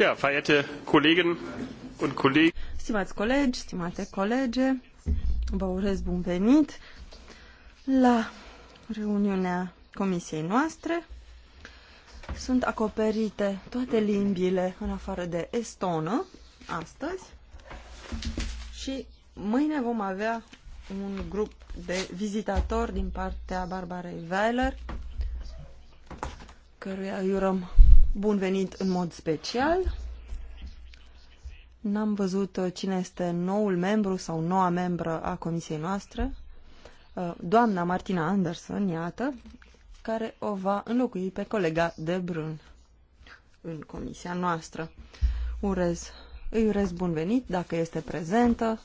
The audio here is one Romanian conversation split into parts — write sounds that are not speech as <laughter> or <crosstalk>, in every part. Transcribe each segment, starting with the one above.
Ja, verehrte Kolleginnen und Kollegen. Stimați colegi, stimate colege, vă urez bun venit la reuniunea comisiei noastre. Sunt acoperite toate limbile în afară de estonă astăzi și mâine vom avea un grup de vizitatori din partea Barbarei Weiler, căruia îi urăm bun venit în mod special. N-am văzut uh, cine este noul membru sau noua membră a comisiei noastre. Uh, doamna Martina Anderson, iată, care o va înlocui pe colega de Brun în comisia noastră. Urez, îi urez bun venit dacă este prezentă.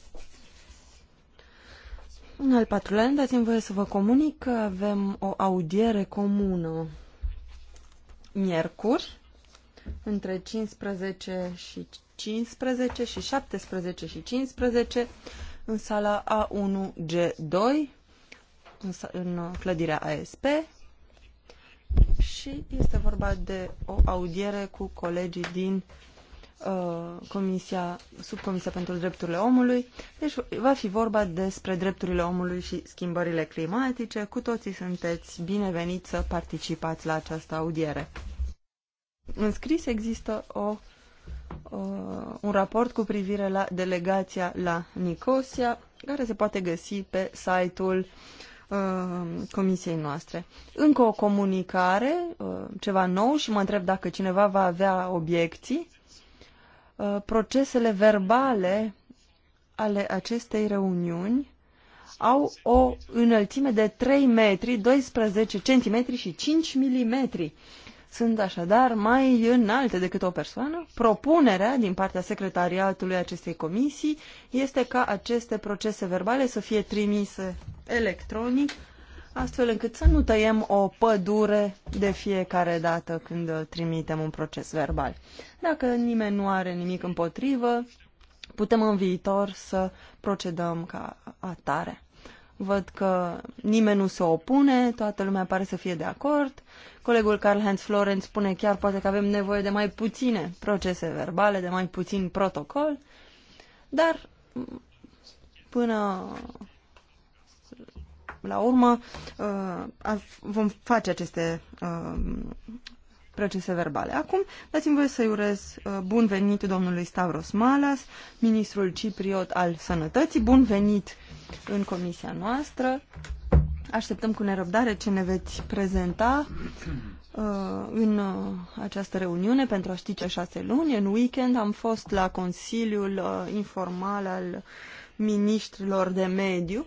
În al patrulea rând, dați-mi voie să vă comunic că avem o audiere comună miercuri între 15 și 15 și 17 și 15 în sala A1G2 în, în uh, clădirea ASP și este vorba de o audiere cu colegii din uh, Comisia, Subcomisia pentru Drepturile Omului. Deci va fi vorba despre drepturile omului și schimbările climatice. Cu toții sunteți bineveniți să participați la această audiere. În scris există o, o, un raport cu privire la delegația la Nicosia, care se poate găsi pe site-ul uh, comisiei noastre. Încă o comunicare, uh, ceva nou și mă întreb dacă cineva va avea obiecții. Uh, procesele verbale ale acestei reuniuni au o înălțime de 3 metri, 12 centimetri și 5 milimetri. Mm sunt așadar mai înalte decât o persoană. Propunerea din partea secretariatului acestei comisii este ca aceste procese verbale să fie trimise electronic, astfel încât să nu tăiem o pădure de fiecare dată când trimitem un proces verbal. Dacă nimeni nu are nimic împotrivă, putem în viitor să procedăm ca atare. Văd că nimeni nu se opune, toată lumea pare să fie de acord Colegul Karl-Heinz Florent spune chiar poate că avem nevoie de mai puține procese verbale, de mai puțin protocol, dar până la urmă uh, vom face aceste uh, procese verbale. Acum dați-mi voie să-i urez uh, bun venit domnului Stavros Malas, ministrul cipriot al sănătății. Bun venit în comisia noastră. Așteptăm cu nerăbdare ce ne veți prezenta uh, în uh, această reuniune pentru a ști ce șase luni. În weekend am fost la Consiliul uh, Informal al Ministrilor de Mediu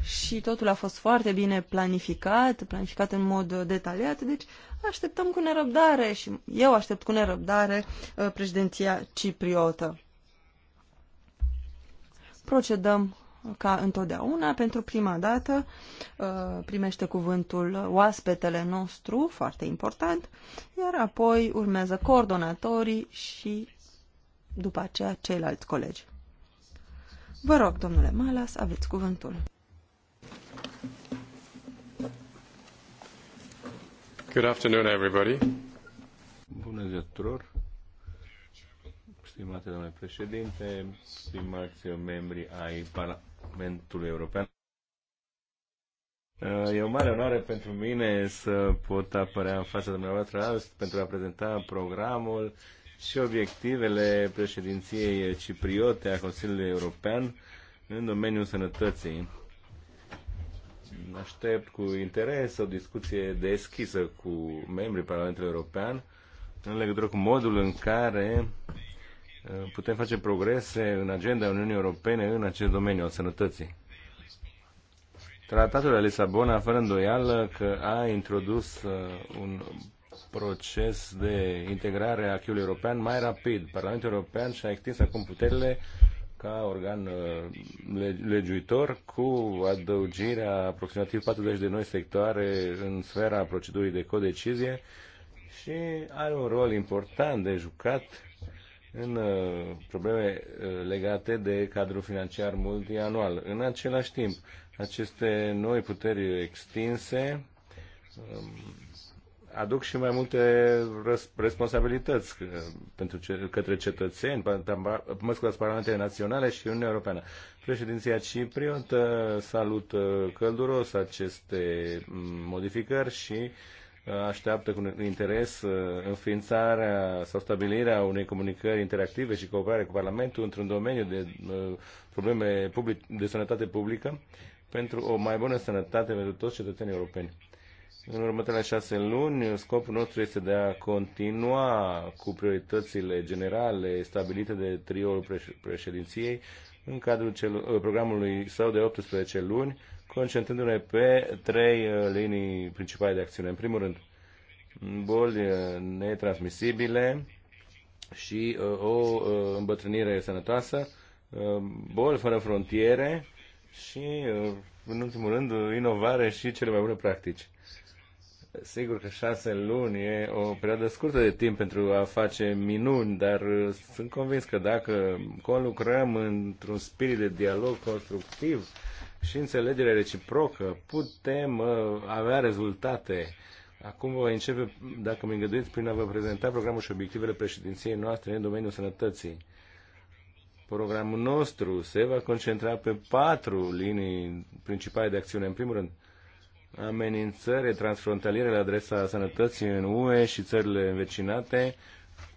și totul a fost foarte bine planificat, planificat în mod detaliat, deci așteptăm cu nerăbdare și eu aștept cu nerăbdare președinția cipriotă. Procedăm ca întotdeauna, pentru prima dată uh, primește cuvântul oaspetele nostru, foarte important, iar apoi urmează coordonatorii și după aceea ceilalți colegi. Vă rog, domnule Malas, aveți cuvântul. Good afternoon, everybody. Bună ziua tuturor stimate domnule președinte, stimați membri ai Parlamentului European. Uh, e o mare onoare pentru mine să pot apărea în fața dumneavoastră azi pentru a prezenta programul și obiectivele președinției cipriote a Consiliului European în domeniul sănătății. Aștept cu interes o discuție deschisă cu membrii Parlamentului European în legătură cu modul în care Eh, putem face progrese în agenda Uniunii Europene în acest domeniu al sănătății. Tratatul de Lisabona, fără îndoială, că a introdus eh, un proces de integrare a Chiului european mai rapid. Parlamentul European și-a extins acum puterile ca organ eh, legiuitor cu adăugirea aproximativ 40 de noi sectoare în sfera procedurii de codecizie și are un rol important de jucat în uh, probleme uh, legate de cadrul financiar multianual. În același timp, aceste noi puteri extinse um, aduc și mai multe responsabilități uh, pentru ce, către cetățeni, mă scuzați, parlamentele naționale și Uniunea Europeană. Președinția Cipriot salută călduros aceste mm, modificări și uh, așteaptă cu interes uh, înființarea sau stabilirea unei comunicări interactive și cooperare cu Parlamentul într-un domeniu de uh, probleme public, de sănătate publică pentru o mai bună sănătate pentru toți cetățenii europeni. În următoarele șase luni, scopul nostru este de a continua cu prioritățile generale stabilite de triul președinției în cadrul celor, uh, programului său de 18 luni, concentrându-ne pe trei uh, linii principale de acțiune. În primul rând, boli uh, netransmisibile și uh, o îmbătrânire sănătoasă, boli fără frontiere și, în ultimul rând, inovare și cele mai bune practici. Sigur că șase luni e o perioadă scurtă de timp pentru a face minuni, dar sunt convins că dacă conlucrăm într-un spirit de dialog constructiv, și înțelegere reciprocă, putem uh, avea rezultate. Acum voi începe, dacă mă îngăduiți, prin a vă prezenta programul și obiectivele președinției noastre în domeniul sănătății. Programul nostru se va concentra pe patru linii principale de acțiune. În primul rând, amenințări transfrontaliere la adresa sănătății în UE și țările învecinate,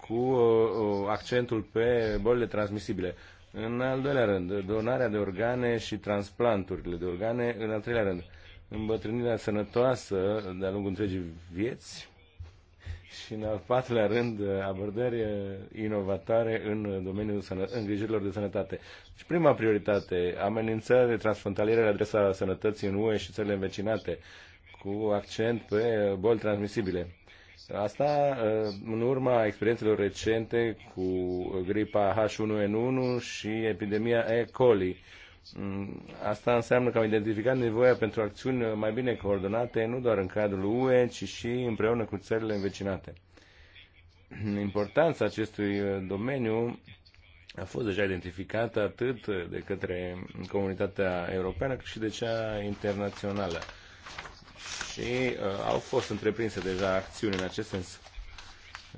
cu uh, uh, accentul pe bolile transmisibile. În al doilea rând, donarea de organe și transplanturile de organe. În al treilea rând, îmbătrânirea sănătoasă de-a lungul întregii vieți. Și în al patrulea rând, abordări inovatoare în domeniul îngrijirilor de sănătate. Și prima prioritate, amenințări transfrontaliere la adresa sănătății în UE și țările învecinate, cu accent pe boli transmisibile. Asta ă, în urma experiențelor recente cu gripa H1N1 și epidemia E. coli. Mm, asta înseamnă că am identificat nevoia pentru acțiuni mai bine coordonate, nu doar în cadrul UE, ci și împreună cu țările învecinate. Importanța acestui domeniu a fost deja identificată atât de către comunitatea europeană cât și de cea internațională și uh, au fost întreprinse deja acțiuni în acest sens.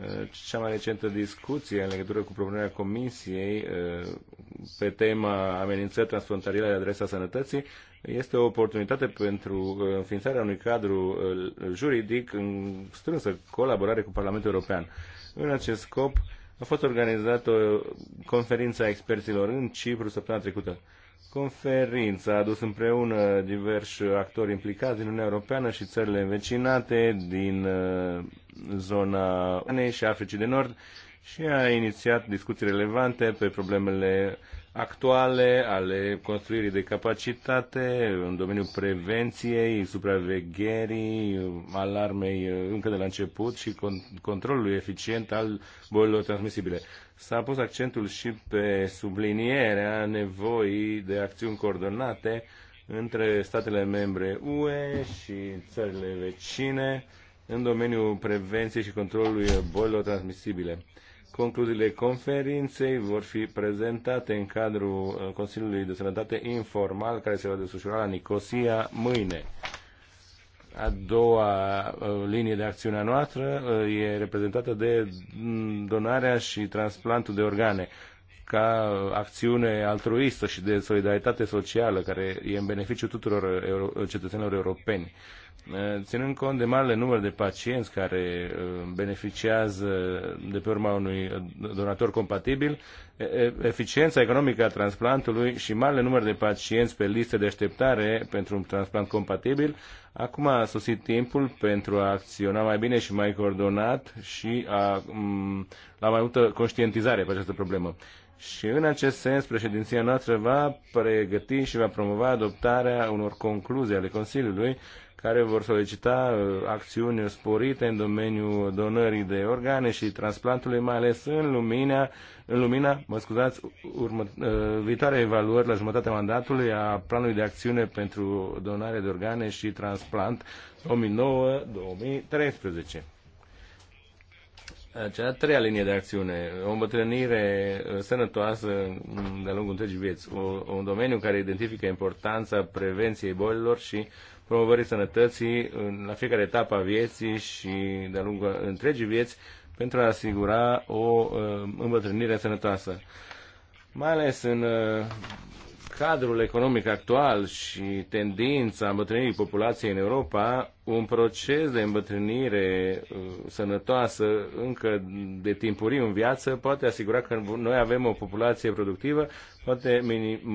Uh, cea mai recentă discuție în legătură cu propunerea Comisiei uh, pe tema amenințări transfrontaliere de adresa sănătății este o oportunitate pentru uh, înființarea unui cadru uh, juridic în strânsă colaborare cu Parlamentul European. În acest scop a fost organizată o uh, conferință a experților în Cipru săptămâna trecută. Uh, Conferința a adus împreună diversi actori implicați din Uniunea Europeană și țările învecinate din uh, zona Anei și Africii de Nord și a inițiat discuții relevante pe problemele actuale ale construirii de capacitate în domeniul prevenției, supravegherii, alarmei încă de la început și controlului eficient al bolilor transmisibile s-a pus accentul și pe sublinierea nevoii de acțiuni coordonate între statele membre UE și țările vecine în domeniul prevenției și controlului bolilor transmisibile. Concluziile conferinței vor fi prezentate în cadrul uh, Consiliului de Sănătate Informal care se va desfășura la Nicosia mâine. A doua uh, linie de acțiune a noastră uh, e reprezentată de mm, donarea și transplantul de organe ca acțiune altruistă și de solidaritate socială care e în beneficiu tuturor euro- cetățenilor europeni. Eh, ținând cont de marele număr de pacienți care eh, beneficiază de pe urma unui eh, donator compatibil, eficiența economică a transplantului și marele număr de pacienți pe listă de așteptare pentru un transplant compatibil, acum a sosit timpul pentru a acționa mai bine și mai coordonat și a, mm, la mai multă conștientizare pe această problemă. Și în acest sens, președinția noastră va pregăti și va promova adoptarea unor concluzii ale Consiliului care vor solicita uh, acțiuni sporite în domeniul donării de organe și transplantului, mai ales în lumina, în lumina mă scuzați, urmă, uh, viitoare evaluări la jumătatea mandatului a planului de acțiune pentru donare de organe și transplant 2009-2013. Acea treia linie de acțiune, o îmbătrânire uh, sănătoasă de-a lungul întregii vieți, o, un domeniu care identifică importanța prevenției bolilor și uh, promovării sănătății în, la fiecare etapă a vieții și de-a lungul întregii vieți pentru a asigura o uh, îmbătrânire sănătoasă. Mai ales în uh, cadrul economic actual și tendința îmbătrânirii populației în Europa, un proces de îmbătrânire uh, sănătoasă încă de timpuriu în viață poate asigura că noi avem o populație productivă, poate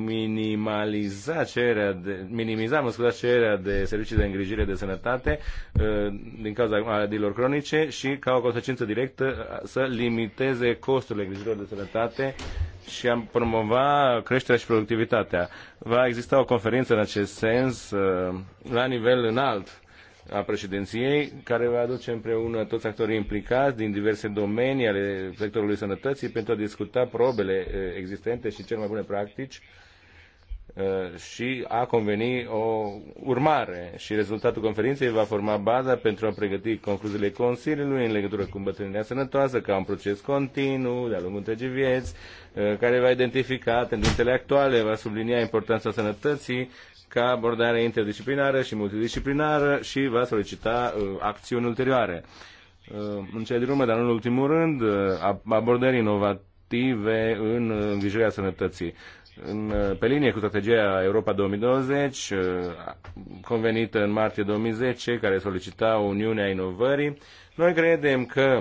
minimaliza cererea de, minimiza, mă cererea de servicii de îngrijire de sănătate uh, din cauza maladiilor cronice și ca o consecință directă să limiteze costurile îngrijirilor de sănătate și am promova creșterea și productivitatea. Va exista o conferință în acest sens uh, la nivel înalt a președinției, care va aduce împreună toți actorii implicați din diverse domenii ale sectorului sănătății pentru a discuta probele eh, existente și cele mai bune practici eh, și a conveni o urmare și rezultatul conferinței va forma baza pentru a pregăti concluziile Consiliului în legătură cu îmbătrânirea sănătoasă ca un proces continuu de-a lungul întregii vieți, eh, care va identifica tendințele actuale, va sublinia importanța sănătății ca abordare interdisciplinară și multidisciplinară și va solicita uh, acțiuni ulterioare. Uh, în cele din urmă, dar în ultimul rând, uh, abordări inovative în uh, îngrijirea sănătății. În, uh, pe linie cu strategia Europa 2020, uh, convenită în martie 2010, care solicita Uniunea Inovării, noi credem că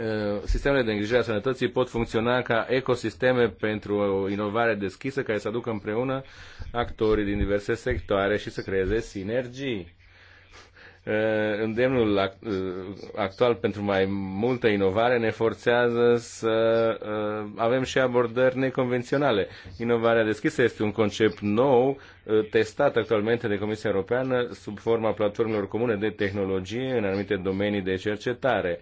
Uh, sistemele de îngrijire a sănătății pot funcționa ca ecosisteme pentru o inovare deschisă care să aducă împreună actorii din diverse sectoare și să creeze sinergii. Uh, îndemnul uh, actual pentru mai multă inovare ne forțează să avem și abordări neconvenționale. Inovarea deschisă este un concept nou testat actualmente de Comisia Europeană sub forma platformelor comune de tehnologie în anumite domenii de cercetare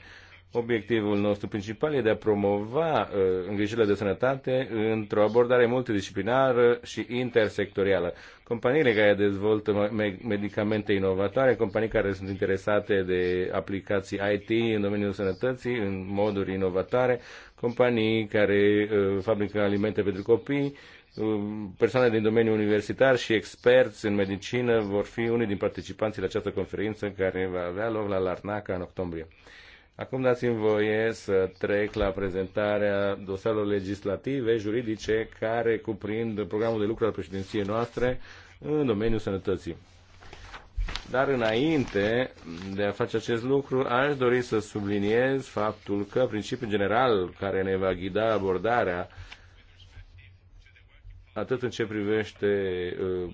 Obiectivul nostru principal e de a promova uh, îngrijirile de sănătate într-o abordare multidisciplinară și intersectorială. Companiile care dezvoltă medicamente inovatoare, companii care sunt interesate de aplicații IT în domeniul sănătății, în moduri inovatoare, companii care uh, fabrică alimente pentru copii, uh, persoane din domeniul universitar și experți în medicină vor fi unii din participanții la această conferință care va avea loc la Larnaca în octombrie. Acum dați-mi voie să trec la prezentarea dosarelor legislative, juridice, care cuprind programul de lucru al președinției noastre în domeniul sănătății. Dar înainte de a face acest lucru, aș dori să subliniez faptul că principiul general care ne va ghida abordarea atât în ce privește uh,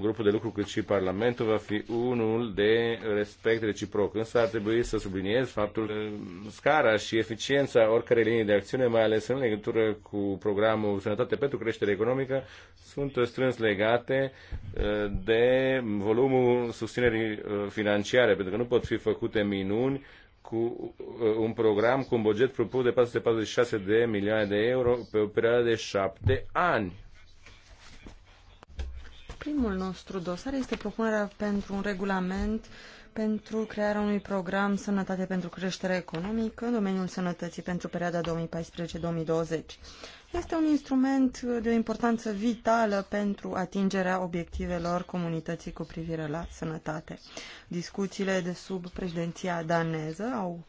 grupul de lucru, cât și Parlamentul, va fi unul de respect reciproc. Însă ar trebui să subliniez faptul uh, scara și eficiența oricărei linii de acțiune, mai ales în legătură cu programul Sănătate pentru Creștere Economică, sunt strâns legate uh, de volumul susținerii uh, financiare, pentru că nu pot fi făcute minuni cu uh, un program cu un buget propus de 446 de milioane de euro pe o perioadă de șapte ani Primul nostru dosar este propunerea pentru un regulament pentru crearea unui program Sănătate pentru creștere economică în domeniul sănătății pentru perioada 2014-2020. Este un instrument de o importanță vitală pentru atingerea obiectivelor comunității cu privire la sănătate. Discuțiile de sub președinția daneză au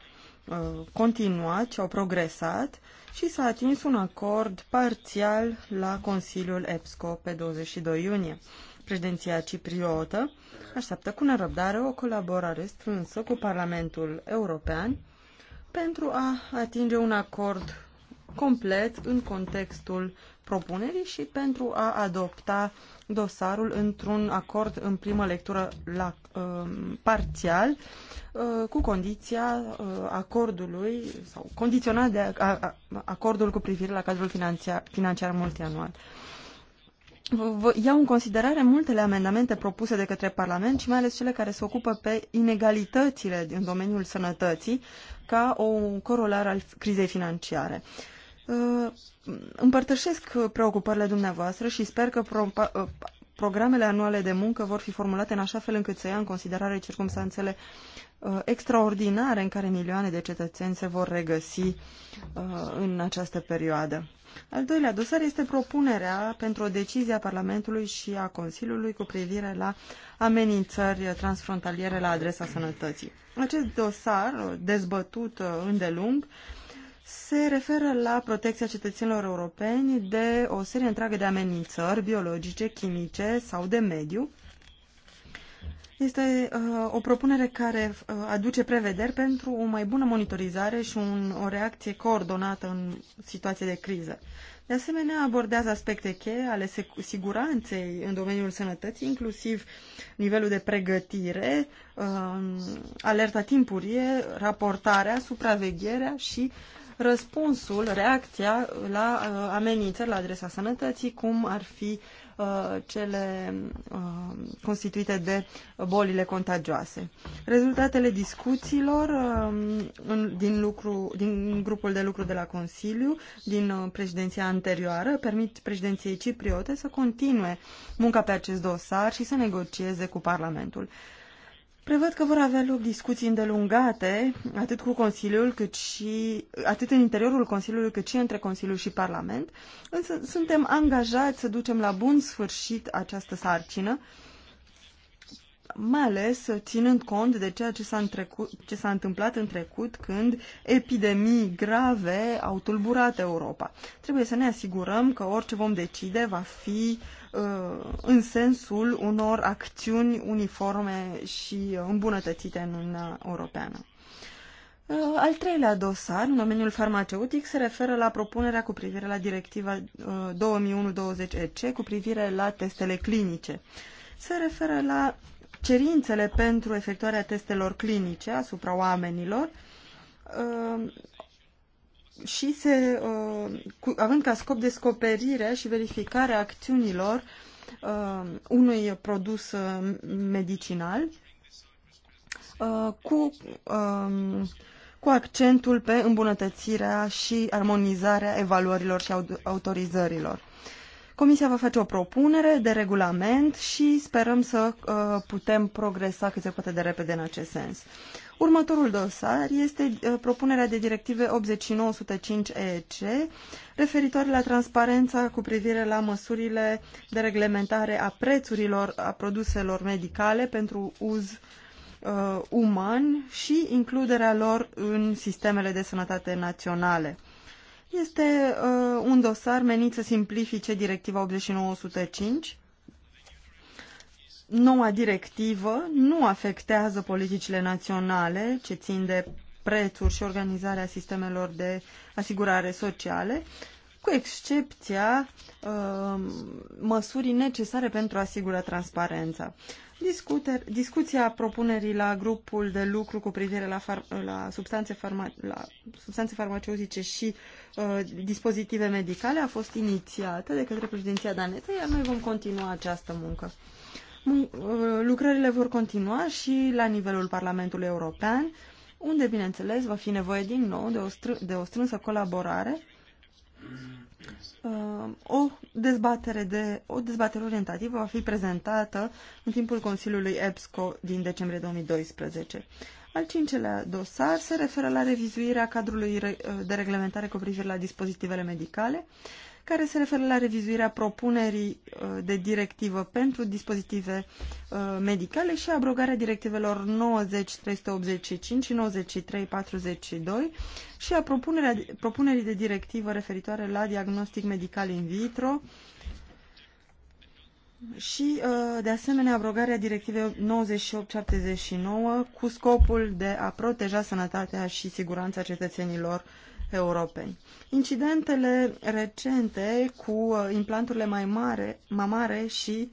Uh, continuat și au progresat și s-a atins un acord parțial la Consiliul EPSCO pe 22 iunie. Președinția cipriotă așteaptă cu nerăbdare o colaborare strânsă cu Parlamentul European pentru a atinge un acord complet în contextul propunerii și pentru a adopta dosarul într-un acord în primă lectură la, uh, parțial, uh, cu condiția uh, acordului sau condiționat de a, a, acordul cu privire la cadrul financiar, financiar multianual. iau în considerare multele amendamente propuse de către Parlament și mai ales cele care se ocupă pe inegalitățile din domeniul sănătății ca o corolar al crizei financiare. Uh, Uh, împărtășesc preocupările dumneavoastră și sper că pro uh, programele anuale de muncă vor fi formulate în așa fel încât să ia în considerare circumstanțele uh, extraordinare în care milioane de cetățeni se vor regăsi în această perioadă. Al doilea dosar este propunerea pentru o decizie a Parlamentului și a Consiliului cu privire la amenințări transfrontaliere la adresa sănătății. Acest dosar, dezbătut îndelung, uh, se referă la protecția cetățenilor europeni de o serie întreagă de amenințări biologice, chimice sau de mediu. Este uh, o propunere care uh, aduce prevederi pentru o mai bună monitorizare și un, o reacție coordonată în situații de criză. De asemenea, abordează aspecte cheie ale siguranței în domeniul sănătății, inclusiv nivelul de pregătire, uh, alerta timpurie, raportarea, supravegherea și răspunsul, reacția la uh, amenințări la adresa sănătății, cum ar fi uh, cele uh, constituite de bolile contagioase. Rezultatele discuțiilor um, în, din, lucru, din grupul de lucru de la Consiliu, din președinția anterioară, permit președinției cipriote să continue munca pe acest dosar și să negocieze cu Parlamentul. Prevăd că vor avea loc discuții îndelungate, atât cu Consiliul, cât și atât în interiorul Consiliului, cât și între Consiliul și Parlament, însă suntem angajați să ducem la bun sfârșit această sarcină mai ales ținând cont de ceea ce s-a, ce s-a întâmplat în trecut când epidemii grave au tulburat Europa. Trebuie să ne asigurăm că orice vom decide va fi uh, în sensul unor acțiuni uniforme și uh, îmbunătățite în Uniunea Europeană. Uh, al treilea dosar, în domeniul farmaceutic, se referă la propunerea cu privire la directiva uh, 2001-20 EC cu privire la testele clinice se referă la cerințele pentru efectuarea testelor clinice asupra oamenilor uh, și se, uh, având ca scop descoperirea și verificarea acțiunilor uh, unui produs medicinal cu, um, cu accentul pe îmbunătățirea și armonizarea evaluărilor și autorizărilor. Comisia va face o propunere de regulament și sperăm să uh, putem progresa cât se poate de repede în acest sens. Următorul dosar este uh, propunerea de directive 8905EC referitoare la transparența cu privire la măsurile de reglementare a prețurilor a produselor medicale pentru uz uh, uman și includerea lor în sistemele de sănătate naționale. Este uh, un dosar menit să simplifice Directiva 8905. Noua directivă nu afectează politicile naționale ce țin de prețuri și organizarea sistemelor de asigurare sociale, cu excepția uh, măsurii necesare pentru a asigura transparența. Discuter, discuția propunerii la grupul de lucru cu privire la, far, la, substanțe, farma, la substanțe farmaceutice și uh, dispozitive medicale a fost inițiată de către președinția daneză, iar noi vom continua această muncă. Mun uh, lucrările vor continua și la nivelul Parlamentului European, unde, bineînțeles, va fi nevoie din nou de o, str- de o strânsă colaborare Uh, o dezbatere, de, o dezbatere orientativă va fi prezentată în timpul Consiliului EBSCO din decembrie 2012. Al cincelea dosar se referă la revizuirea cadrului uh, de reglementare cu privire la dispozitivele medicale care se referă la revizuirea propunerii uh, de directivă pentru dispozitive uh, medicale și abrogarea directivelor 90-385 și 93-42 și a propunerii de directivă referitoare la diagnostic medical in vitro și, uh, de asemenea, abrogarea directivei 98/79 cu scopul de a proteja sănătatea și siguranța cetățenilor europeni. Incidentele recente cu uh, implanturile mai mare, mamare și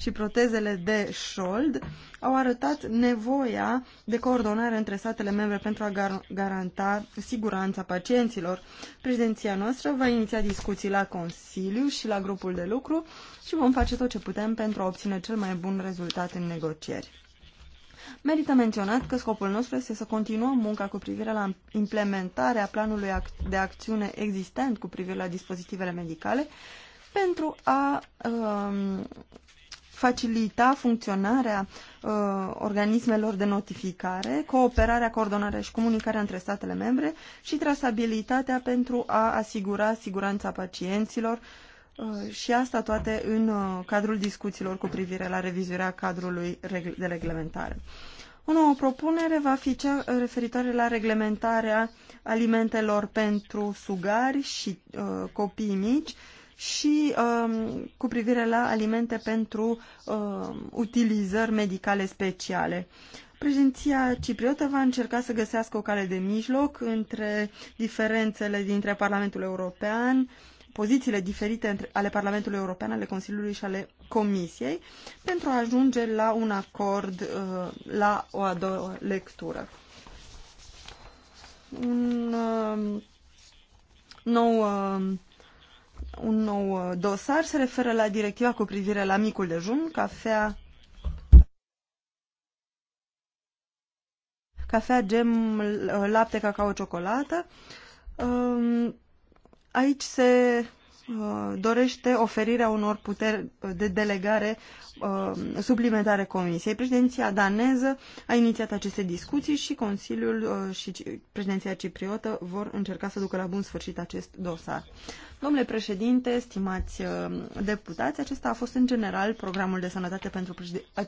și protezele de șold au arătat nevoia de coordonare între statele membre pentru a gar garanta siguranța pacienților. Președinția noastră va iniția discuții la Consiliu și la grupul de lucru și vom face tot ce putem pentru a obține cel mai bun rezultat în negocieri. Merită menționat că scopul nostru este să continuăm munca cu privire la implementarea planului de acțiune existent cu privire la dispozitivele medicale pentru a um, facilita funcționarea uh, organismelor de notificare, cooperarea, coordonarea și comunicarea între statele membre și trasabilitatea pentru a asigura siguranța pacienților uh, Uh, și asta toate în uh, cadrul discuțiilor cu privire la revizuirea cadrului de reglementare. O nouă propunere va fi cea referitoare la reglementarea alimentelor pentru sugari și uh, copii mici și uh, cu privire la alimente pentru uh, utilizări medicale speciale. Prezenția cipriotă va încerca să găsească o cale de mijloc între diferențele dintre Parlamentul European, uh, pozițiile diferite între, ale Parlamentului European, ale Consiliului și ale Comisiei pentru a ajunge la un acord uh, la o a doua lectură. Un uh, nou uh, un nou dosar se referă la directiva cu privire la micul dejun, cafea, cafea, gem, lapte, cacao, ciocolată. Um, Aici se uh, dorește oferirea unor puteri de delegare uh, suplimentare Comisiei. Președinția daneză a inițiat aceste discuții și Consiliul uh, și președinția cipriotă vor încerca să ducă la bun sfârșit acest dosar. Domnule președinte, stimați uh, deputați, acesta a fost în general programul de sănătate pentru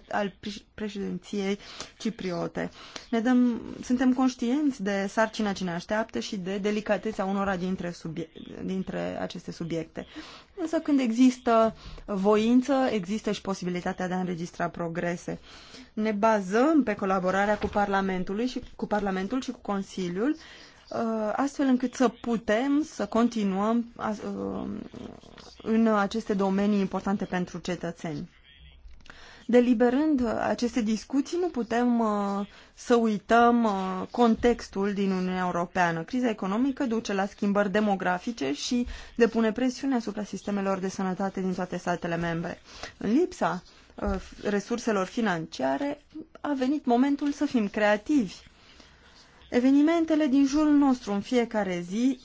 al președinției cipriote. Ne dăm, suntem conștienți de sarcina ce ne așteaptă și de delicatețea unora dintre, subie, dintre aceste subiecte. Însă când există voință, există și posibilitatea de a înregistra progrese. Ne bazăm pe colaborarea cu Parlamentul și cu Parlamentul și cu Consiliul Uh, astfel încât să putem să continuăm uh, în aceste domenii importante pentru cetățeni. Deliberând aceste discuții, nu putem uh, să uităm contextul din Uniunea Europeană. Criza economică duce la schimbări demografice și depune presiune asupra sistemelor de sănătate din toate statele membre. În lipsa resurselor financiare, a venit momentul să fim creativi Evenimentele din jurul nostru în fiecare zi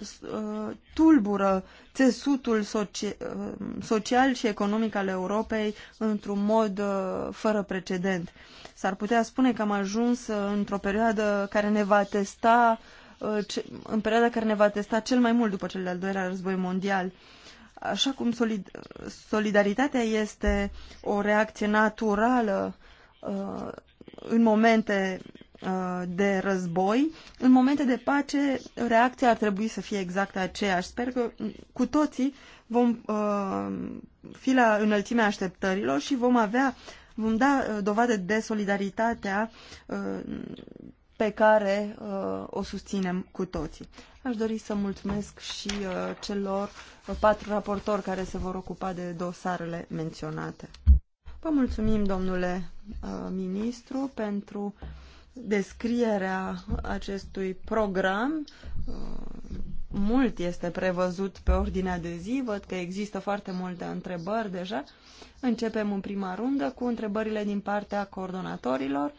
uh, tulbură țesutul uh, social și economic al Europei într-un mod uh, fără precedent. S-ar putea spune că am ajuns într-o perioadă care ne va testa în perioada care ne va testa cel mai mult după cel de-al doilea război mondial. Așa cum solidaritatea este o reacție naturală în momente Uh, de război, în momente de pace reacția ar trebui să fie exact aceeași. Sper că cu toții vom uh, fi la înălțimea așteptărilor și vom avea, vom da uh, dovadă de solidaritatea pe care uh, o susținem cu toții. Aș dori să mulțumesc și uh, celor patru raportori care se vor ocupa de dosarele menționate. Vă mulțumim, domnule uh, ministru, pentru descrierea acestui program. Uh, mult este prevăzut pe ordinea de zi, văd că există foarte multe întrebări deja. Începem în prima rundă cu întrebările din partea coordonatorilor.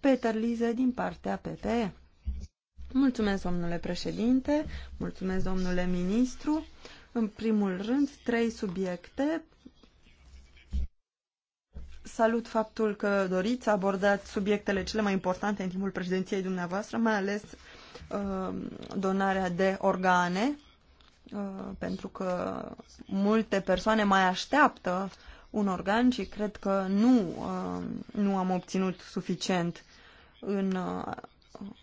Peter Lize din partea PPE. Mulțumesc, domnule președinte, mulțumesc, domnule ministru. În primul rând, trei subiecte Salut faptul că doriți să abordați subiectele cele mai importante în timpul președinției dumneavoastră, mai ales uh, donarea de organe, uh, pentru că multe persoane mai așteaptă un organ și cred că nu, uh, nu am obținut suficient în, uh,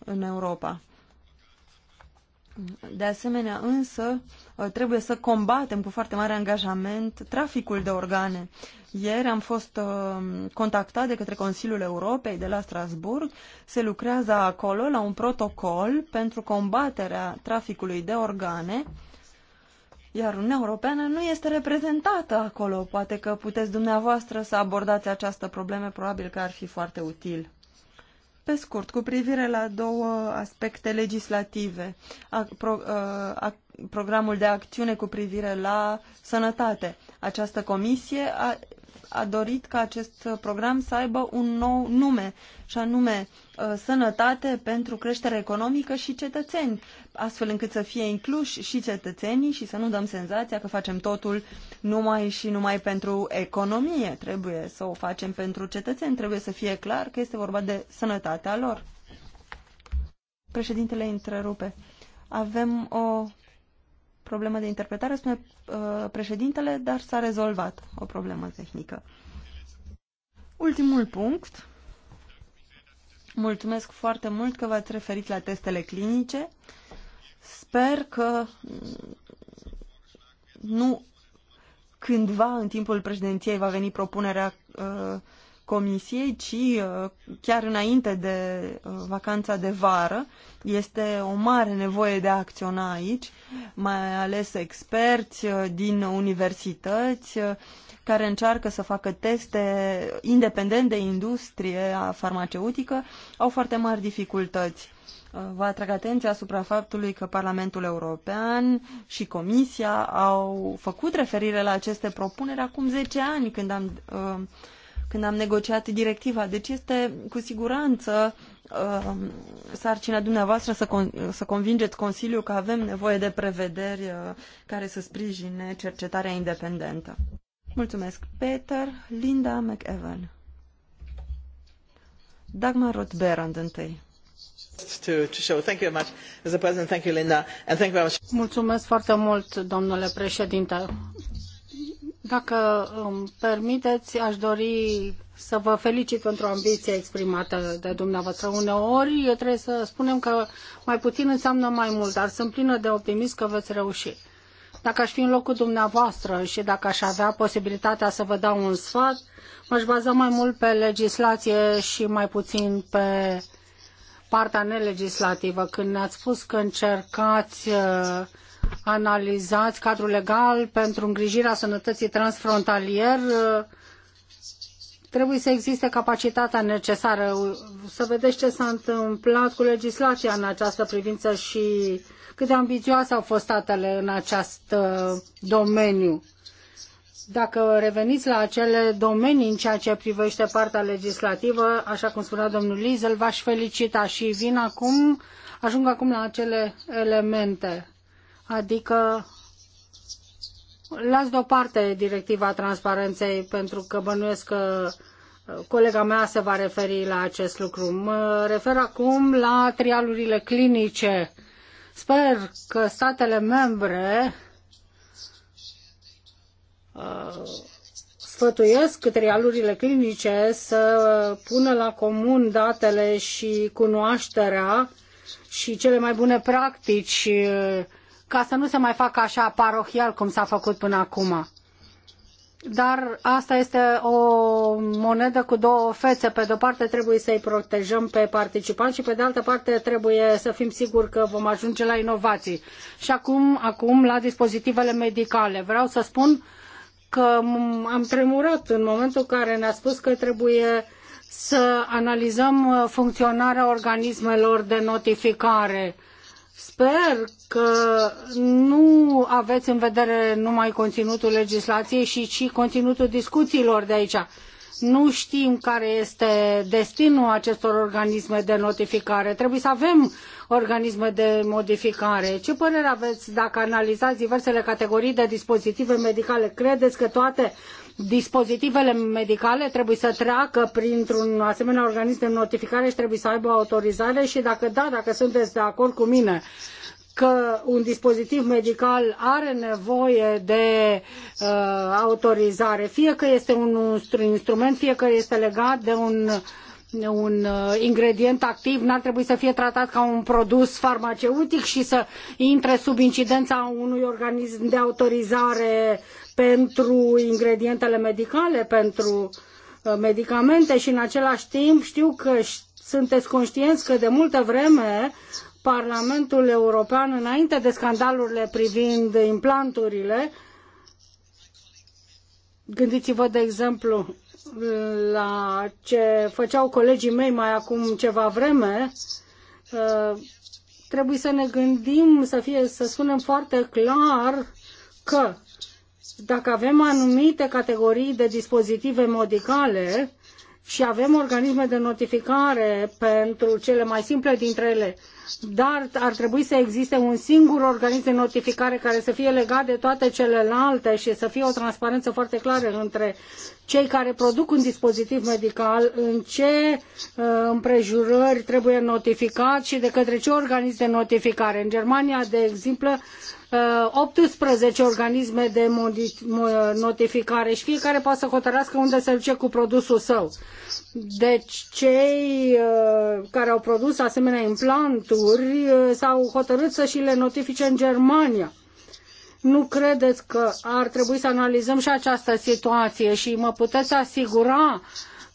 în Europa. De asemenea, însă, trebuie să combatem cu foarte mare angajament traficul de organe. Ieri am fost uh, contactat de către Consiliul Europei de la Strasburg. Se lucrează acolo la un protocol pentru combaterea traficului de organe, iar Uniunea Europeană nu este reprezentată acolo. Poate că puteți dumneavoastră să abordați această problemă, probabil că ar fi foarte util. Pe scurt, cu privire la două aspecte legislative, a, pro, a, programul de acțiune cu privire la sănătate. Această comisie a, a dorit ca acest program să aibă un nou nume, și anume Sănătate pentru creștere economică și cetățeni, astfel încât să fie incluși și cetățenii și să nu dăm senzația că facem totul numai și numai pentru economie. Trebuie să o facem pentru cetățeni. Trebuie să fie clar că este vorba de sănătatea lor. Președintele întrerupe. Avem o problemă de interpretare, spune uh, președintele, dar s-a rezolvat o problemă tehnică. Ultimul punct. Mulțumesc foarte mult că v-ați referit la testele clinice. Sper că nu cândva în timpul președinției va veni propunerea uh, comisiei, ci uh, chiar înainte de uh, vacanța de vară. Este o mare nevoie de a acționa aici, mai ales experți uh, din universități uh, care încearcă să facă teste independent de industrie farmaceutică, au foarte mari dificultăți. Vă atrag atenția asupra faptului că Parlamentul European și Comisia au făcut referire la aceste propuneri acum 10 ani când am, uh, când am negociat directiva. Deci este cu siguranță uh, sarcina dumneavoastră să, con- să convingeți Consiliul că avem nevoie de prevederi uh, care să sprijine cercetarea independentă. Mulțumesc, Peter. Linda McEwan. Dagmar Roth-Berand întâi. Mulțumesc foarte mult, domnule președinte. Dacă îmi permiteți, aș dori să vă felicit pentru ambiția exprimată de dumneavoastră. Uneori trebuie să spunem că mai puțin înseamnă mai mult, dar sunt plină de optimism că veți reuși. Dacă aș fi în locul dumneavoastră și dacă aș avea posibilitatea să vă dau un sfat, m-aș baza mai mult pe legislație și mai puțin pe uh, partea nelegislativă, când ne-ați spus că încercați uh, analizați cadrul legal pentru îngrijirea sănătății transfrontalier, uh, trebuie să existe capacitatea necesară. Să vedeți ce s-a întâmplat cu legislația în această privință și cât de ambițioase au fost statele în acest uh, domeniu. Dacă reveniți la acele domenii în ceea ce privește partea legislativă, așa cum spunea domnul Lizel, v-aș felicita și vin acum, ajung acum la acele elemente, adică las deoparte directiva transparenței pentru că bănuiesc că uh, colega mea se va referi la acest lucru. Mă refer acum la trialurile clinice. Sper că statele membre sfătuiesc trialurile clinice să pună la comun datele și cunoașterea și cele mai bune practici uh, ca să nu se mai facă așa parohial cum s-a făcut până acum. Dar asta este o monedă cu două fețe. Pe de-o parte trebuie să-i protejăm pe participanți și pe de altă parte trebuie să fim siguri că vom ajunge la inovații. Și acum, acum la dispozitivele medicale. Vreau să spun că am tremurat în momentul în care ne-a spus că trebuie să analizăm uh, funcționarea organismelor de notificare. Sper că nu aveți în vedere numai conținutul legislației și ci conținutul discuțiilor de aici nu știm care este destinul acestor organisme de notificare. Trebuie să avem organisme de modificare. Ce părere aveți dacă analizați diversele categorii de dispozitive medicale? Credeți că toate dispozitivele medicale trebuie să treacă printr-un asemenea organism de notificare și trebuie să aibă autorizare? Și dacă da, dacă sunteți de acord cu mine, uh, că un dispozitiv medical are nevoie de uh, autorizare, fie că este un instrument, fie că este legat de un un uh, ingredient activ n-ar trebui să fie tratat ca un produs farmaceutic și să intre sub incidența unui organism de autorizare pentru ingredientele medicale, pentru uh, medicamente și în același timp știu că sunteți conștienți că de multă vreme Parlamentul European, înainte de scandalurile privind implanturile, gândiți-vă, de exemplu, la ce făceau colegii mei mai acum ceva vreme, uh, trebuie să ne gândim, să, fie, să spunem foarte clar că dacă avem anumite categorii de dispozitive medicale și avem organisme de notificare pentru cele mai simple dintre ele, dar ar trebui să existe un singur organism de notificare care să fie legat de toate celelalte și să fie o transparență foarte clară între cei care produc un dispozitiv medical, în ce uh, împrejurări trebuie notificat și de către ce organism de notificare. În Germania, de exemplu, uh, 18 organisme de notificare și fiecare poate să hotărească unde se duce cu produsul său. Deci cei uh, care au produs asemenea implanturi uh, s-au hotărât să și le notifice în Germania. Nu credeți că ar trebui să analizăm și această situație și mă puteți asigura uh,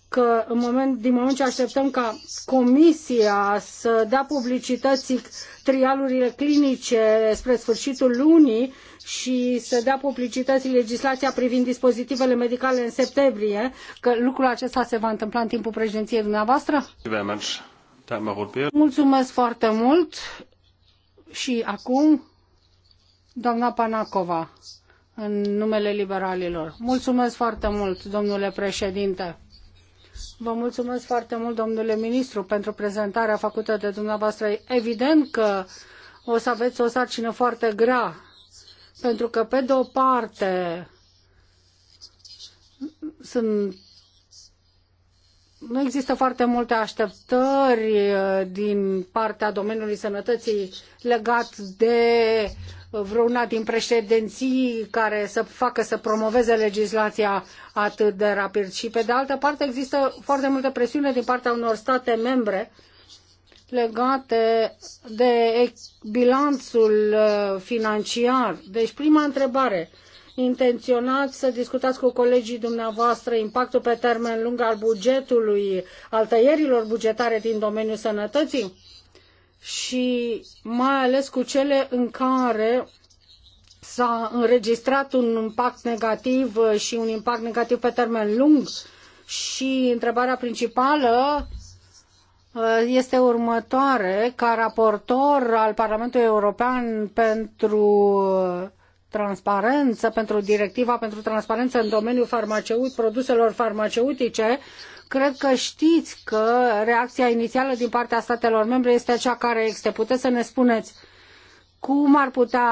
că în moment, din moment ce așteptăm ca comisia să dea publicității trialurile clinice spre sfârșitul lunii și să dea publicității legislația privind dispozitivele medicale în septembrie, că lucrul acesta se va întâmpla în timpul președinției dumneavoastră? Mulțumesc foarte mult și acum doamna Panacova în numele liberalilor. Mulțumesc foarte mult, domnule președinte. Vă mulțumesc foarte mult, domnule ministru, pentru prezentarea făcută de dumneavoastră. Evident că o să aveți o sarcină foarte grea, pentru că, pe de o parte, sunt nu există foarte multe așteptări uh, din partea domeniului sănătății legat de uh, vreuna din președinții care să facă să promoveze legislația atât de rapid. Și pe de altă parte există foarte multă presiune din partea unor state membre legate de bilanțul uh, financiar. Deci prima întrebare, Intenționat să discutați cu colegii dumneavoastră impactul pe termen lung al bugetului, al tăierilor bugetare din domeniul sănătății și mai ales cu cele în care s-a înregistrat un impact negativ și un impact negativ pe termen lung. Și întrebarea principală uh, este următoare, ca raportor al Parlamentului European pentru transparență, pentru directiva pentru transparență în domeniul farmaceut, produselor farmaceutice, cred că știți că reacția inițială din partea statelor membre este cea care este. Puteți să ne spuneți cum, ar putea,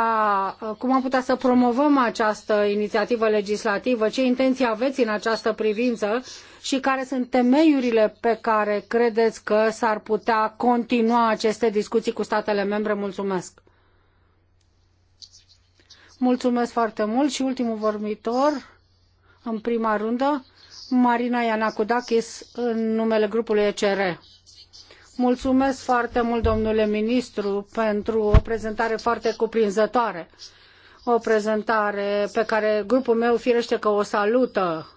cum am putea să promovăm această inițiativă legislativă, ce intenții aveți în această privință și care sunt temeiurile pe care credeți că s-ar putea continua aceste discuții cu statele membre. Mulțumesc! Mulțumesc foarte mult și ultimul vorbitor în prima rundă, Marina Ianacudakis, în numele grupului ECR. Mulțumesc foarte mult, domnule ministru, pentru o prezentare foarte cuprinzătoare. O prezentare pe care grupul meu firește că o salută.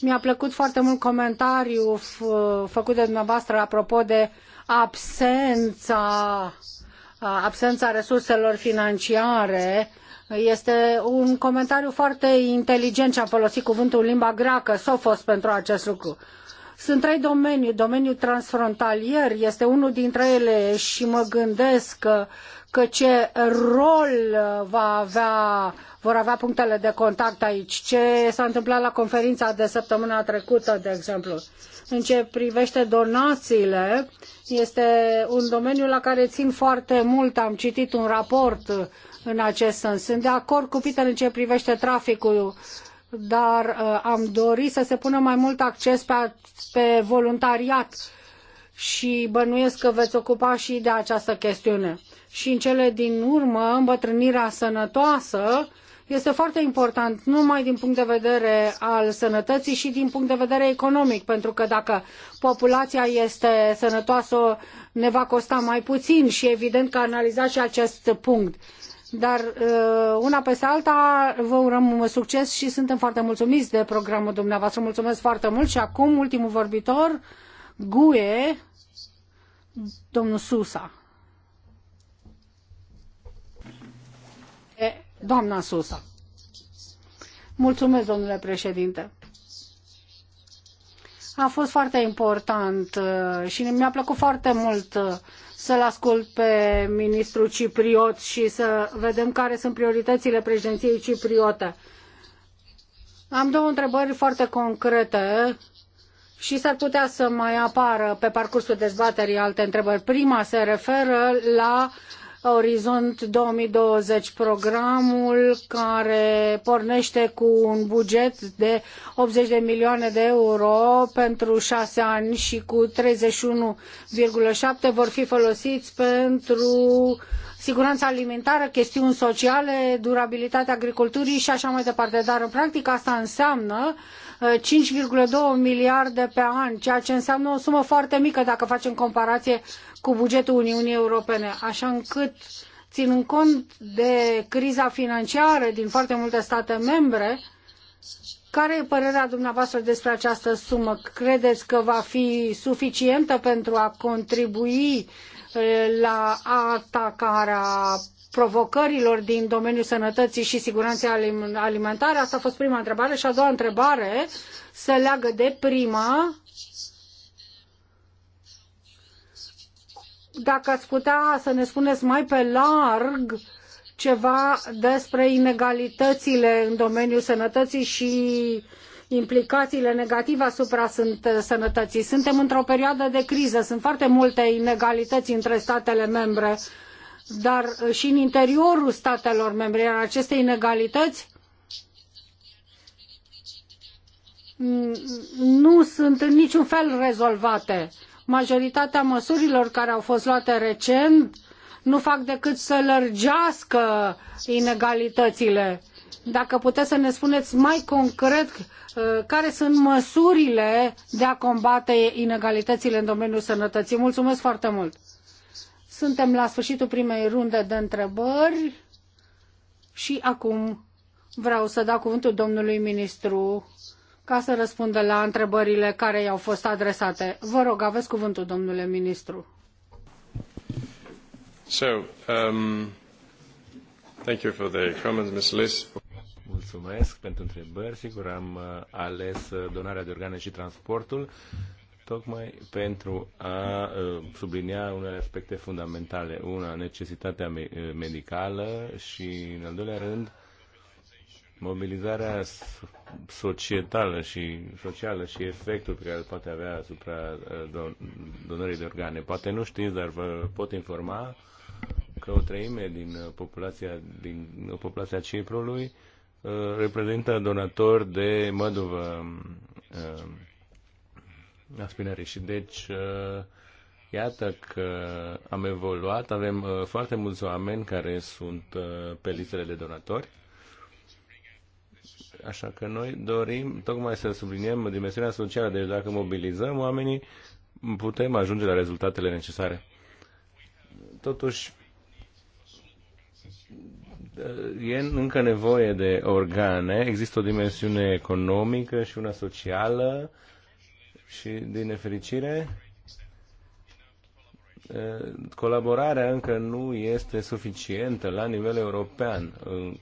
Mi-a plăcut foarte mult comentariul făcut de dumneavoastră apropo de absența absența resurselor financiare este un comentariu foarte inteligent și am folosit cuvântul în limba greacă, sofos, pentru acest lucru. Sunt trei domenii. Domeniul transfrontalier este unul dintre ele și mă gândesc că că ce rol uh, va avea, vor avea punctele de contact aici, ce s-a întâmplat la conferința de săptămâna trecută, de exemplu. În ce privește donațiile, este un domeniu la care țin foarte mult. Am citit un raport uh, în acest sens. Sunt de acord cu Peter în ce privește traficul dar uh, am dorit să se pună mai mult acces pe, pe voluntariat și bănuiesc că veți ocupa și de această chestiune și în cele din urmă îmbătrânirea sănătoasă este foarte important, nu numai din punct de vedere al sănătății, și din punct de vedere economic, pentru că dacă populația este sănătoasă, ne va costa mai puțin și evident că analizați și acest punct. Dar uh, una peste alta vă urăm succes și suntem foarte mulțumiți de programul dumneavoastră. Mulțumesc foarte mult și acum ultimul vorbitor, GUE, domnul Susa. Doamna Susa. Mulțumesc, domnule președinte. A fost foarte important uh, și mi-a plăcut foarte mult uh, să-l ascult pe ministrul cipriot și să vedem care sunt prioritățile președinției cipriote. Am două întrebări foarte concrete și s-ar putea să mai apară pe parcursul dezbaterii alte întrebări. Prima se referă la Orizont 2020, programul care pornește cu un buget de 80 de milioane de euro pentru 6 ani și cu 31,7 vor fi folosiți pentru siguranța alimentară, chestiuni sociale, durabilitatea agriculturii și așa mai departe. Dar în practică asta înseamnă 5,2 miliarde pe an, ceea ce înseamnă o sumă foarte mică dacă facem comparație cu bugetul Uniunii Europene, așa încât ținând cont de criza financiară din foarte multe state membre, care e părerea dumneavoastră despre această sumă? Credeți că va fi suficientă pentru a contribui eh, la atacarea provocărilor din domeniul sănătății și siguranței alimentare? Asta a fost prima întrebare. Și a doua întrebare se leagă de prima. Dacă ați putea să ne spuneți mai pe larg ceva despre inegalitățile în domeniul sănătății și implicațiile negative asupra sunt, sănătății. Suntem într-o perioadă de criză, sunt foarte multe inegalități între statele membre dar uh, și în interiorul statelor membre, iar aceste inegalități mm, nu sunt în niciun fel rezolvate. Majoritatea măsurilor care au fost luate recent nu fac decât să lărgească inegalitățile. Dacă puteți să ne spuneți mai concret uh, care sunt măsurile de a combate inegalitățile în domeniul sănătății. Mulțumesc foarte mult! Suntem la sfârșitul primei runde de întrebări și acum vreau să dau cuvântul domnului ministru ca să răspundă la întrebările care i-au fost adresate. Vă rog, aveți cuvântul, domnule ministru. So, um, thank you for the comments, Ms. Liz. Mulțumesc pentru întrebări. Sigur, am uh, ales uh, donarea de organe și transportul tocmai pentru a sublinia unele aspecte fundamentale. Una, necesitatea medicală și, în al doilea rând, mobilizarea societală și socială și efectul pe care îl poate avea asupra donării de organe. Poate nu știți, dar vă pot informa că o treime din populația, din populația Ciprului reprezintă donatori de măduvă spinării. Și deci, uh, iată că am evoluat, avem uh, foarte mulți oameni care sunt uh, pe listele de donatori. Așa că noi dorim tocmai să subliniem dimensiunea socială. Deci dacă mobilizăm oamenii, putem ajunge la rezultatele necesare. Totuși, e încă nevoie de organe. Există o dimensiune economică și una socială și, din nefericire, colaborarea încă nu este suficientă la nivel european,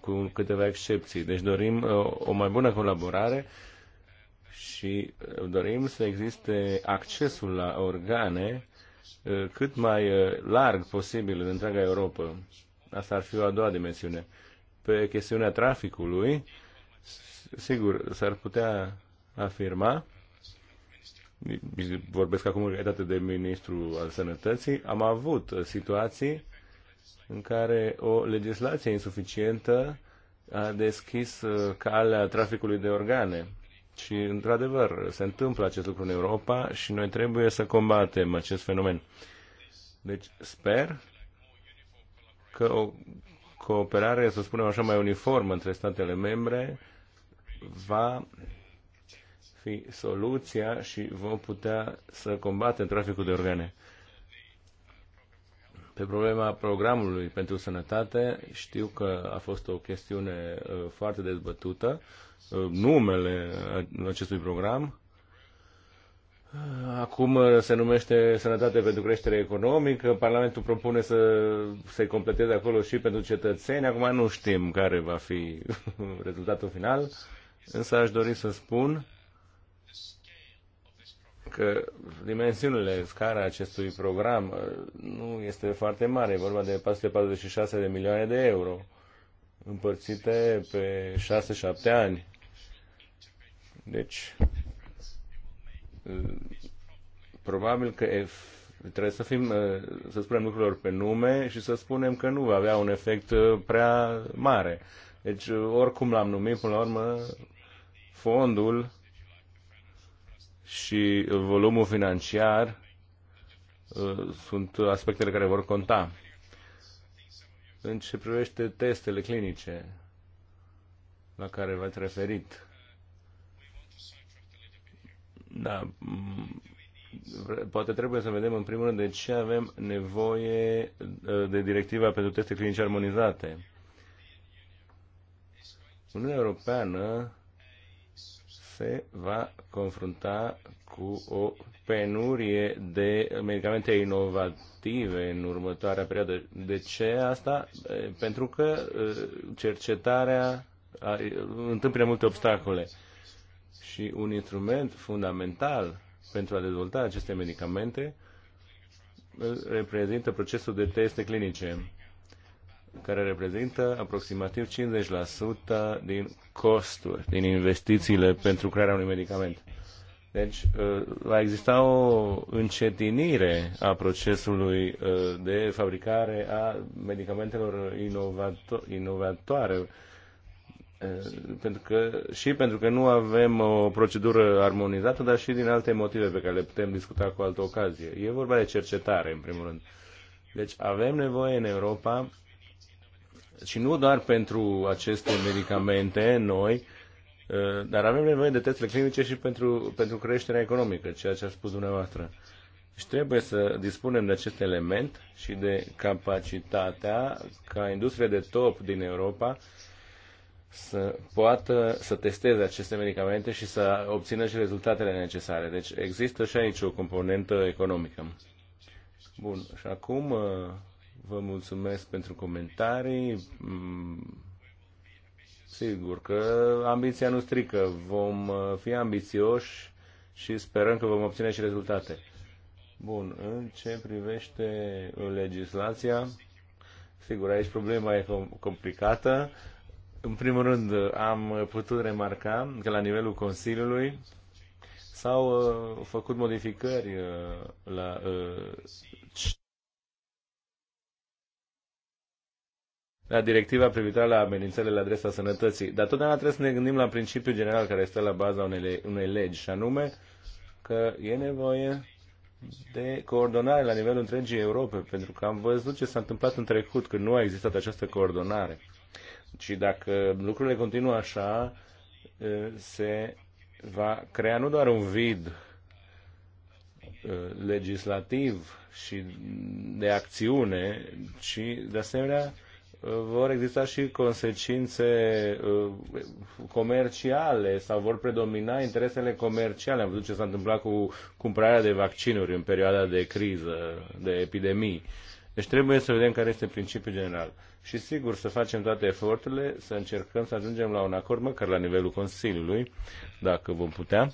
cu câteva excepții. Deci dorim o mai bună colaborare și dorim să existe accesul la organe cât mai larg posibil în întreaga Europa. Asta ar fi o a doua dimensiune. Pe chestiunea traficului, sigur, s-ar putea afirma vorbesc acum în calitate de ministru al sănătății, am avut situații în care o legislație insuficientă a deschis uh, calea traficului de organe. Și, într-adevăr, se întâmplă acest lucru în Europa și noi trebuie să combatem acest fenomen. Deci, sper că o cooperare, să spunem așa, mai uniformă între statele membre va fi soluția și vom putea să combatem traficul de organe. Pe problema programului pentru sănătate, știu că a fost o chestiune uh, foarte dezbătută, uh, numele acestui program. Uh, acum se numește Sănătate pentru creștere economică, Parlamentul propune să se completeze acolo și pentru cetățeni, acum nu știm care va fi <laughs> rezultatul final, însă aș dori să spun că dimensiunile, scara acestui program uh, nu este foarte mare. E vorba de 446 de milioane de euro împărțite pe 6-7 ani. Deci, uh, probabil că trebuie să fim, uh, să spunem lucrurilor pe nume și să spunem că nu va avea un efect prea mare. Deci, oricum l-am numit, până la urmă, fondul și volumul financiar uh, sunt aspectele care vor conta. În ce privește testele clinice la care v-ați referit, da, poate trebuie să vedem în primul rând de ce avem nevoie uh, de directiva pentru teste clinice armonizate. Uniunea Europeană se va confrunta cu o penurie de medicamente inovative în următoarea perioadă. De ce asta? Pentru că cercetarea întâmpină multe obstacole și un instrument fundamental pentru a dezvolta aceste medicamente reprezintă procesul de teste clinice care reprezintă aproximativ 50% din costuri, din investițiile pentru crearea unui medicament. Deci uh, va exista o încetinire a procesului uh, de fabricare a medicamentelor inovato- inovatoare, uh, pentru că, și pentru că nu avem o procedură armonizată, dar și din alte motive pe care le putem discuta cu altă ocazie. E vorba de cercetare, în primul rând. Deci avem nevoie în Europa și nu doar pentru aceste medicamente noi, uh, dar avem nevoie de testele clinice și pentru, pentru creșterea economică, ceea ce a spus dumneavoastră. Și deci trebuie să dispunem de acest element și de capacitatea ca industria de top din Europa să poată să testeze aceste medicamente și să obțină și rezultatele necesare. Deci există și aici o componentă economică. Bun, și acum uh, Vă mulțumesc pentru comentarii. Mm, sigur că ambiția nu strică. Vom uh, fi ambițioși și sperăm că vom obține și rezultate. Bun, în ce privește legislația, sigur, aici problema e complicată. În primul rând, am putut remarca că la nivelul Consiliului s-au uh, făcut modificări uh, la la directiva privitoare la amenințările la adresa sănătății. Dar totdeauna trebuie să ne gândim la principiul general care stă la baza unei, unei legi, și anume că e nevoie de coordonare la nivelul întregii Europe, pentru că am văzut ce s-a întâmplat în trecut, când nu a existat această coordonare. Și dacă lucrurile continuă așa, se va crea nu doar un vid legislativ și de acțiune, ci de asemenea vor exista și consecințe uh, comerciale sau vor predomina interesele comerciale. Am văzut ce s-a întâmplat cu cumpărarea de vaccinuri în perioada de criză, de epidemii. Deci trebuie să vedem care este principiul general. Și sigur să facem toate eforturile, să încercăm să ajungem la un acord, măcar la nivelul Consiliului, dacă vom putea,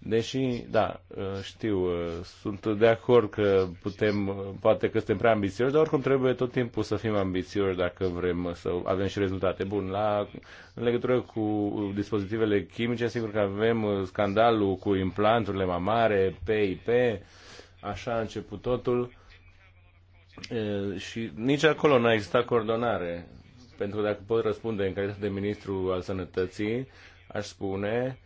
Deși, da, uh, știu, uh, sunt de acord că putem, uh, poate că suntem prea ambițioși, dar oricum trebuie tot timpul să fim ambițioși dacă vrem să avem și rezultate. Bun, la, în legătură cu dispozitivele chimice, sigur că avem scandalul cu implanturile mamare, PIP, așa a început totul și nici acolo n-a existat coordonare. Pentru că dacă pot răspunde în calitate de ministru al sănătății, aș spune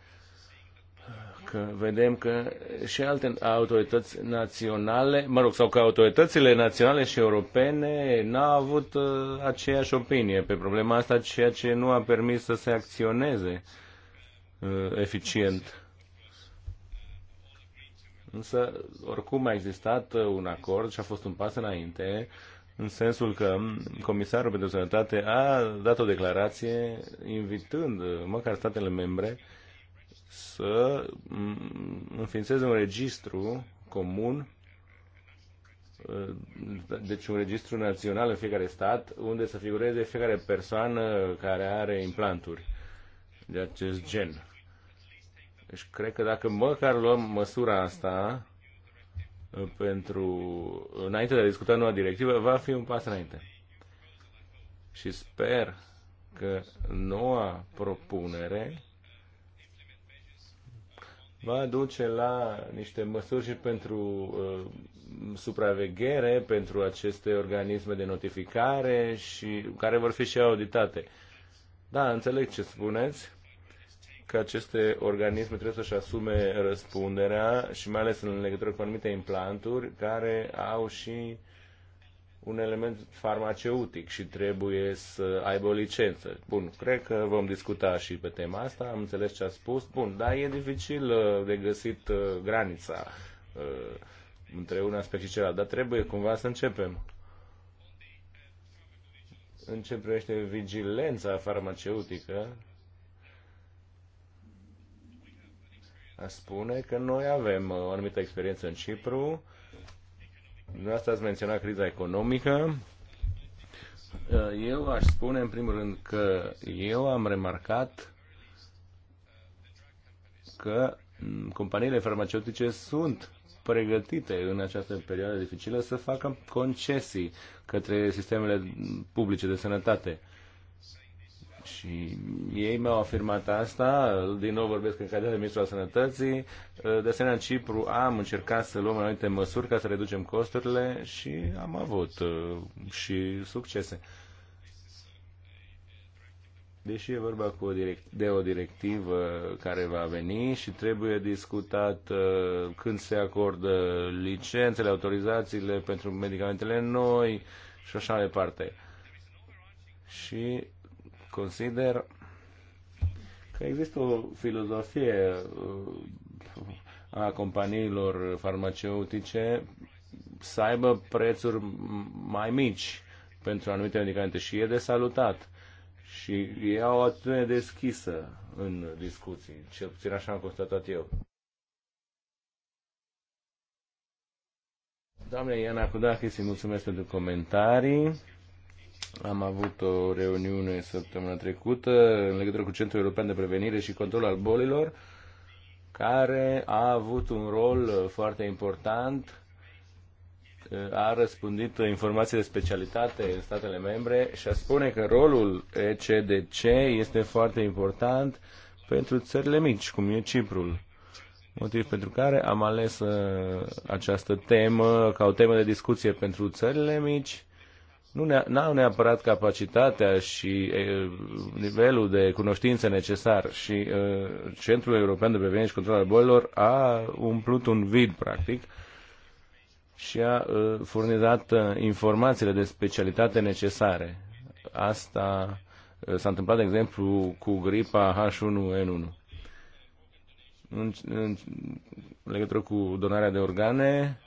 că vedem că și alte autorități naționale, mă rog, sau că autoritățile naționale și europene n-au avut uh, aceeași opinie pe problema asta, ceea ce nu a permis să se acționeze uh, eficient. Însă, oricum a existat uh, un acord și a fost un pas înainte, în sensul că Comisarul pentru Sănătate a dat o declarație invitând uh, măcar statele membre să înființeze un registru comun eh, deci un registru național în fiecare stat unde să figureze fiecare persoană care are implanturi de acest gen. Deci cred că dacă măcar luăm măsura asta eh, pentru înainte de a discuta noua directivă, va fi un pas înainte. Și sper că noua propunere va duce la niște măsuri și pentru uh, supraveghere, pentru aceste organisme de notificare și care vor fi și auditate. Da, înțeleg ce spuneți, că aceste organisme trebuie să-și asume răspunderea și mai ales în legătură cu anumite implanturi care au și uh, un element farmaceutic și trebuie să aibă o licență. Bun, cred că vom discuta și pe tema asta, am înțeles ce a spus. Bun, dar e dificil uh, de găsit uh, granița uh, între un aspect și celălalt, dar trebuie cumva să începem. În ce privește vigilența farmaceutică, a spune că noi avem o anumită experiență în Cipru, Dumneavoastră ați menționat criza economică. Eh, eu aș spune, în primul rând, că eu am remarcat că companiile farmaceutice sunt pregătite în această perioadă dificilă să facă concesii către sistemele publice de sănătate. Și ei mi-au afirmat asta, din nou vorbesc în calitate de ministru al sănătății, de asemenea în Cipru am încercat să luăm anumite măsuri ca să reducem costurile și am avut uh, și succese. Deși e vorba cu o direct, de o directivă care va veni și trebuie discutat uh, când se acordă licențele, autorizațiile pentru medicamentele noi și așa mai departe. Și Consider că există o filozofie uh, a companiilor farmaceutice să aibă prețuri mai mici pentru anumite medicamente și e de salutat. Și e o atitudine deschisă în discuții, cel puțin așa am constatat eu. Doamne Iana Cudachis, îi mulțumesc pentru comentarii. Am avut o reuniune săptămâna trecută în legătură cu Centrul European de Prevenire și Control al Bolilor, care a avut un rol uh, foarte important, uh, a răspândit informații de specialitate în statele membre și a spune că rolul ECDC este foarte important pentru țările mici, cum e Ciprul. Motiv pentru care am ales uh, această temă ca o temă de discuție pentru țările mici nu ne, au neapărat capacitatea și e, nivelul de cunoștințe necesar și e, Centrul European de Prevenire și Control al Bolilor a umplut un vid, practic, și a e, furnizat informațiile de specialitate necesare. Asta s-a întâmplat, de exemplu, cu gripa H1N1. În, în legătură cu donarea de organe,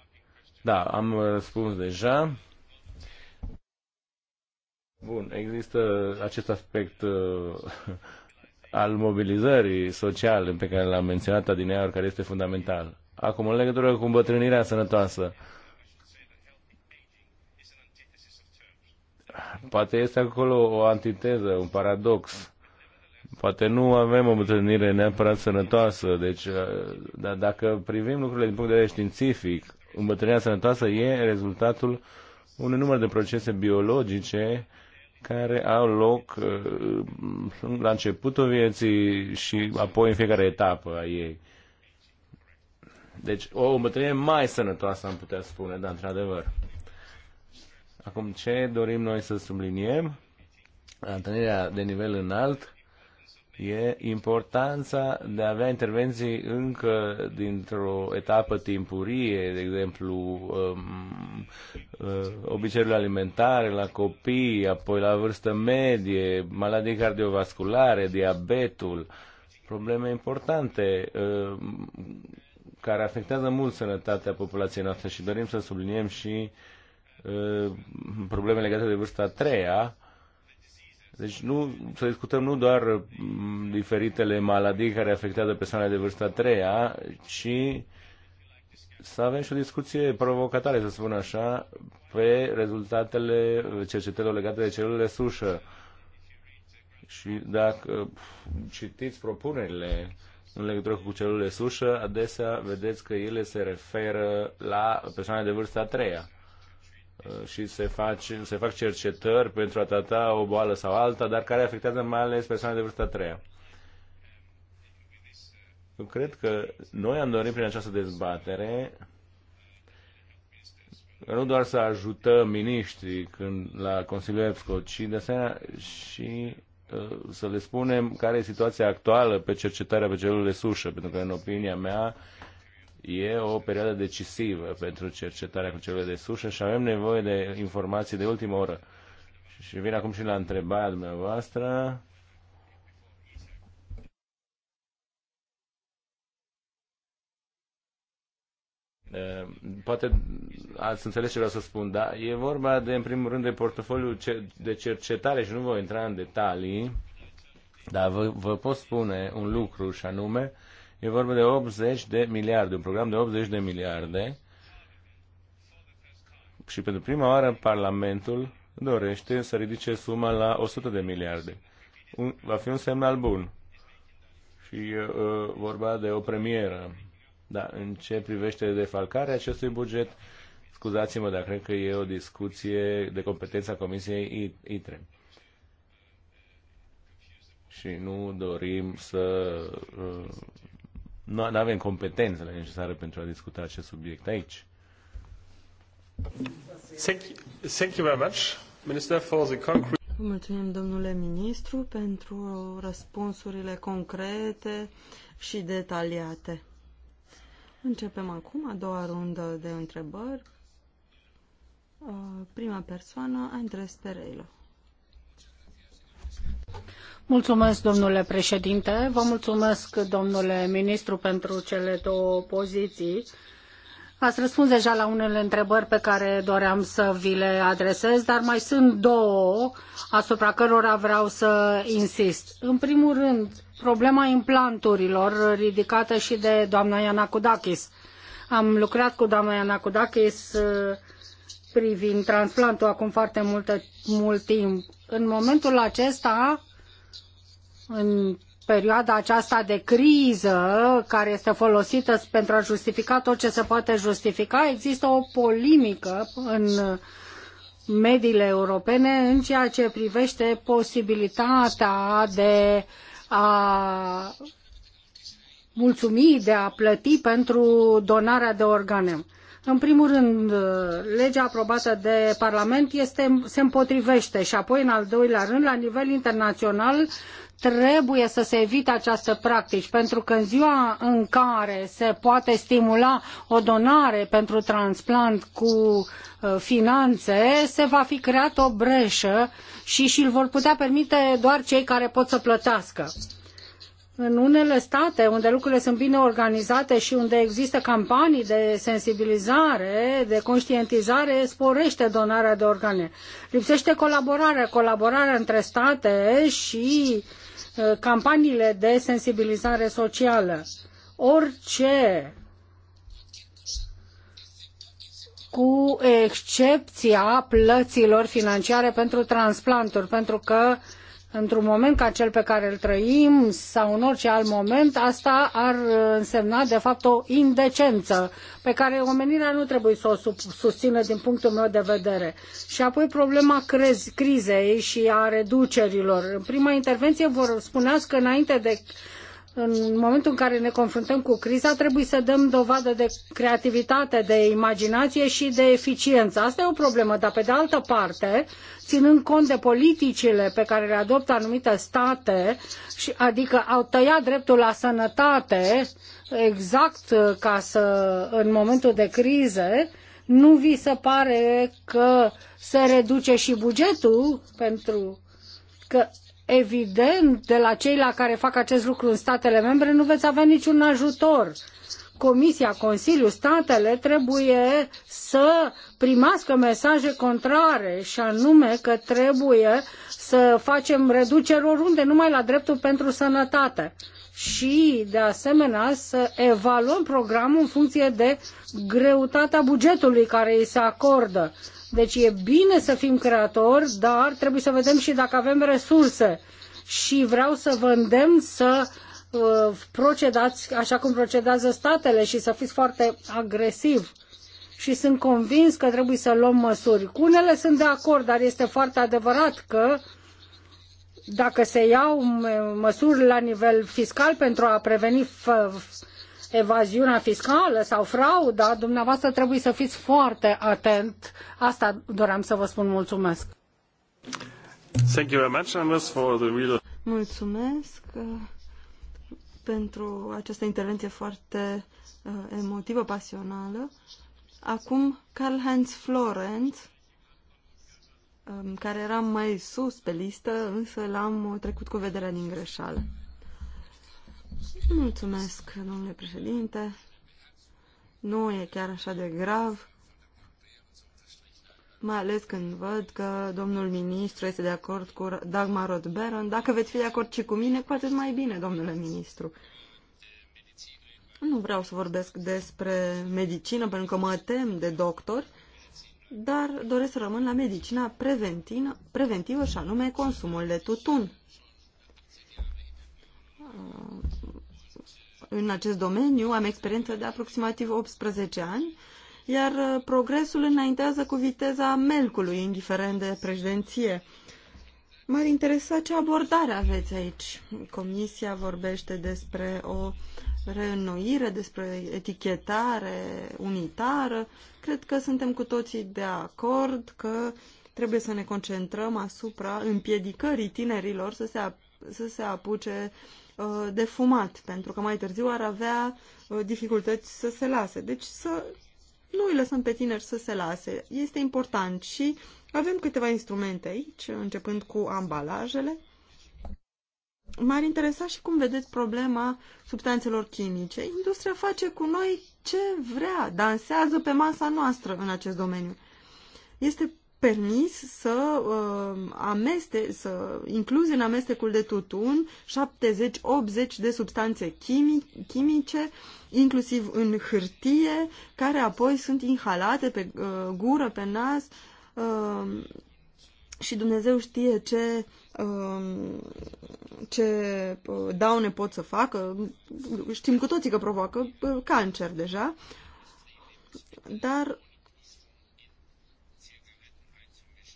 da, am răspuns deja. Bun, există acest aspect uh, <laughs> al mobilizării sociale pe care l-am menționat adineaori, care este fundamental. Acum, în legătură cu îmbătrânirea sănătoasă, poate este acolo o antiteză, un paradox. Poate nu avem o îmbătrânire neapărat sănătoasă, deci, uh, dar dacă privim lucrurile din punct de vedere științific, îmbătrânirea sănătoasă e rezultatul unui număr de procese biologice uh, care au loc uh, la începutul vieții și apoi în fiecare etapă a ei. Deci o îmbătrânire mai sănătoasă, am putea spune, dar într-adevăr. Acum, ce dorim noi să subliniem? Întâlnirea de nivel înalt e importanța de a avea intervenții încă dintr-o etapă timpurie, de exemplu, um, uh, obiceiurile alimentare la copii, apoi la vârstă medie, maladii cardiovasculare, diabetul, probleme importante uh, care afectează mult sănătatea populației noastre și dorim să subliniem și uh, probleme legate de vârsta a treia, deci nu, să discutăm nu doar diferitele maladii care afectează persoanele de vârsta a treia, ci să avem și o discuție provocatoare, să spun așa, pe rezultatele cercetărilor legate de celulele sușă. Și dacă citiți propunerile în legătură cu celulele sușă, adesea vedeți că ele se referă la persoane de vârsta a treia. Uh, și se, face, se fac cercetări pentru a trata o boală sau alta, dar care afectează mai ales persoanele de vârsta a treia. Eu cred că noi am dorit prin această dezbatere nu doar să ajutăm miniștrii când la Consiliul EPSCO, ci de asemenea și uh, să le spunem care e situația actuală pe cercetarea pe celulele sușă, pentru că în opinia mea uh, e o perioadă decisivă pentru cercetarea cu cele de sușă și avem nevoie de informații de ultimă oră. Și vin acum și la întrebarea dumneavoastră. Eh, poate ați înțeles ce vreau să spun, dar e vorba de, în primul rând, de portofoliu de cercetare și nu voi intra în detalii, dar vă, vă pot spune un lucru și anume, E vorba de 80 de miliarde, un program de 80 de miliarde. Și pentru prima oară Parlamentul dorește să ridice suma la 100 de miliarde. Un, va fi un semnal bun. Și uh, vorba de o premieră. Da, în ce privește defalcarea acestui buget, scuzați-mă, dar cred că e o discuție de competența Comisiei ITRE. Și nu dorim să uh, nu avem competențele necesare pentru a discuta acest subiect aici. Thank you, thank you very much, Minister, for the concrete... Vă mulțumim, domnule ministru, pentru răspunsurile concrete și detaliate. Începem acum a doua rundă de întrebări. Uh, prima persoană, Andres Pereilo. Mulțumesc, domnule președinte. Vă mulțumesc, domnule ministru, pentru cele două poziții. Ați răspuns deja la unele întrebări pe care doream să vi le adresez, dar mai sunt două asupra cărora vreau să insist. În primul rând, problema implanturilor ridicată și de doamna Iana Am lucrat cu doamna Iana uh, privind transplantul acum foarte mult timp. În momentul acesta în perioada aceasta de criză care este folosită pentru a justifica tot ce se poate justifica, există o polemică în mediile europene în ceea ce privește posibilitatea de a mulțumi, de a plăti pentru donarea de organe. În primul rând, legea aprobată de Parlament este, se împotrivește și apoi, în al doilea rând, la nivel internațional, trebuie să se evite această practici, pentru că în ziua în care se poate stimula o donare pentru transplant cu uh, finanțe, se va fi creat o breșă și și-l vor putea permite doar cei care pot să plătească. În unele state unde lucrurile sunt bine organizate și unde există campanii de sensibilizare, de conștientizare, sporește donarea de organe. Lipsește colaborarea, colaborarea între state și uh, Uh, campaniile de sensibilizare socială. Orice cu excepția plăților financiare pentru transplanturi, pentru că uh, într-un moment ca cel pe care îl trăim sau în orice alt moment, asta ar uh, însemna de fapt o indecență pe care omenirea nu trebuie să o susțină din punctul meu de vedere. Și apoi problema crez, crizei și a reducerilor. În prima intervenție vor spuneați că înainte de în momentul în care ne confruntăm cu criza, trebuie să dăm dovadă de creativitate, de imaginație și de eficiență. Asta e o problemă, dar pe de altă parte, ținând cont de politicile pe care le adoptă anumite state, adică au tăiat dreptul la sănătate exact ca să, în momentul de crize, nu vi se pare că se reduce și bugetul pentru că evident, de la cei la care fac acest lucru în statele membre, nu veți avea niciun ajutor. Comisia, Consiliul, statele trebuie să primească mesaje contrare și anume că trebuie să facem reduceri oriunde, numai la dreptul pentru sănătate și, de asemenea, să evaluăm programul în funcție de greutatea bugetului care îi se acordă. Deci e bine să fim creatori, dar trebuie să vedem și dacă avem resurse. Și vreau să vă îndemn să uh, procedați așa cum procedează statele și să fiți foarte agresiv. Și sunt convins că trebuie să luăm măsuri. Cu unele sunt de acord, dar este foarte adevărat că dacă se iau măsuri la nivel fiscal pentru a preveni evaziunea fiscală sau frauda, dumneavoastră trebuie să fiți foarte atent. Asta doream să vă spun mulțumesc. Thank you very much, Anders, for the real... Mulțumesc uh, pentru această intervenție foarte uh, emotivă, pasională. Acum, Karl-Heinz Florent, um, care era mai sus pe listă, însă l-am trecut cu vederea din greșeală. Mulțumesc, domnule președinte. Nu e chiar așa de grav, mai ales când văd că domnul ministru este de acord cu Dagmar Rodberon. Dacă veți fi de acord și cu mine, cu atât mai bine, domnule ministru. Nu vreau să vorbesc despre medicină, pentru că mă tem de doctori, dar doresc să rămân la medicina preventivă și anume consumul de tutun în acest domeniu, am experiență de aproximativ 18 ani, iar uh, progresul înaintează cu viteza melcului, indiferent de președinție. M-ar interesa ce abordare aveți aici. Comisia vorbește despre o reînnoire, despre etichetare unitară. Cred că suntem cu toții de acord că trebuie să ne concentrăm asupra împiedicării tinerilor să se, să se apuce uh, Uh, de fumat, pentru că mai târziu ar avea uh, dificultăți să se lase. Deci să nu îi lăsăm pe tineri să se lase. Este important și avem câteva instrumente aici, începând cu ambalajele. M-ar interesa și cum vedeți problema substanțelor chimice. Industria face cu noi ce vrea, dansează pe masa noastră în acest domeniu. Este permis să uh, ameste, să incluzi în amestecul de tutun 70-80 de substanțe chimice, inclusiv în hârtie, care apoi sunt inhalate pe uh, gură, pe nas uh, și Dumnezeu știe ce, uh, ce uh, daune pot să facă. Știm cu toții că provoacă uh, cancer deja, dar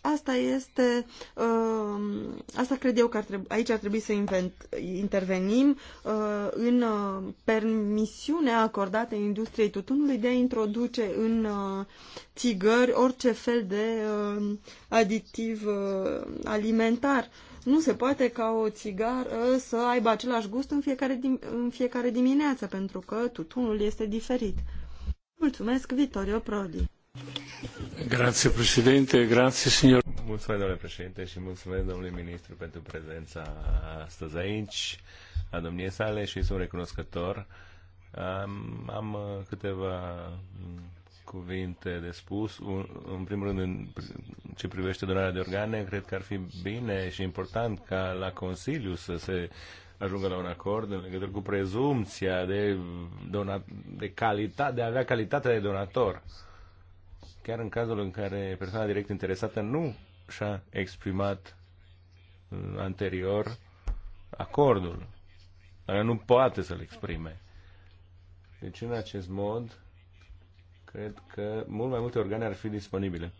Asta este, uh, asta cred eu că ar trebui, aici ar trebui să invent, intervenim uh, în uh, permisiunea acordată industriei tutunului de a introduce în uh, țigări orice fel de uh, aditiv uh, alimentar. Nu se poate ca o țigară să aibă același gust în fiecare, în fiecare dimineață, pentru că tutunul este diferit. Mulțumesc, Vittorio Prodi. Grazie, Grazie, signor. Mulțumesc, domnule președinte, și mulțumesc, domnului ministru, pentru prezența astăzi aici, a domniei sale, și sunt recunoscător. Am, am uh, câteva mm, cuvinte de spus. Un, în primul rând, în ce privește donarea de organe, cred că ar fi bine și important ca la Consiliu să se ajungă la un acord în legătură cu prezumția de, donat, de, calitate, de a avea calitatea de donator. Uh, chiar în cazul în care persoana direct interesată nu și-a exprimat anterior acordul, care nu poate să-l exprime. Deci, în acest mod, cred că mult mai multe organe ar fi disponibile.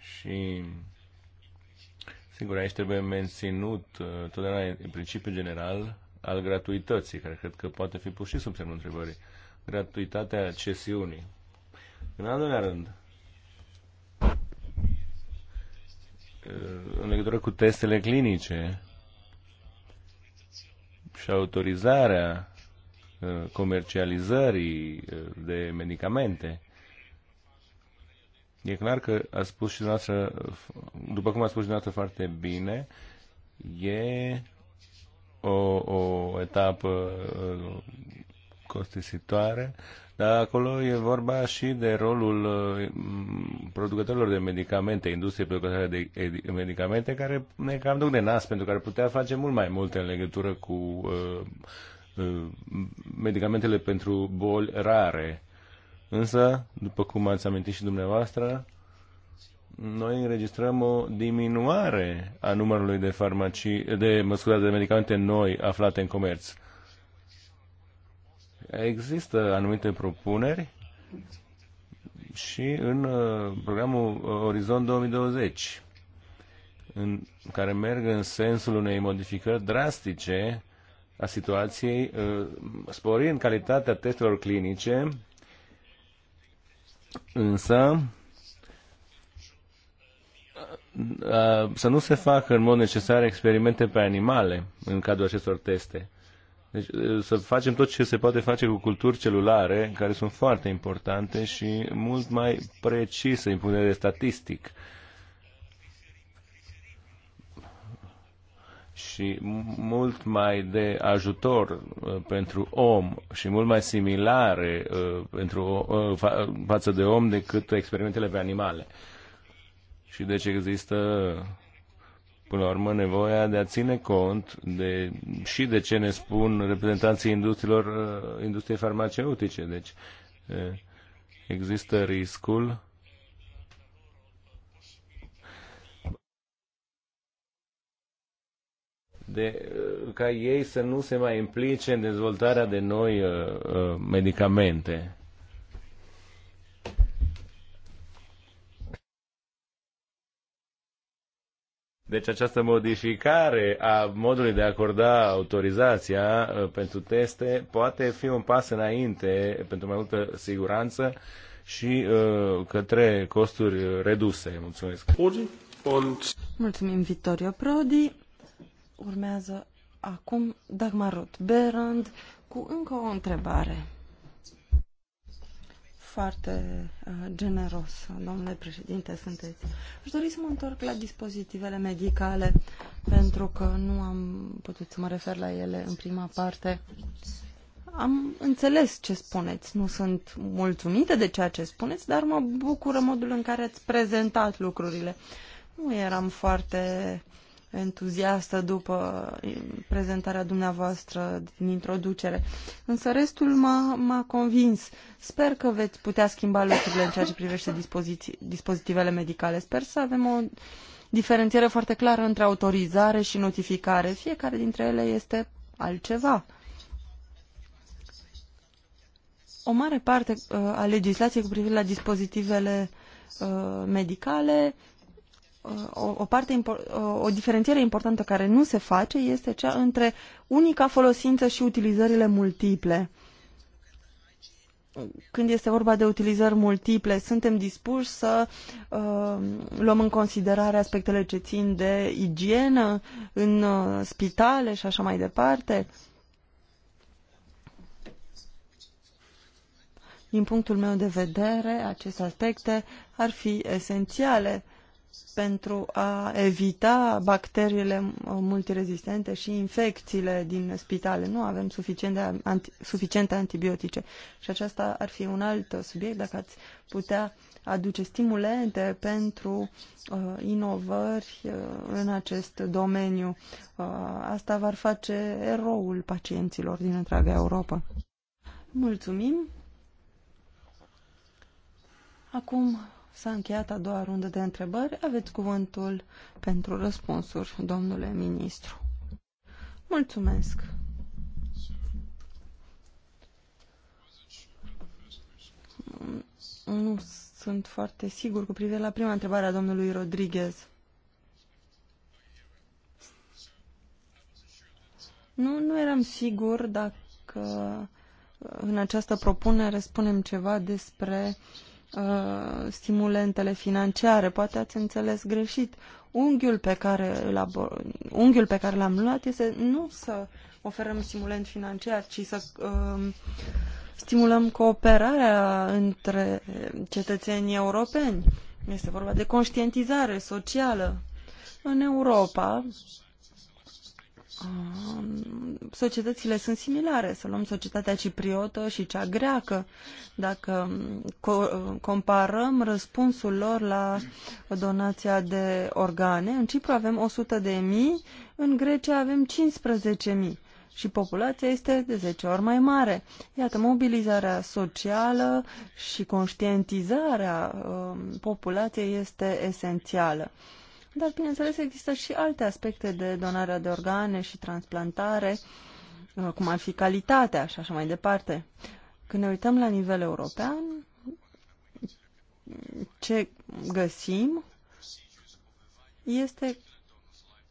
Și, sigur, aici trebuie menținut uh, totdeauna principiul general al gratuității, care cred că poate fi pus și sub semnul întrebării gratuitatea cesiunii. În al doilea rând, în legătură cu testele clinice și autorizarea uh, comercializării uh, de medicamente, E clar că a spus și noastră, după cum a spus și noastră foarte bine, e o, o etapă uh, costisitoare, dar acolo e vorba și de rolul uh, producătorilor de medicamente, industrie producătoare de medicamente, care ne cam duc de nas, pentru că ar putea face mult mai multe în legătură cu uh, uh, medicamentele pentru boli rare. Însă, după cum ați amintit și dumneavoastră, noi înregistrăm o diminuare a numărului de farmacii, de, mă scuzați, de medicamente noi aflate în comerț. Există anumite propuneri și în uh, programul uh, Orizont 2020, în care merg în sensul unei modificări drastice a situației, uh, sporind calitatea testelor clinice, însă să nu se facă în mod necesar experimente pe animale în cadrul acestor teste. Deci să facem tot ce se poate face cu culturi celulare, care sunt foarte importante și mult mai precise în punere statistic. și mult mai de ajutor pentru om și mult mai similare pentru, față de om decât experimentele pe animale. Și deci există până la urmă, nevoia de a ține cont de, și de ce ne spun reprezentanții industriilor, uh, industriei farmaceutice. Deci, uh, există riscul de, uh, ca ei să nu se mai implice în dezvoltarea de noi uh, uh, medicamente. Deci această modificare a modului de a acorda autorizația uh, pentru teste poate fi un pas înainte pentru mai multă siguranță și uh, către costuri uh, reduse. Mulțumesc. Mulțumim, Vittorio Prodi. Urmează acum Dagmar Roth Berand cu încă o întrebare foarte uh, generos, domnule președinte, sunteți. Aș dori să mă întorc la dispozitivele medicale, pentru că nu am putut să mă refer la ele în prima parte. Am înțeles ce spuneți, nu sunt mulțumită de ceea ce spuneți, dar mă bucură modul în care ați prezentat lucrurile. Nu eram foarte entuziastă după prezentarea dumneavoastră din introducere. Însă restul m-a, convins. Sper că veți putea schimba lucrurile în ceea ce privește dispozitivele medicale. Sper să avem o diferențiere foarte clară între autorizare și notificare. Fiecare dintre ele este altceva. O mare parte uh, a legislației cu privire la dispozitivele uh, medicale uh, o, o, parte, o diferențiere importantă care nu se face este cea între unica folosință și utilizările multiple. Când este vorba de utilizări multiple, suntem dispuși să uh, luăm în considerare aspectele ce țin de igienă în uh, spitale și așa mai departe. Din punctul meu de vedere, aceste aspecte ar fi esențiale uh, pentru a evita bacteriile multirezistente și infecțiile din spitale. Nu avem suficiente, anti, suficiente antibiotice. Și aceasta ar fi un alt subiect, dacă ați putea aduce stimulente pentru uh, inovări uh, în acest domeniu. Uh, asta va face eroul pacienților din întreaga Europa. Mulțumim! Acum S-a încheiat a doua rundă de întrebări. Aveți cuvântul pentru răspunsuri, domnule ministru. Mulțumesc. Nu sunt foarte sigur cu privire la prima întrebare a domnului Rodriguez. Nu, nu eram sigur dacă în această propunere spunem ceva despre uh, uh, stimulentele financiare. Poate ați înțeles greșit. Unghiul pe care, unghiul pe care l-am luat este nu să oferăm stimulent financiar, ci să uh, stimulăm cooperarea între cetățenii europeni. Este vorba de conștientizare socială. În Europa, Ah, societățile sunt similare. Să luăm societatea cipriotă și cea greacă. Dacă mm, co- mm, comparăm răspunsul lor la donația de organe, în Cipru avem 100 de mii, în Grecia avem 15 mii și populația este de 10 ori mai mare. Iată, mobilizarea socială și conștientizarea uh, populației este esențială. Uh, dar, bineînțeles, există și alte aspecte de donare de organe și transplantare, uh, cum ar fi calitatea și așa mai departe. Când ne uităm la nivel european, ce găsim este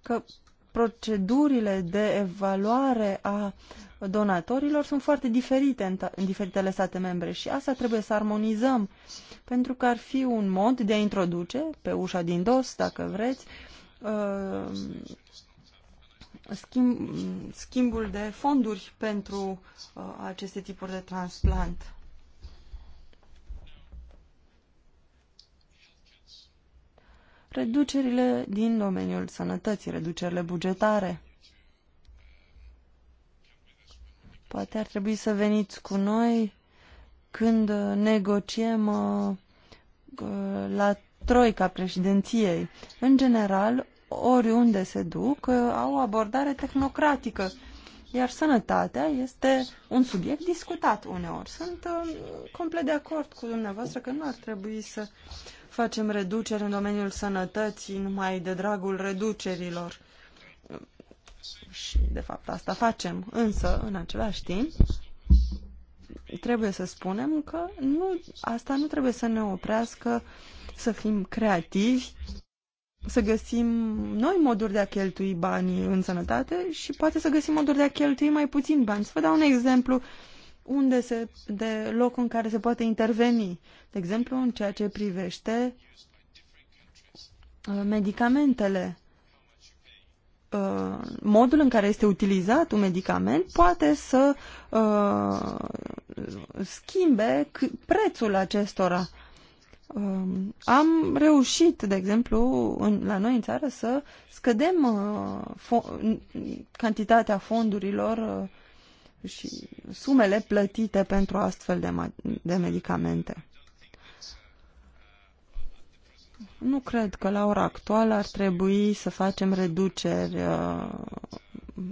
că procedurile de evaluare a donatorilor sunt foarte diferite în, în diferitele state membre și asta trebuie să armonizăm uh, pentru că ar fi un mod de a introduce pe ușa din dos, dacă vreți, uh, schimb, schimbul de fonduri pentru uh, aceste tipuri de transplant. Reducerile din domeniul sănătății, reducerile bugetare. Poate ar trebui să veniți cu noi când uh, negociem uh, uh, la troica președinției. În general, oriunde se duc, au o abordare tehnocratică, iar sănătatea este un subiect discutat uneori. Sunt complet de acord cu dumneavoastră că nu ar trebui să facem reduceri în domeniul sănătății numai de dragul reducerilor. Și, de fapt, asta facem. Însă, în același timp, trebuie să spunem că nu, asta nu trebuie să ne oprească să fim creativi, să găsim noi moduri de a cheltui banii în sănătate și poate să găsim moduri de a cheltui mai puțin bani. Să vă dau un exemplu unde se, de loc în care se poate interveni. De exemplu, în ceea ce privește uh, medicamentele. Uh, modul în care este utilizat un medicament poate să uh, schimbe prețul acestora. Uh, am reușit, de exemplu, în, la noi în țară să scădem uh, fo- cantitatea fondurilor uh, și sumele plătite pentru astfel de, de medicamente. Nu cred că la ora actuală ar trebui să facem reduceri uh,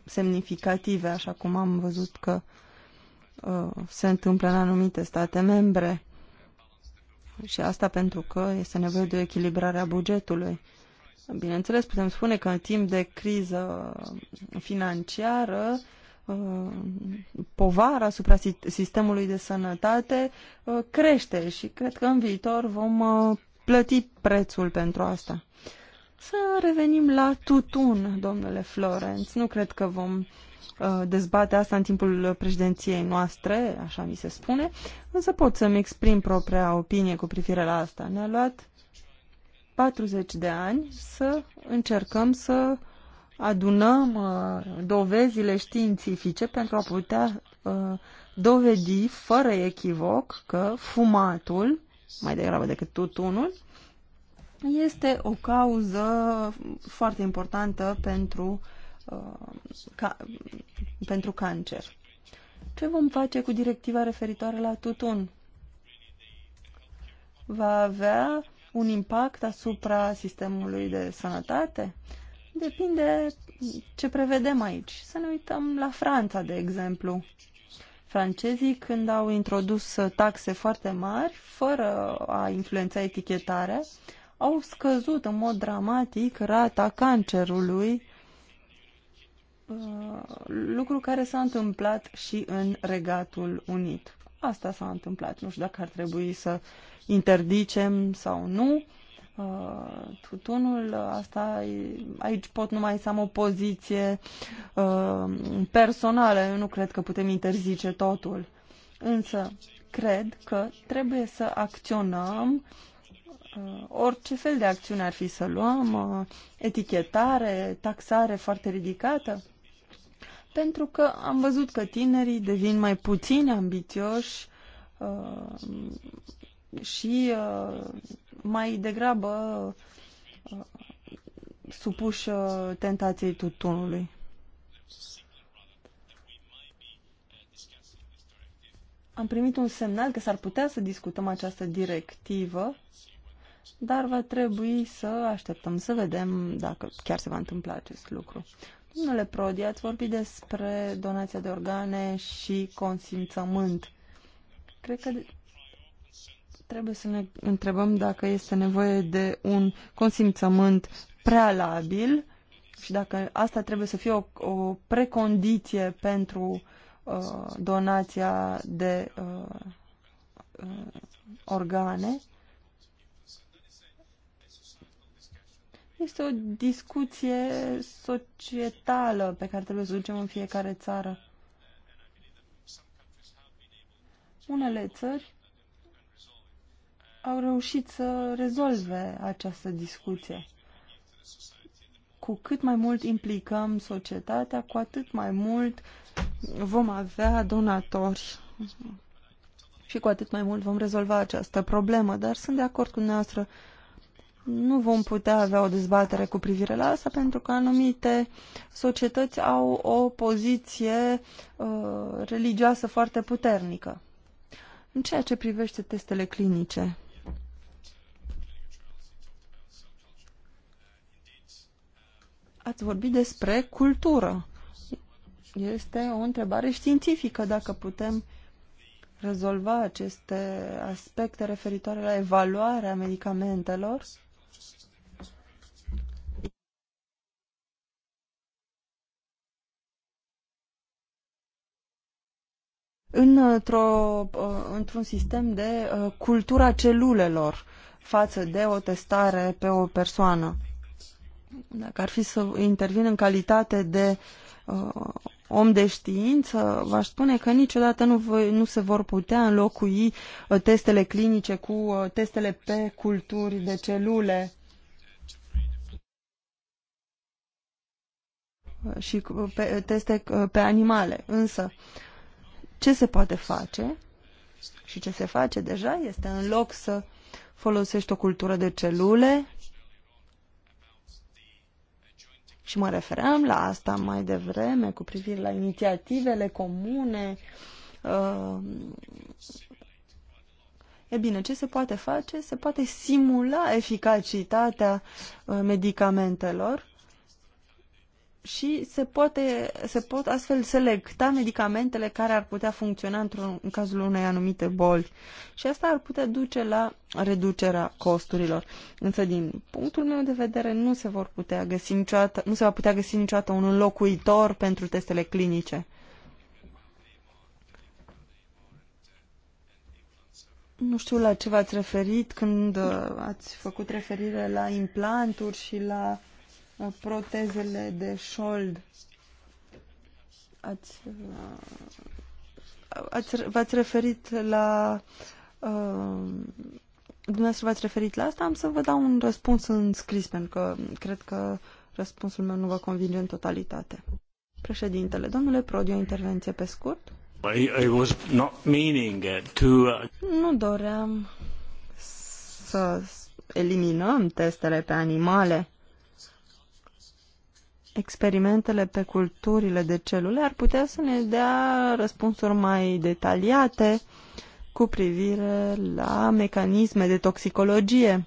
semnificative, așa cum am văzut că uh, se întâmplă în anumite state membre. Și asta pentru că este nevoie de o echilibrare a bugetului. Bineînțeles, putem spune că în timp de criză financiară, uh, povara asupra sistemului de sănătate uh, crește și cred că în viitor vom uh, plăti prețul pentru asta. Să revenim la tutun, domnule Florenț. Nu cred că vom uh, dezbate asta în timpul președinției noastre, așa mi se spune, însă pot să-mi exprim propria opinie cu privire la asta. Ne-a luat 40 de ani să încercăm să adunăm uh, dovezile științifice pentru a putea uh, dovedi fără echivoc că fumatul mai degrabă decât tutunul, este o cauză foarte importantă pentru, uh, ca, pentru cancer. Ce vom face cu directiva referitoare la tutun? Va avea un impact asupra sistemului de sănătate? Depinde ce prevedem aici. Să ne uităm la Franța, de exemplu francezii când au introdus taxe foarte mari, fără a influența etichetarea, au scăzut în mod dramatic rata cancerului, uh, lucru care s-a întâmplat și în Regatul Unit. Asta s-a întâmplat. Nu știu dacă ar trebui să interdicem sau nu Uh, tutunul, asta aici pot numai să am o poziție uh, personală, eu nu cred că putem interzice totul. Însă, cred că trebuie să acționăm uh, orice fel de acțiune ar fi să luăm, uh, etichetare, taxare foarte ridicată, pentru că am văzut că tinerii devin mai puțin ambițioși uh, și uh, mai degrabă uh, supuși uh, tentației tutunului. Am primit un semnal că s-ar putea să discutăm această directivă, dar va trebui să așteptăm să vedem dacă chiar se va întâmpla acest lucru. Domnule Prodi, ați vorbit despre donația de organe și consimțământ. Cred că Trebuie să ne întrebăm dacă este nevoie de un consimțământ prealabil și dacă asta trebuie să fie o, o precondiție pentru uh, donația de uh, uh, organe. Este o discuție societală pe care trebuie să ducem în fiecare țară. Unele țări au reușit să rezolve această discuție. Cu cât mai mult implicăm societatea, cu atât mai mult vom avea donatori și cu atât mai mult vom rezolva această problemă. Dar sunt de acord cu noastră, nu vom putea avea o dezbatere cu privire la asta pentru că anumite societăți au o poziție uh, religioasă foarte puternică. În ceea ce privește testele clinice, ați vorbit despre cultură. Este o întrebare științifică dacă putem rezolva aceste aspecte referitoare la evaluarea medicamentelor. într uh, într-un sistem de uh, cultura celulelor față de o testare pe o persoană. Dacă ar fi să intervin în calitate de uh, om de știință, v-aș spune că niciodată nu, voi, nu se vor putea înlocui uh, testele clinice cu uh, testele pe culturi de celule. Uh, și pe, teste uh, pe animale. Însă, ce se poate face și ce se face deja este în loc să folosești o cultură de celule, și mă refeream la asta mai devreme cu privire la inițiativele comune. Uh, e bine, ce se poate face? Se poate simula eficacitatea uh, medicamentelor și se, poate, se pot astfel selecta medicamentele care ar putea funcționa într-un, în cazul unei anumite boli. Și asta ar putea duce la reducerea costurilor. Însă, din punctul meu de vedere, nu se, vor putea găsi niciodată, nu se va putea găsi niciodată un înlocuitor pentru testele clinice. Nu știu la ce v-ați referit când uh, ați făcut referire la implanturi și la Uh, protezele de șold. Ați, uh, ați, v-ați referit la uh, dumneavoastră v-ați referit la asta, am să vă dau un răspuns în scris, pentru că cred că răspunsul meu nu vă convinge în totalitate. Președintele, domnule Prodi, o intervenție pe scurt? I, I was not meaning to... Uh, nu doream să eliminăm testele pe animale experimentele pe culturile de celule ar putea să ne dea răspunsuri mai detaliate cu privire la mecanisme de toxicologie.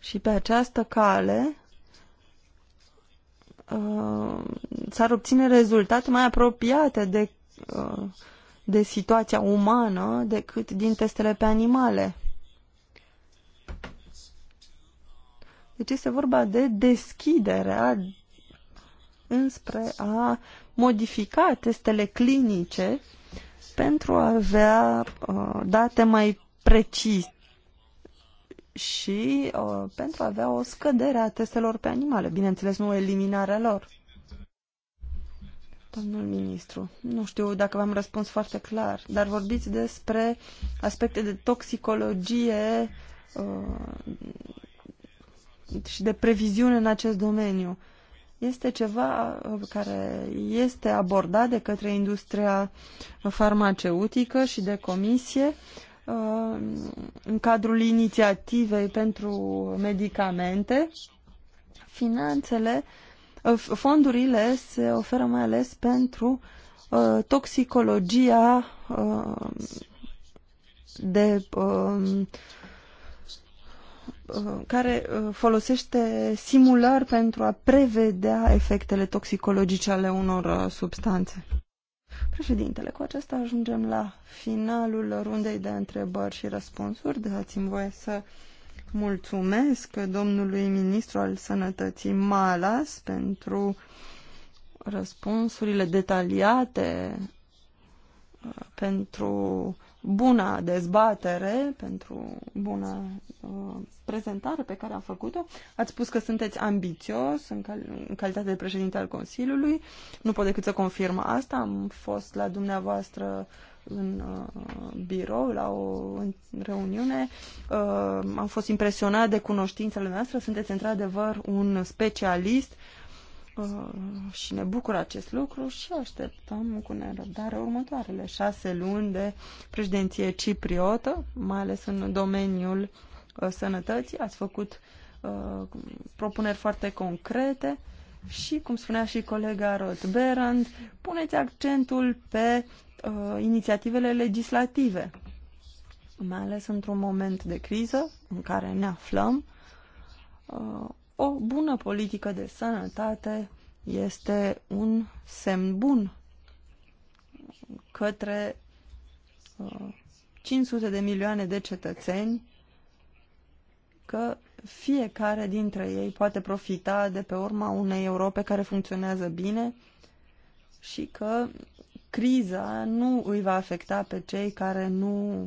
Și pe această cale uh, s-ar obține rezultate mai apropiate de, uh, de situația umană decât din testele pe animale. Deci este vorba de deschiderea înspre a modifica testele clinice pentru a avea uh, date mai precise și uh, pentru a avea o scădere a testelor pe animale, bineînțeles nu eliminarea lor. Domnul ministru, nu știu dacă v-am răspuns foarte clar, dar vorbiți despre aspecte de toxicologie uh, și de previziune în acest domeniu. Este ceva uh, care este abordat de către industria farmaceutică și de comisie uh, în cadrul inițiativei pentru medicamente. Finanțele, uh, fondurile se oferă mai ales pentru toxicologia de Uh, care uh, folosește simulări pentru a prevedea efectele toxicologice ale unor uh, substanțe. Președintele, cu aceasta ajungem la finalul rundei de întrebări și răspunsuri. Dați-mi voie să mulțumesc domnului ministru al sănătății Malas pentru răspunsurile detaliate, pentru buna dezbatere, pentru buna uh, prezentare pe care am făcut-o. Ați spus că sunteți ambițios în, cal- în calitate de președinte al Consiliului. Nu pot decât să confirm asta. Am fost la dumneavoastră în uh, birou, la o reuniune. Uh, am fost impresionat de cunoștințele noastre. Sunteți într-adevăr un specialist uh, Uh, și ne bucură acest lucru și așteptăm cu nerăbdare următoarele șase luni de președinție cipriotă, mai ales în domeniul uh, sănătății. Ați făcut uh, propuneri foarte concrete și, cum spunea și colega Roth Berend, puneți accentul pe uh, inițiativele legislative, mai ales într-un moment de criză în care ne aflăm. Uh, o bună politică de sănătate este un semn bun către 500 uh, de milioane de cetățeni că fiecare dintre ei poate profita de pe urma unei Europe care funcționează bine și că criza nu îi va afecta pe cei care nu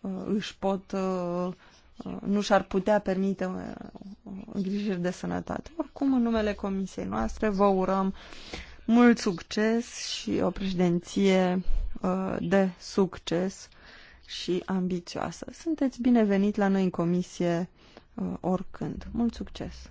uh, își pot uh, nu și-ar putea permite uh, îngrijiri de sănătate. Oricum, în numele comisiei noastre, vă urăm mult succes și o președinție uh, de succes și ambițioasă. Sunteți binevenit la noi în comisie uh, oricând. Mult succes!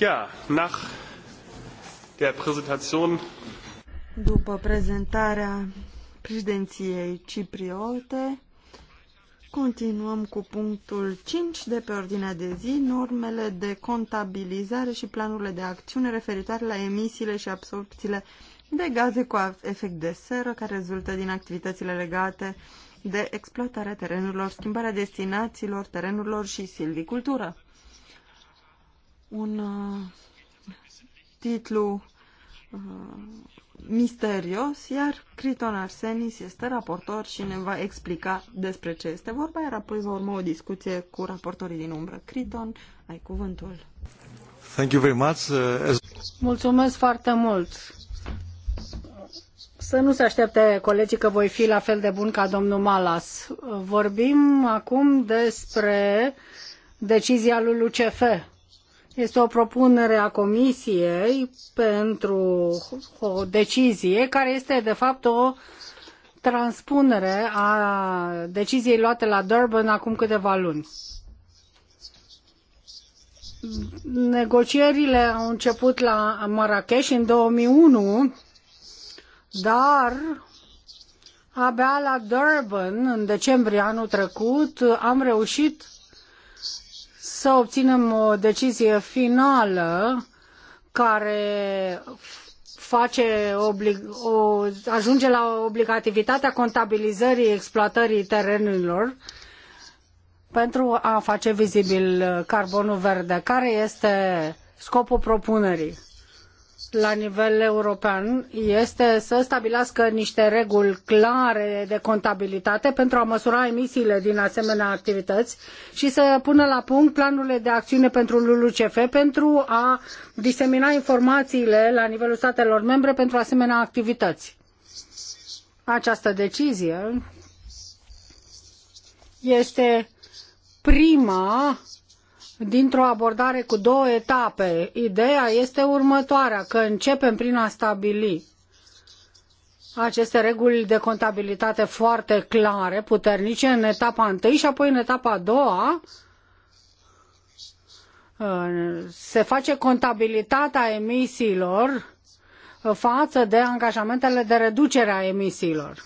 Ja, nach der Präsentation după prezentarea președinției cipriote, continuăm cu punctul 5 de pe ordinea de zi, normele de contabilizare și planurile de acțiune referitoare la emisiile și absorpțiile de gaze cu efect de seră care rezultă din activitățile legate de exploatarea terenurilor, schimbarea destinațiilor terenurilor și silvicultură un uh, titlu uh, misterios, iar Criton Arsenis este raportor și ne va explica despre ce este vorba, iar apoi va urma o discuție cu raportorii din umbră. Criton, ai cuvântul. Thank you very much. Uh, Mulțumesc foarte mult. Să nu se aștepte colegii că voi fi la fel de bun ca domnul Malas. Vorbim acum despre decizia lui Lucefe este o propunere a Comisiei pentru o decizie care este de fapt o transpunere a deciziei luate la Durban acum câteva luni. Negocierile au început la Marrakesh în 2001, dar abia la Durban, în decembrie anul trecut, am reușit să obținem o decizie finală care face oblig- o, ajunge la obligativitatea contabilizării exploatării terenurilor pentru a face vizibil carbonul verde. Care este scopul propunerii? la nivel european este să stabilească niște reguli clare de contabilitate pentru a măsura emisiile din asemenea activități și să pună la punct planurile de acțiune pentru LULUCF pentru a disemina informațiile la nivelul statelor membre pentru asemenea activități. Această decizie este prima dintr-o abordare cu două etape. Ideea este următoarea, că începem prin a stabili aceste reguli de contabilitate foarte clare, puternice, în etapa întâi și apoi în etapa a doua se face contabilitatea emisiilor față de angajamentele de reducere a emisiilor.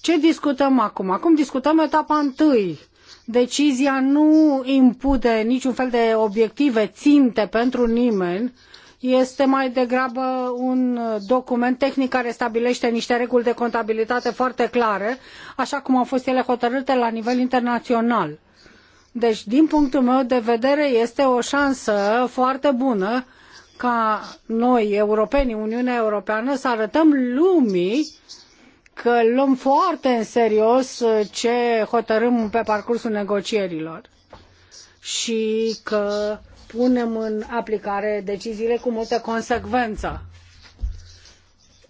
Ce discutăm acum? Acum discutăm etapa întâi, Decizia nu impune niciun fel de obiective, ținte pentru nimeni, este mai degrabă un document tehnic care stabilește niște reguli de contabilitate foarte clare, așa cum au fost ele hotărâte la nivel internațional. Deci, din punctul meu de vedere, este o șansă foarte bună ca noi, europenii, Uniunea Europeană, să arătăm lumii că luăm foarte în serios uh, ce hotărâm pe parcursul negocierilor și că punem în aplicare deciziile cu multă consecvență.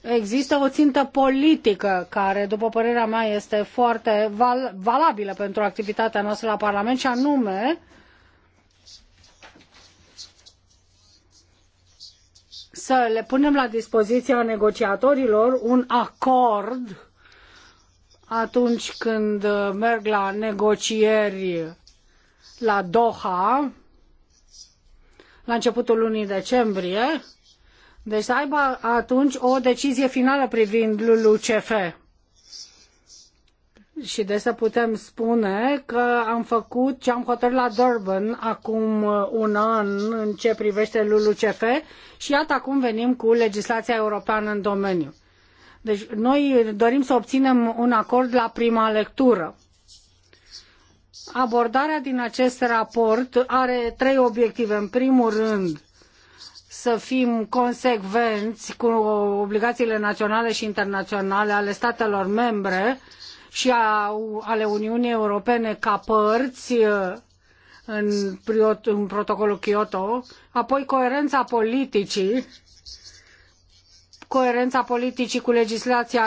Există o țintă politică care, după părerea mea, este foarte val valabilă pentru activitatea noastră la Parlament și anume uh, să le punem la dispoziția negociatorilor un acord atunci când uh, merg la negocieri la Doha, la începutul lunii decembrie, deci să aibă atunci o decizie finală privind LULUCF și de să putem spune că am făcut ce am hotărât la Durban acum uh, un an în ce privește LULUCF și iată acum venim cu legislația europeană în domeniu. Deci noi dorim să obținem un acord la prima lectură. Abordarea din acest raport are trei obiective. În primul rând, să fim consecvenți cu obligațiile naționale și internaționale ale statelor membre și a, ale Uniunii Europene ca părți uh, în, în protocolul Kyoto, apoi coerența politicii, coerența politicii cu legislația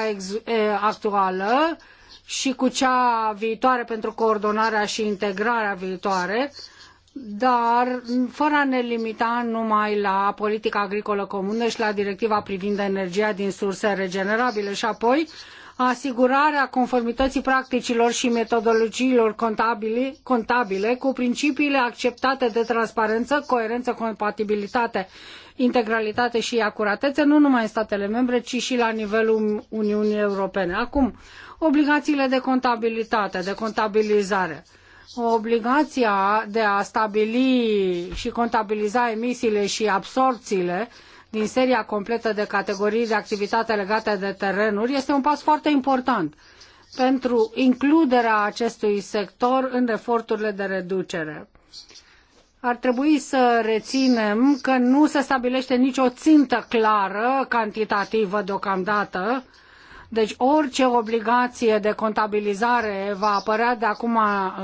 actuală și cu cea viitoare pentru coordonarea și integrarea viitoare, dar fără a ne limita numai la politica agricolă comună și la directiva privind energia din surse regenerabile și apoi asigurarea conformității practicilor și metodologiilor contabile, contabile cu principiile acceptate de transparență, coerență, compatibilitate, integralitate și acuratețe, nu numai în statele membre, ci și la nivelul Uniunii Europene. Acum, obligațiile de contabilitate, de contabilizare obligația de a stabili și contabiliza emisiile și absorpțiile din seria completă de categorii de activitate legate de terenuri este un pas foarte important pentru includerea acestui sector în eforturile de reducere. Ar trebui să reținem că nu se stabilește nicio țintă clară, cantitativă deocamdată, deci orice obligație de contabilizare va apărea de acum,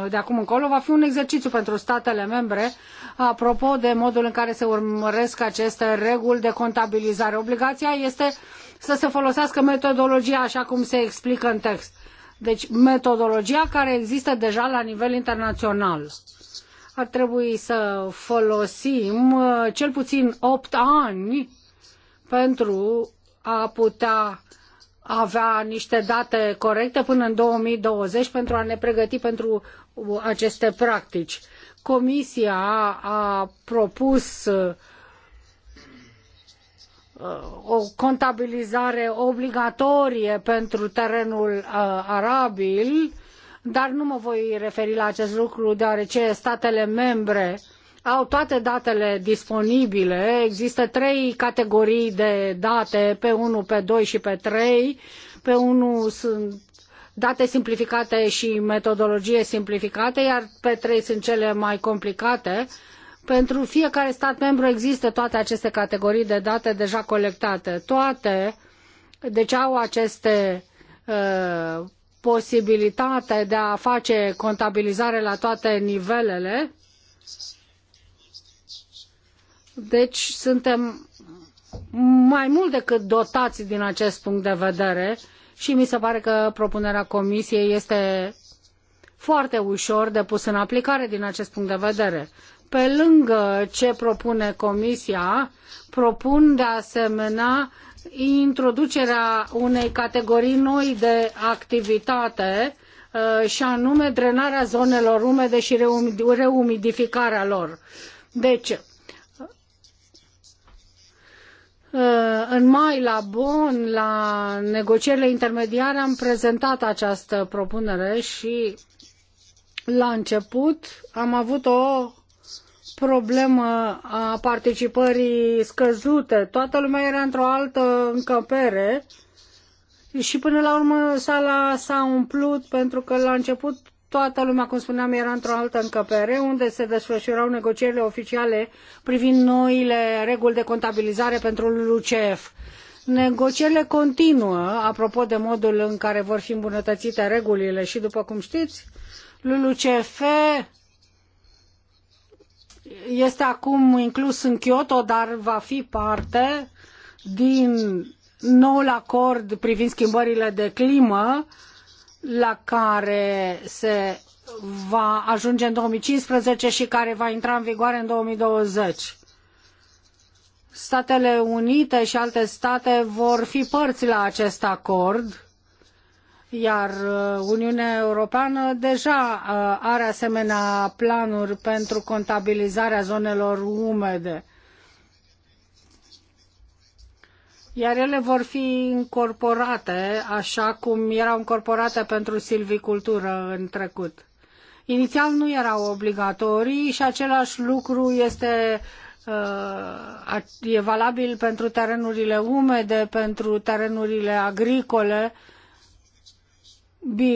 de acum încolo va fi un exercițiu pentru statele membre apropo de modul în care se urmăresc aceste reguli de contabilizare. Obligația este să se folosească metodologia așa cum se explică în text. Deci metodologia care există deja la nivel internațional. Ar trebui să folosim uh, cel puțin opt ani pentru a putea avea niște date corecte până în 2020 pentru a ne pregăti pentru aceste practici. Comisia a propus uh, uh, o contabilizare obligatorie pentru terenul uh, arabil, dar nu mă voi referi la acest lucru deoarece statele membre au toate datele disponibile. Există trei categorii de date, pe 1, pe 2 și pe 3. Pe 1 sunt date simplificate și metodologie simplificate, iar pe trei sunt cele mai complicate. Pentru fiecare stat membru există toate aceste categorii de date deja colectate. Toate, deci au aceste uh, posibilitate de a face contabilizare la toate nivelele. Deci suntem mai mult decât dotați din acest punct de vedere uh, și mi se pare că propunerea comisiei este foarte ușor de pus în aplicare din acest punct de vedere. Pe lângă ce propune comisia, propun de asemenea introducerea unei categorii noi de activitate uh, și anume drenarea zonelor umede și reumidificarea lor. Deci, Uh, în mai la Bonn, la negocierile intermediare, am prezentat această propunere și la început am avut o problemă a participării scăzute. Toată lumea era într-o altă încăpere și până la urmă sala s-a umplut pentru că la început toată lumea, cum spuneam, era într-o altă încăpere, unde se desfășurau negocierile oficiale privind noile reguli de contabilizare pentru LUCF. Negocierile continuă, apropo de modul în care vor fi îmbunătățite regulile și, după cum știți, LULUCF este acum inclus în Kyoto, dar va fi parte din noul acord privind schimbările de climă, la care se va ajunge în 2015 și care va intra în vigoare în 2020. Statele Unite și alte state vor fi părți la acest acord, iar uh, Uniunea Europeană deja uh, are asemenea planuri pentru contabilizarea zonelor umede iar ele vor fi incorporate așa cum erau incorporate pentru silvicultură în trecut. Inițial nu erau obligatorii și același lucru este uh, e valabil pentru terenurile umede, pentru terenurile agricole.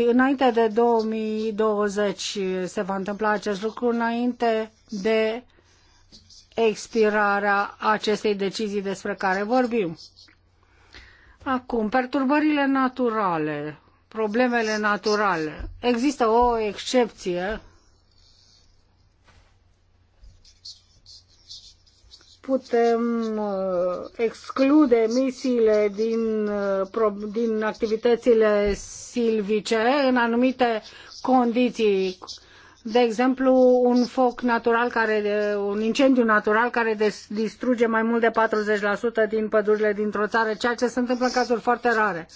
Înainte de 2020 se va întâmpla acest lucru, înainte de expirarea acestei decizii despre care vorbim. Acum, perturbările naturale, problemele naturale. Există o excepție putem uh, exclude emisiile din, uh, din activitățile silvice în anumite condiții de exemplu, un foc natural care, uh, un incendiu natural care distruge mai mult de 40% din pădurile dintr-o țară, ceea ce se întâmplă în cazuri foarte rare.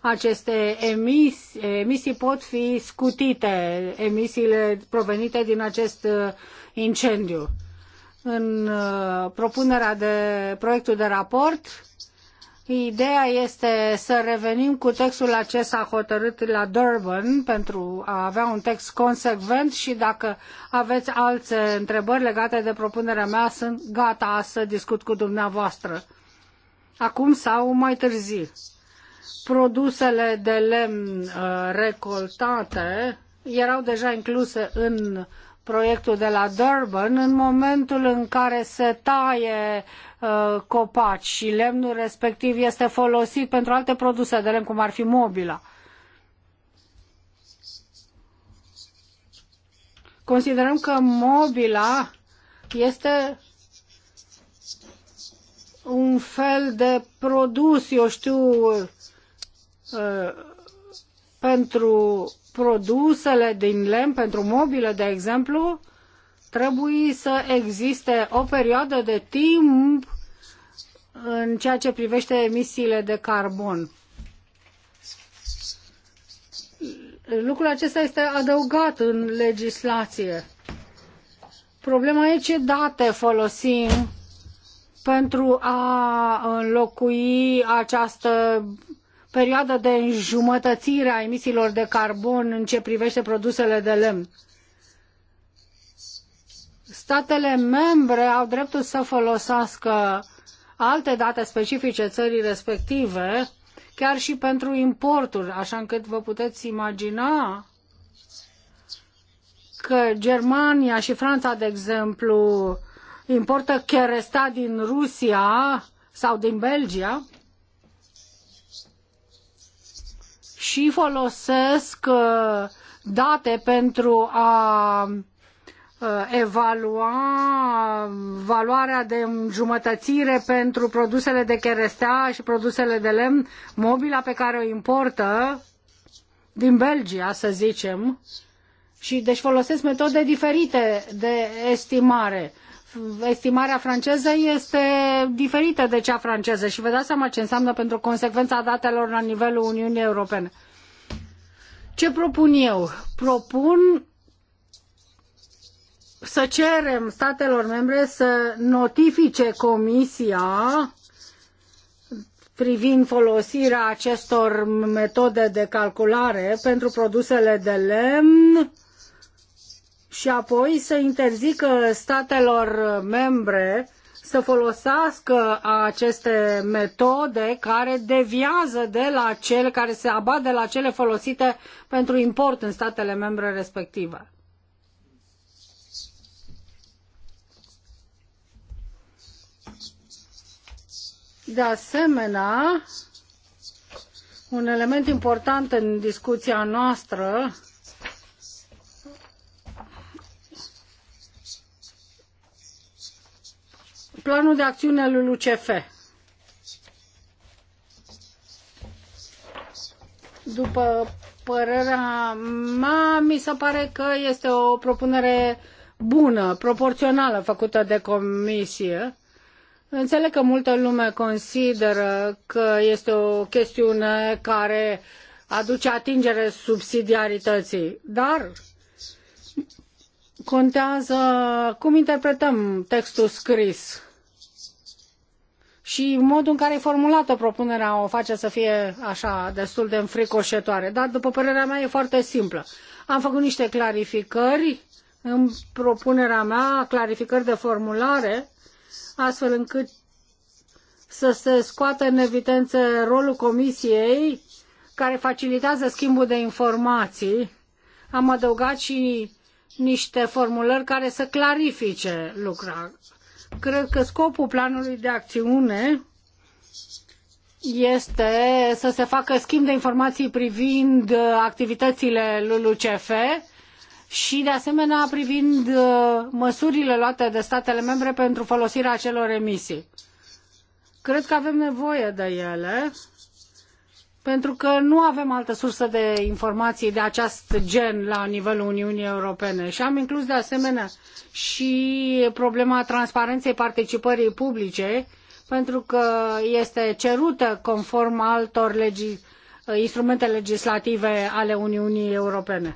Aceste emisii, emisii pot fi scutite, emisiile provenite din acest uh, incendiu. În uh, propunerea de proiectul de raport, Ideea este să revenim cu textul acesta hotărât la Durban pentru a avea un text consecvent și dacă aveți alte întrebări legate de propunerea mea, sunt gata să discut cu dumneavoastră. Acum sau mai târziu. Produsele de lemn uh, recoltate erau deja incluse în proiectul de la Durban în momentul în care se taie uh, copaci și lemnul respectiv este folosit pentru alte produse de lemn, cum ar fi mobila. Considerăm că mobila este un fel de produs, eu știu, uh, pentru produsele din lemn pentru mobile, de exemplu, trebuie să existe o perioadă de timp în ceea ce privește emisiile de carbon. Lucrul acesta este adăugat în legislație. Problema e ce date folosim pentru a înlocui această perioadă de înjumătățire a emisiilor de carbon în ce privește produsele de lemn. Statele membre au dreptul să folosească alte date specifice țării respective, chiar și pentru importuri, așa încât vă puteți imagina că Germania și Franța, de exemplu, importă cherestea din Rusia sau din Belgia, și folosesc uh, date pentru a uh, evalua valoarea de înjumătățire pentru produsele de cherestea și produsele de lemn, mobila pe care o importă din Belgia, să zicem, și deci folosesc metode diferite de estimare estimarea franceză este diferită de cea franceză și vă dați seama ce înseamnă pentru consecvența datelor la nivelul Uniunii Europene. Ce propun eu? Propun să cerem statelor membre să notifice Comisia privind folosirea acestor metode de calculare pentru produsele de lemn și apoi să interzică statelor membre să folosească aceste metode care deviază de la cele, care se abat de la cele folosite pentru import în statele membre respective. De asemenea, un element important în discuția noastră planul de acțiune al lui UCF. După părerea mea, mi se pare că este o propunere bună, proporțională făcută de comisie. Înțeleg că multă lume consideră că este o chestiune care aduce atingere subsidiarității, dar contează cum interpretăm textul scris și modul în care e formulată propunerea o face să fie așa destul de înfricoșătoare. Dar, după părerea mea, e foarte simplă. Am făcut niște clarificări în propunerea mea, clarificări de formulare, astfel încât să se scoată în evidență rolul comisiei care facilitează schimbul de informații. Am adăugat și niște formulări care să clarifice lucra, Cred că scopul planului de acțiune este să se facă schimb de informații privind uh, activitățile LULUCF și, de asemenea, privind uh, măsurile luate de statele membre pentru folosirea acelor emisii. Cred că avem nevoie de ele pentru că nu avem altă sursă de informații de acest gen la nivelul Uniunii Europene. Și am inclus de asemenea și problema transparenței participării publice, pentru că este cerută conform altor legi, instrumente legislative ale Uniunii Europene.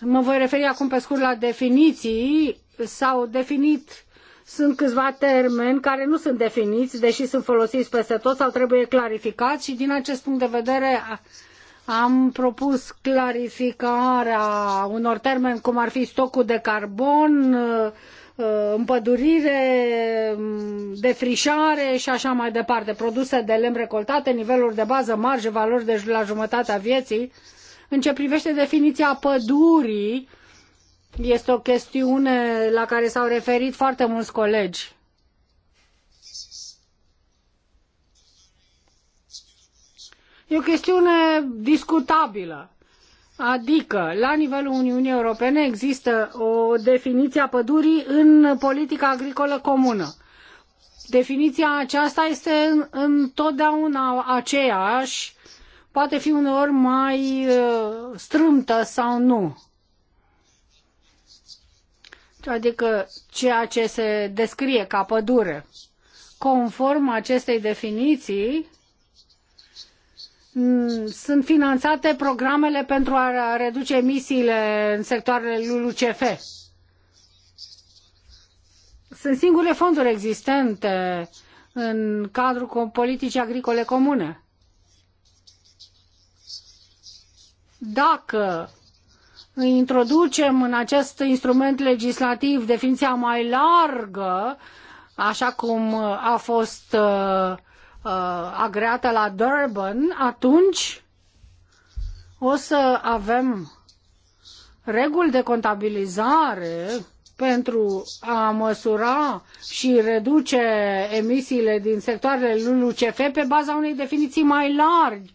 Mă voi referi acum pe scurt la definiții. S-au definit sunt câțiva termeni care nu sunt definiți, deși sunt folosiți peste tot sau trebuie clarificați și din acest punct de vedere am propus clarificarea unor termeni cum ar fi stocul de carbon, uh, uh, împădurire, um, defrișare și așa mai departe, produse de lemn recoltate, niveluri de bază, marge, valori de la jumătatea vieții. În ce privește definiția pădurii, este o chestiune la care s-au referit foarte mulți colegi. E o chestiune discutabilă. Adică, la nivelul Uniunii Europene există o definiție a pădurii în politica agricolă comună. Definiția aceasta este întotdeauna aceeași, poate fi uneori mai uh, strâmtă sau nu adică ceea ce se descrie ca pădure. Conform acestei definiții, sunt finanțate programele pentru a reduce emisiile în sectoarele LULUCF. Sunt singure fonduri existente în cadrul politicii agricole comune. Dacă introducem în acest instrument legislativ definiția mai largă, așa cum a fost uh, uh, agreată la Durban, atunci o să avem reguli de contabilizare pentru a măsura și reduce emisiile din sectoarele LULUCF pe baza unei definiții mai largi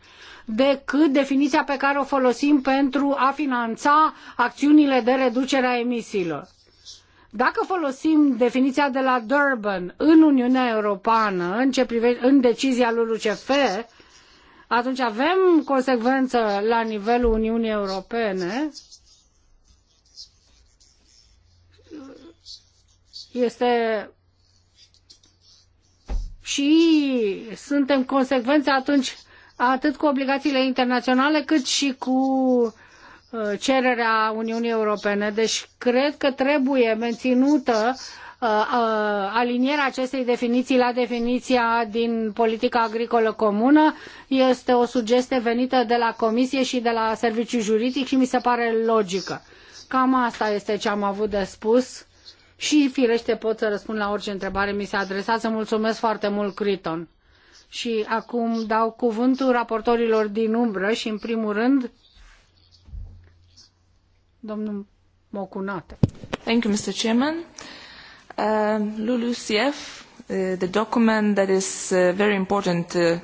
decât definiția pe care o folosim pentru a finanța acțiunile de reducere a emisiilor. Dacă folosim definiția de la Durban în Uniunea Europeană, în, ce prive, în decizia lui atunci avem consecvență la nivelul Uniunii Europene. Este și suntem consecvenți atunci atât cu obligațiile internaționale, cât și cu uh, cererea Uniunii Europene. Deci cred că trebuie menținută uh, uh, alinierea acestei definiții la definiția din politica agricolă comună. Este o sugestie venită de la Comisie și de la Serviciul Juridic și mi se pare logică. Cam asta este ce am avut de spus și firește pot să răspund la orice întrebare mi se adresează. Mulțumesc foarte mult, Criton și acum dau cuvântul raportorilor din umbră și în primul rând domnul Mocunate. Thank you, Mr. Chairman. Uh, LULUCF, uh, the document that is uh, very important uh,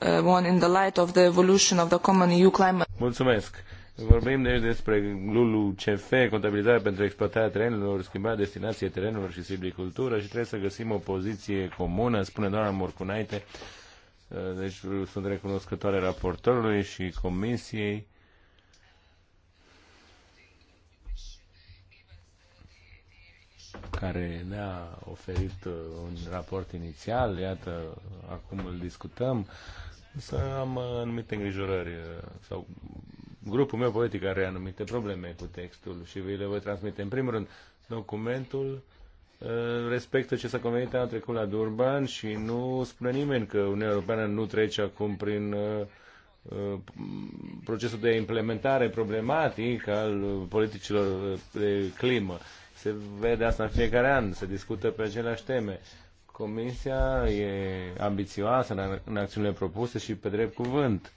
uh, one in the light of the evolution of the common EU climate. Mulțumesc. Vorbim deci despre LULUCF, contabilizarea pentru exploatarea terenurilor, schimbarea destinației terenurilor și silvicultură și trebuie să găsim o poziție comună, spune doamna Morcunaite, Uh, deci sunt recunoscătoare raportorului și comisiei. care ne-a oferit uh, un raport inițial, iată, acum îl discutăm, însă am uh, anumite îngrijorări sau grupul meu politic are anumite probleme cu textul și vi le voi transmite. În primul rând, documentul respectă ce s-a convenit anul trecut la Durban și nu spune nimeni că Uniunea Europeană nu trece acum prin uh, uh, procesul de implementare problematic al politicilor de climă. Se vede asta în fiecare an, se discută pe aceleași teme. Comisia e ambițioasă în acțiunile propuse și pe drept cuvânt.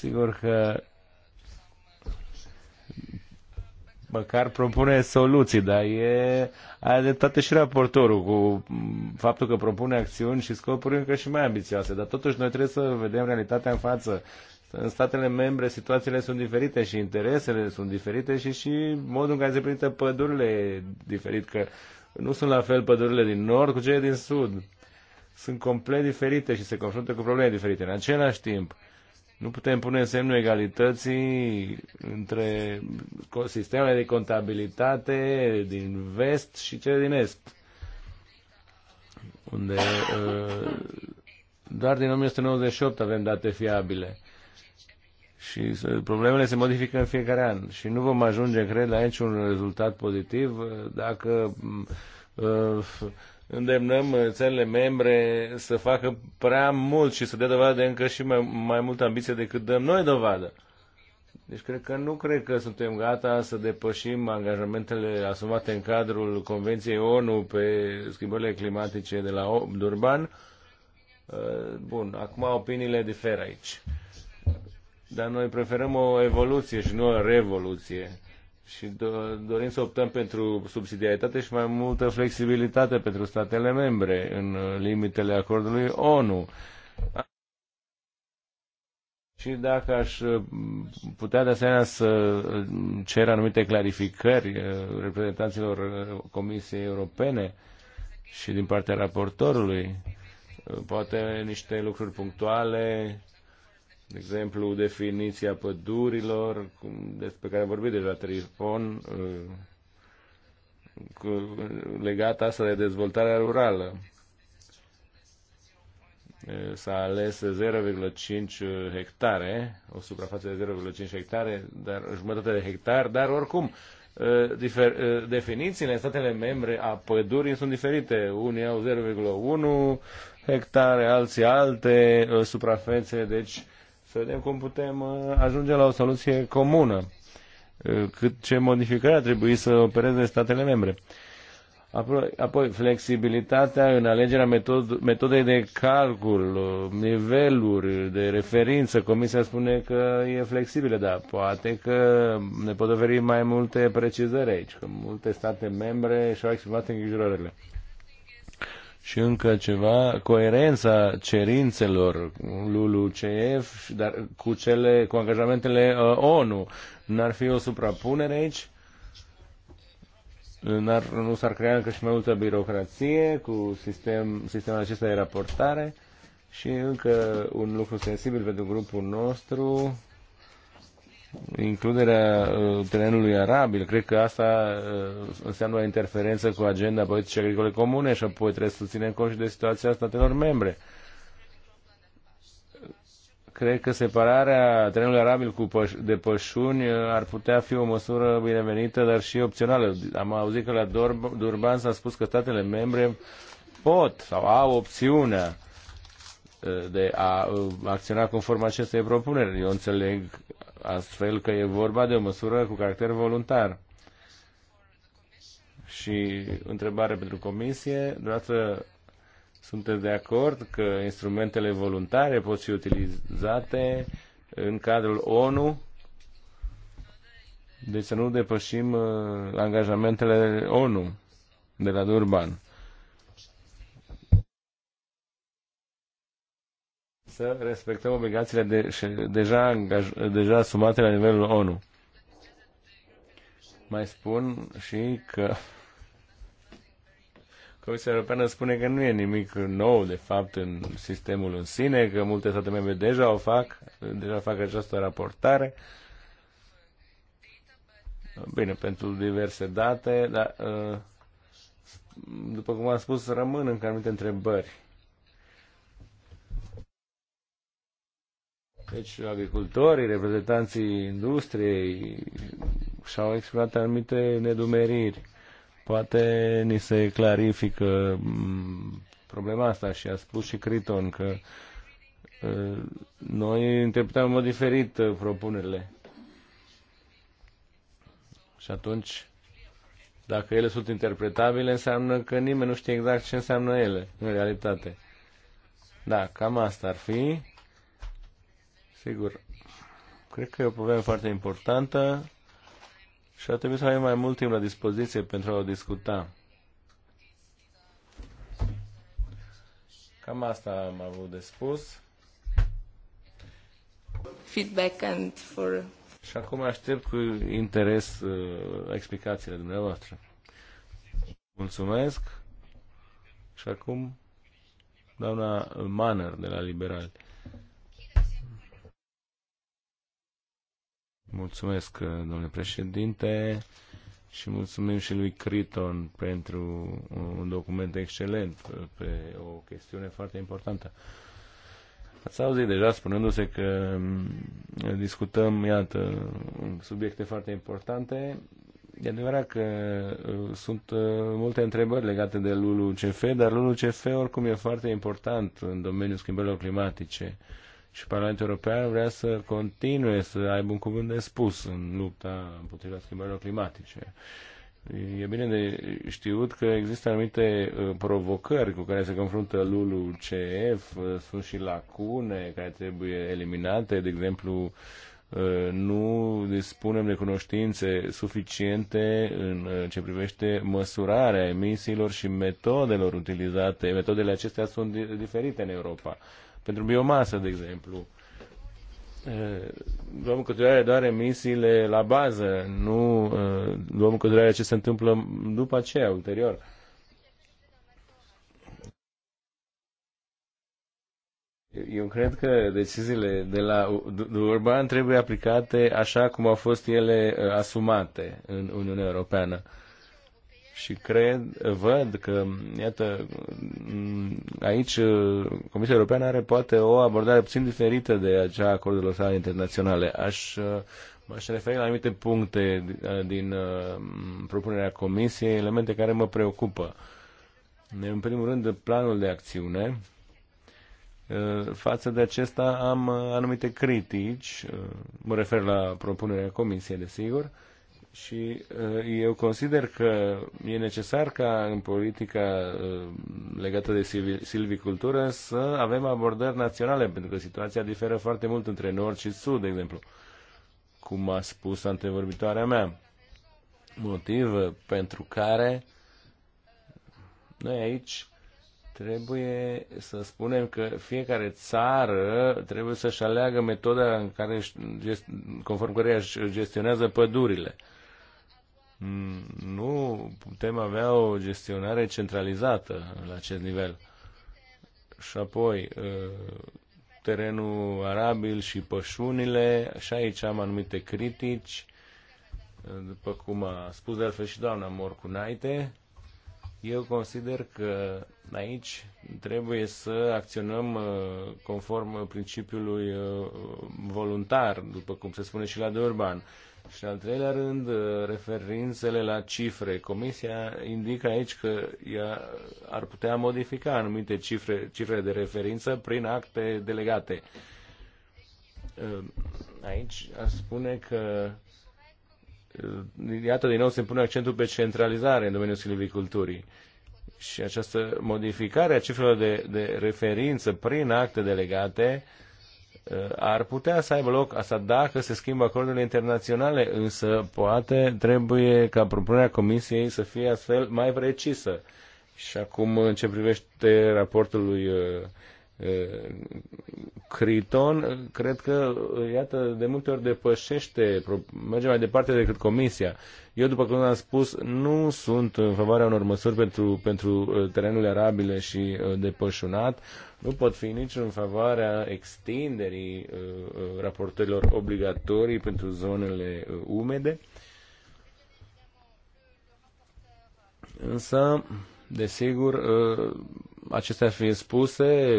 sigur că măcar propune soluții, dar e, are toate și raportorul cu faptul că propune acțiuni și scopuri încă și mai ambițioase. Dar totuși noi trebuie să vedem realitatea în față. În statele membre situațiile sunt diferite și interesele sunt diferite și și modul în care se printă pădurile e diferit, că nu sunt la fel pădurile din nord cu cele din sud. Sunt complet diferite și se confruntă cu probleme diferite. În același timp, nu putem pune semnul egalității între sistemele de contabilitate din vest și cele din est, unde uh, doar din 1998 avem date fiabile. Și problemele se modifică în fiecare an și nu vom ajunge, cred, la niciun rezultat pozitiv uh, dacă uh, îndemnăm uh, țările membre să facă prea mult și să dea dovadă de încă și mai, mai multă ambiție decât dăm noi dovadă. Deci cred că nu cred că suntem gata să depășim angajamentele asumate în cadrul Convenției ONU pe schimbările climatice de la Durban. Uh, bun, acum opiniile diferă aici. Dar noi preferăm o evoluție și nu o revoluție și do- dorim să optăm pentru subsidiaritate și mai multă flexibilitate pentru statele membre în limitele acordului ONU. Și dacă aș putea de asemenea să cer anumite clarificări eh, reprezentanților Comisiei Europene și din partea raportorului, eh, poate niște lucruri punctuale de exemplu, definiția pădurilor, despre care am vorbit deja, Trifon, uh, legată asta de dezvoltarea rurală. Uh, s-a ales 0,5 hectare, o suprafață de 0,5 hectare, dar jumătate de hectar, dar oricum, uh, difer, definițiile în statele membre a pădurii sunt diferite. Unii au 0,1 hectare, alții alte suprafețe, deci să vedem cum putem uh, ajunge la o soluție comună, uh, cât ce modificări ar trebui să opereze statele membre. Apoi, flexibilitatea în alegerea metod, metodei de calcul, uh, niveluri de referință. Comisia spune că e flexibilă, dar poate că ne pot oferi mai multe precizări aici, că multe state membre și-au exprimat îngrijorările și încă ceva, coerența cerințelor LULUCF, dar cu cele, cu angajamentele uh, ONU. N-ar fi o suprapunere aici? N-ar, nu s-ar crea încă și mai multă birocrație cu sistem, sistemul acesta de raportare? Și încă un lucru sensibil pentru grupul nostru, includerea uh, terenului arabil, cred că asta uh, înseamnă interferență cu agenda politicii agricole comune și apoi trebuie să ținem cont și de situația statelor membre. Cred că separarea terenului arabil cu păș- de pășuni uh, ar putea fi o măsură binevenită, dar și opțională. Am auzit că la Dur- Durban s-a spus că statele membre pot sau au opțiunea de a acționa conform acestei propuneri. Eu înțeleg astfel că e vorba de o măsură cu caracter voluntar. Și întrebare pentru comisie, dumneavoastră sunteți de acord că instrumentele voluntare pot fi utilizate în cadrul ONU? Deci să nu depășim uh, angajamentele ONU de la Durban. să respectăm obligațiile de, deja, angaj, deja asumate la nivelul ONU. Mai spun și că Comisia Europeană spune că nu e nimic nou, de fapt, în sistemul în sine, că multe state membre deja o fac, deja fac această raportare. Bine, pentru diverse date, dar, uh, după cum am spus, rămân încă anumite întrebări Deci agricultorii, reprezentanții industriei și-au exprimat anumite nedumeriri. Poate ni se clarifică mm, problema asta și a spus și Criton că ă, noi interpretăm în mod diferit ă, propunerile. Și atunci, dacă ele sunt interpretabile, înseamnă că nimeni nu știe exact ce înseamnă ele, în realitate. Da, cam asta ar fi. Sigur, cred că e o problemă foarte importantă și ar trebui să avem mai mult timp la dispoziție pentru a o discuta. Cam asta am avut de spus. Feedback and for... Și acum aștept cu interes uh, explicațiile dumneavoastră. Mulțumesc. Și acum doamna Manner de la Liberali. Mulțumesc, domnule președinte, și mulțumim și lui Criton pentru un document excelent pe o chestiune foarte importantă. Ați auzit deja spunându-se că mm, discutăm, iată, subiecte foarte importante. E adevărat că uh, sunt uh, multe întrebări legate de LULUCF, dar LULUCF oricum e foarte important în domeniul schimbărilor climatice și Parlamentul European vrea să continue să aibă un cuvânt de spus în lupta împotriva schimbărilor climatice. E bine de știut că există anumite uh, provocări cu care se confruntă lulul cf uh, sunt și lacune care trebuie eliminate, de exemplu, uh, nu dispunem de cunoștințe suficiente în ce privește măsurarea emisiilor și metodelor utilizate. Metodele acestea sunt diferite în Europa pentru biomasă, de exemplu. Luăm în considerare doar emisiile la bază, nu luăm în considerare ce se întâmplă după aceea, ulterior. Eu cred că deciziile de la Urban trebuie aplicate așa cum au fost ele asumate în Uniunea Europeană și cred, văd că, iată, aici uh, Comisia Europeană are poate o abordare puțin diferită de acea acordurilor sale internaționale. Aș uh, M-aș referi la anumite puncte uh, din propunerea Comisiei, elemente care mă preocupă. În primul rând, planul de acțiune. Față de acesta am anumite critici, mă refer la propunerea Comisiei, desigur, și uh, eu consider că e necesar ca în politica uh, legată de silvicultură să avem abordări naționale, pentru că situația diferă foarte mult între nord și sud, de exemplu, cum a spus antevorbitoarea mea. Motiv pentru care noi aici trebuie să spunem că fiecare țară trebuie să-și aleagă metoda în care, conform căreia își gestionează pădurile. Mm, nu putem avea o gestionare centralizată la acest nivel. Și apoi, uh, terenul arabil și pășunile, și aici am anumite critici, uh, după cum a spus de altfel și doamna Morcunaite, eu consider că aici trebuie să acționăm uh, conform principiului voluntar, după cum se spune și la de urban și al treilea rând, uh, referințele la cifre. Comisia indică aici că ea ar putea modifica anumite cifre, cifre de referință prin acte delegate. Uh, aici aș spune că uh, iată din nou se pune accentul pe centralizare în domeniul silviculturii. Și această modificare a cifrelor de, de referință prin acte delegate uh, ar putea să aibă loc asta dacă se schimbă acordurile internaționale, însă poate trebuie ca propunerea Comisiei să fie astfel mai precisă. Și acum, în ce privește raportul lui uh, uh, Criton, cred că, uh, iată, de multe ori depășește, merge mai departe decât Comisia. Eu, după cum am spus, nu sunt în favoarea unor măsuri pentru, pentru terenurile arabile și depășunat nu pot fi nici în favoarea extinderii uh, uh, raportărilor obligatorii pentru zonele uh, umede. Însă, desigur, acestea fiind spuse,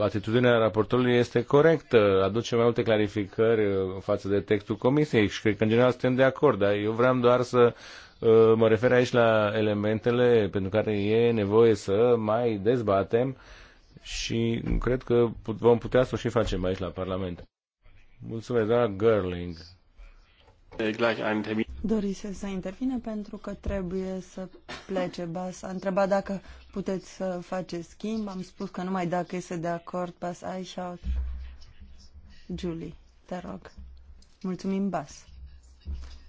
atitudinea raportorului este corectă, aduce mai multe clarificări față de textul comisiei și cred că în general suntem de acord, dar eu vreau doar să mă refer aici la elementele pentru care e nevoie să mai dezbatem și cred că vom putea să o și facem aici la Parlament. Mulțumesc, Da, Gerling. Dorise să intervine pentru că trebuie să plece. Bas a întrebat dacă puteți să faceți schimb. Am spus că numai dacă este de acord, Bas Aisha. Julie, te rog. Mulțumim, Bas.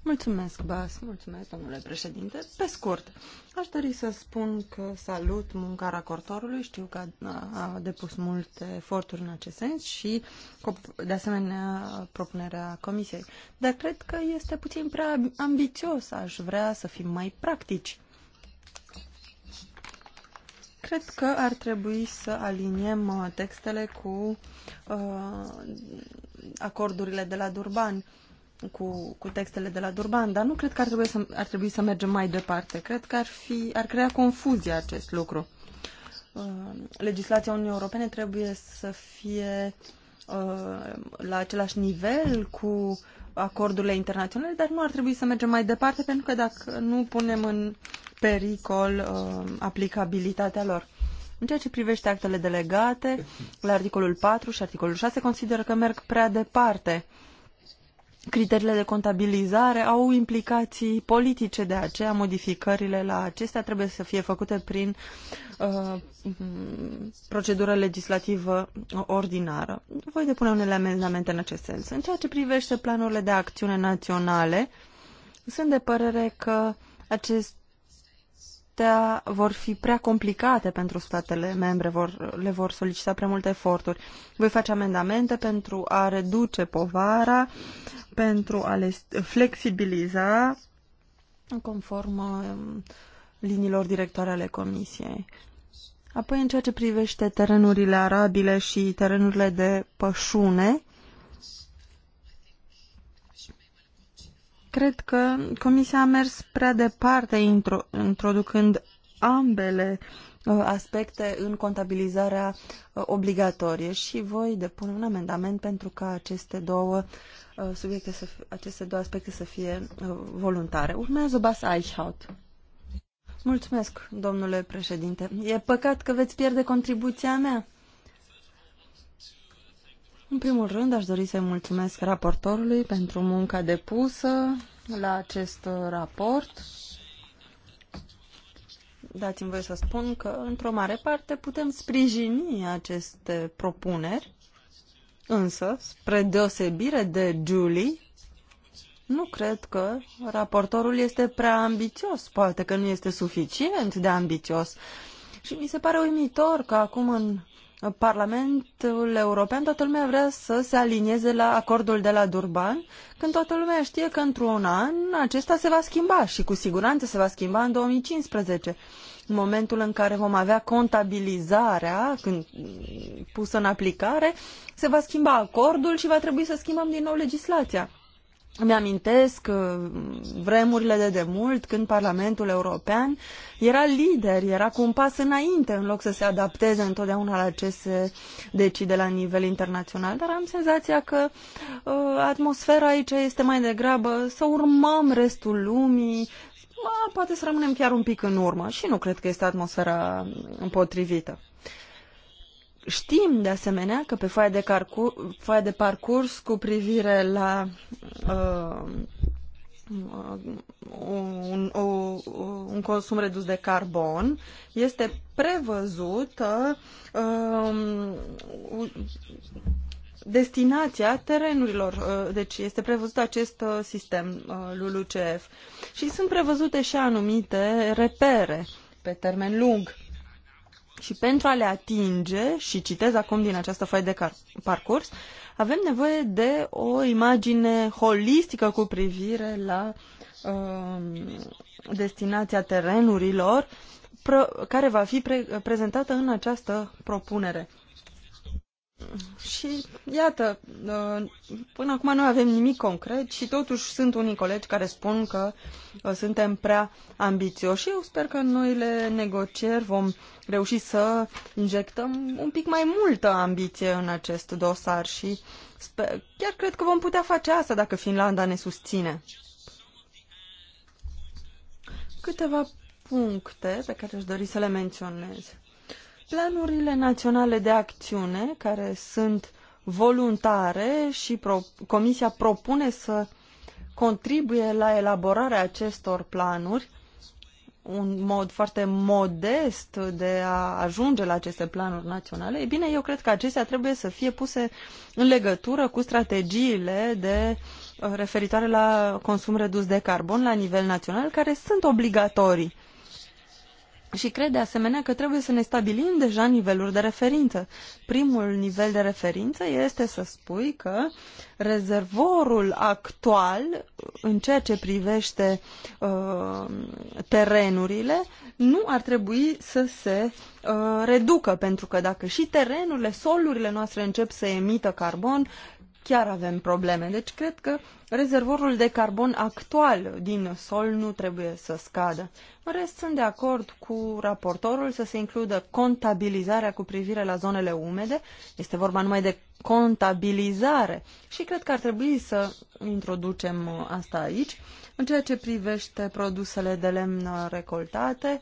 Mulțumesc, Bas. Mulțumesc, domnule președinte. Pe scurt, aș dori să spun că salut munca raportorului. Știu că a depus multe eforturi în acest sens și, de asemenea, propunerea comisiei. Dar cred că este puțin prea ambițios. Aș vrea să fim mai practici. Cred că ar trebui să aliniem uh, textele cu uh, acordurile de la Durban. Uh, cu, cu textele de la Durban, dar nu cred că ar trebui să, ar trebui să mergem mai departe. Cred că ar, fi, ar crea confuzie acest lucru. Uh, legislația Uniunii Europene trebuie să fie uh, la același nivel cu acordurile internaționale, dar nu ar trebui să mergem mai departe, pentru că dacă nu punem în pericol uh, aplicabilitatea lor. În ceea ce privește actele delegate, la articolul 4 și articolul 6 consideră că merg prea departe uh, criteriile de contabilizare au implicații politice, de aceea modificările la acestea trebuie să fie făcute prin uh, procedură legislativă ordinară. Voi depune unele amendamente în acest sens. În ceea ce privește planurile de acțiune naționale, sunt de părere că acest acestea vor fi prea complicate pentru statele membre, vor, le vor solicita prea multe eforturi. Voi face amendamente pentru a reduce povara, pentru a le flexibiliza conform um, liniilor directoare ale Comisiei. Apoi, în ceea ce privește terenurile arabile și terenurile de pășune, Cred că Comisia a mers prea departe intro, introducând ambele uh, aspecte în contabilizarea uh, obligatorie și voi depune un amendament pentru ca aceste două uh, subiecte, să fie, aceste două aspecte să fie voluntare. Urmează Bas Eichhout. Mulțumesc, domnule președinte. E păcat că veți pierde contribuția mea. În primul rând, aș dori să-i mulțumesc raportorului pentru munca depusă la acest raport. Dați-mi voi să spun că, într-o mare parte, putem sprijini aceste propuneri, însă, spre deosebire de Julie, nu cred că raportorul este prea ambițios, poate că nu este suficient de ambițios. Și mi se pare uimitor că acum în Parlamentul European, toată lumea vrea să se alinieze la acordul de la Durban, când toată lumea știe că într-un an acesta se va schimba și cu siguranță se va schimba în 2015. În momentul în care vom avea contabilizarea când pusă în aplicare, se va schimba acordul și va trebui să schimbăm din nou legislația. Îmi amintesc uh, vremurile de demult când Parlamentul European era lider, era cu un pas înainte în loc să se adapteze întotdeauna la ce se decide la nivel internațional, dar am senzația că uh, atmosfera aici este mai degrabă să urmăm restul lumii, ma, poate să rămânem chiar un pic în urmă și nu cred că este atmosfera potrivită. Știm, de asemenea, că pe foaia de, foaia de parcurs cu privire la uh, uh, un, o, un consum redus de carbon, este prevăzută uh, destinația terenurilor. Uh, deci este prevăzut acest uh, sistem uh, LULUCF. Și sunt prevăzute și anumite repere pe termen lung și pentru a le atinge, și citez acum din această foaie de parcurs, avem nevoie de o imagine holistică cu privire la uh, destinația terenurilor, care va fi pre prezentată în această propunere. Și iată, uh, până acum nu avem nimic concret și totuși sunt unii colegi care spun că uh, suntem prea ambițioși. Eu sper că în noile negocieri vom reuși să injectăm un pic mai multă ambiție în acest dosar și sper, chiar cred că vom putea face asta dacă Finlanda ne susține. Câteva puncte pe care aș dori să le menționez. Planurile naționale de acțiune, care sunt voluntare și pro Comisia propune să contribuie la elaborarea acestor planuri, un mod foarte modest de a ajunge la aceste planuri naționale, e bine, eu cred că acestea trebuie să fie puse în legătură cu strategiile de referitoare la consum redus de carbon la nivel național, care sunt obligatorii. Și cred de asemenea că trebuie să ne stabilim deja niveluri de referință. Primul nivel de referință este să spui că rezervorul actual în ceea ce privește uh, terenurile nu ar trebui să se uh, reducă, pentru că dacă și terenurile, solurile noastre încep să emită carbon, chiar avem probleme. Deci cred că rezervorul de carbon actual din sol nu trebuie să scadă. În rest, sunt de acord cu raportorul să se includă contabilizarea cu privire la zonele umede. Este vorba numai de contabilizare și cred că ar trebui să introducem uh, asta aici. În ceea ce privește produsele de lemn recoltate,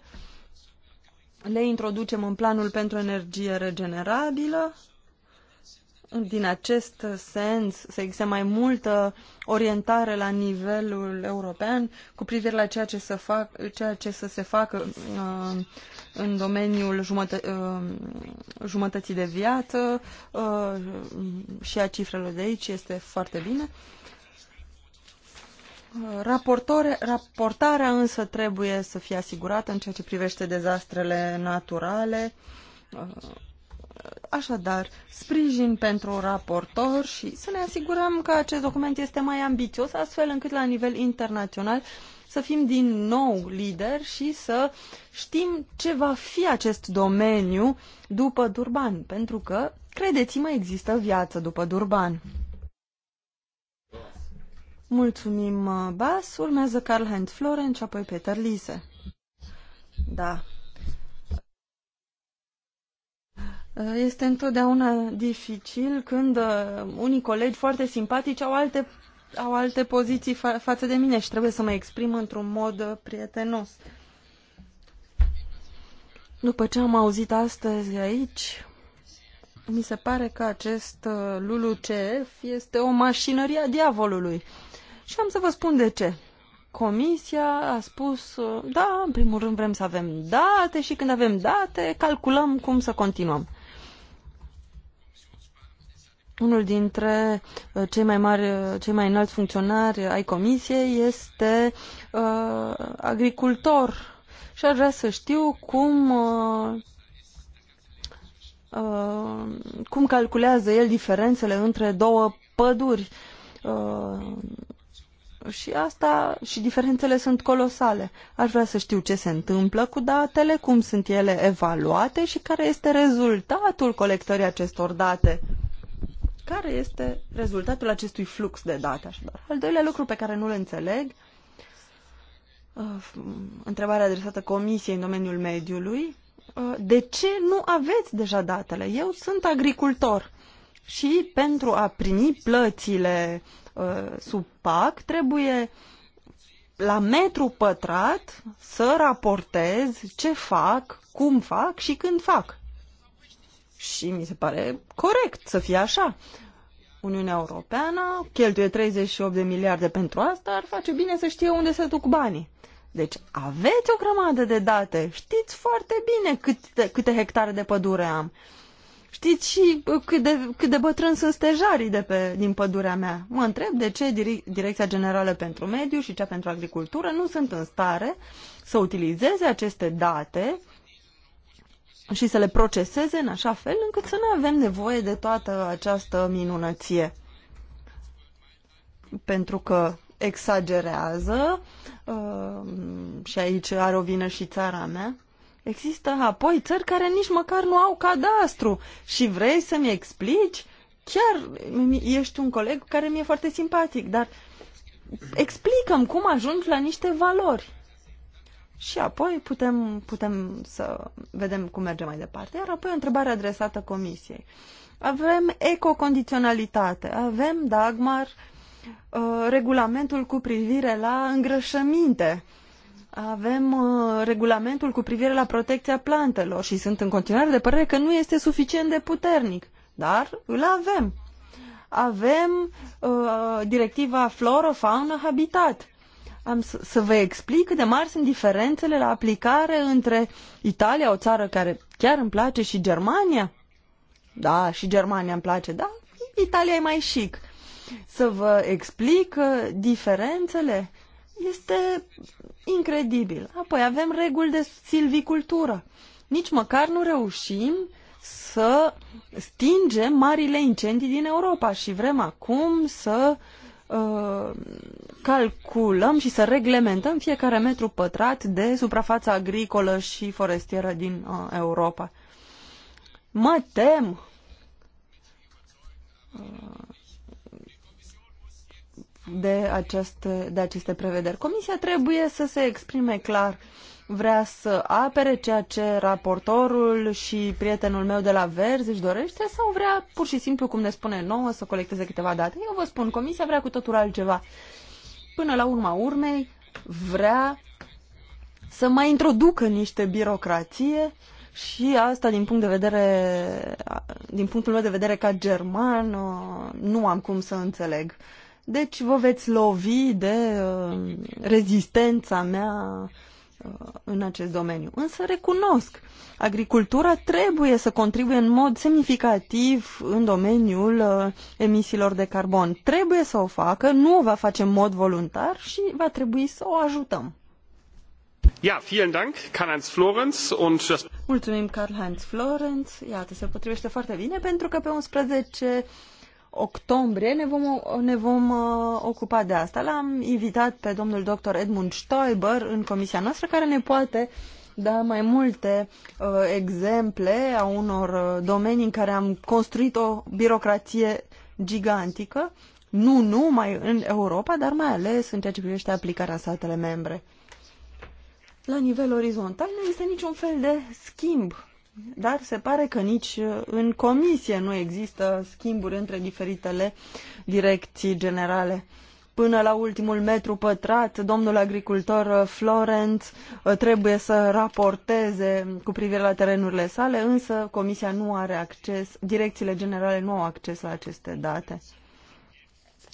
le introducem în planul pentru energie regenerabilă, din acest sens să existe mai multă orientare la nivelul european cu privire la ceea ce, să fac, ceea ce să se facă uh, în domeniul jumătă, uh, jumătății de viață uh, și a cifrelor de aici este foarte bine. Raportore, raportarea însă trebuie să fie asigurată în ceea ce privește dezastrele naturale. Uh, Așadar, sprijin pentru raportor și să ne asigurăm că acest document este mai ambițios, astfel încât la nivel internațional să fim din nou lideri și să știm ce va fi acest domeniu după Durban, pentru că, credeți-mă, există viață după Durban. Mulțumim, Bas. Urmează Karl-Heinz Florenc apoi Peter Lise. Da, Eh, este întotdeauna dificil când eh, unii colegi foarte simpatici au alte, au alte poziții fa- față de mine și trebuie să mă exprim într-un mod eh, prietenos. După ce am auzit astăzi aici, mi se pare că acest Lulu CF este o mașinărie a diavolului. Și am să vă spun de ce. Comisia a spus, da, în primul rând vrem să avem date și când avem date, calculăm cum să continuăm unul dintre uh, cei mai mari, uh, cei mai înalți funcționari ai comisiei este uh, agricultor și ar vrea să știu cum uh, uh, cum calculează el diferențele între două păduri uh, și asta și diferențele sunt colosale. Aș vrea să știu ce se întâmplă cu datele, cum sunt ele evaluate și care este rezultatul colectării acestor date. Uh, care este rezultatul acestui flux de date. Așadar. Al doilea lucru pe care nu le înțeleg, uh, întrebarea adresată Comisiei în domeniul mediului, uh, de ce nu aveți deja datele? Eu sunt agricultor și pentru a primi plățile uh, sub PAC trebuie la metru pătrat să raportez ce fac, cum fac și când fac și mi se pare corect să fie așa. Uniunea Europeană cheltuie 38 de miliarde pentru asta, ar face bine să știe unde se duc banii. Deci aveți o grămadă de date, știți foarte bine câte, câte hectare de pădure am. Știți și uh, cât de, cât de bătrân sunt stejarii de pe, din pădurea mea. Mă întreb de ce Direcția Generală pentru Mediu și cea pentru Agricultură nu sunt în stare să utilizeze aceste date uh, și să le proceseze în așa fel încât să nu avem nevoie de toată această minunăție. Pentru că exagerează uh, și aici are o vină și țara mea. Există apoi țări care nici măcar nu au cadastru și vrei să-mi explici? Chiar ești un coleg care mi-e foarte simpatic, dar explicăm cum ajungi la niște valori și apoi putem, putem să vedem cum merge mai departe. Iar apoi o întrebare adresată comisiei. Avem ecocondiționalitate, avem, Dagmar, uh, regulamentul cu privire la îngrășăminte, avem uh, regulamentul cu privire la protecția plantelor și sunt în continuare de părere că nu este suficient de puternic, dar îl avem. Avem uh, directiva flora fauna habitat am să, să vă explic cât de mari sunt diferențele la aplicare între Italia, o țară care chiar îmi place, și Germania. Da, și Germania îmi place, da, Italia e mai chic. Să vă explic diferențele este incredibil. Apoi avem reguli de silvicultură. Nici măcar nu reușim să stingem marile incendii din Europa și vrem acum să uh, Uh, calculăm și să reglementăm fiecare metru pătrat de suprafața agricolă și forestieră din uh, Europa. Mă tem uh, de aceste, de aceste prevederi. Comisia trebuie să se exprime clar vrea să apere ceea ce raportorul și prietenul meu de la Verzi își dorește sau vrea pur și simplu, cum ne spune nouă, să colecteze câteva date. Eu vă spun, comisia vrea cu totul altceva. Până la urma urmei, vrea să mai introducă niște birocrație și asta din punct de vedere, din punctul meu de vedere ca german, uh, nu am cum să înțeleg. Deci vă veți lovi de uh, rezistența mea Uh, în acest domeniu. Însă recunosc, agricultura trebuie să contribuie în mod semnificativ în domeniul uh, emisiilor de carbon. Trebuie să o facă, nu o va face în mod voluntar și va trebui să o ajutăm. Ja, vielen Dank, Karl-Heinz Florenz. Und das... Mulțumim, Karl-Heinz Florenz. Iată, se potrivește foarte bine pentru că pe 11 octombrie ne vom, ne vom uh, ocupa de asta. L-am invitat pe domnul dr. Edmund Stoiber în comisia noastră care ne poate da mai multe uh, exemple a unor uh, domenii în care am construit o birocrație gigantică, nu numai în Europa, dar mai ales în ceea ce privește aplicarea statele membre. La nivel orizontal nu există niciun fel de schimb dar se pare că nici uh, în comisie nu există schimburi între diferitele direcții generale. Până la ultimul metru pătrat, domnul agricultor uh, Florent uh, trebuie să raporteze cu privire la terenurile sale, însă comisia nu are acces, direcțiile generale nu au acces la aceste date.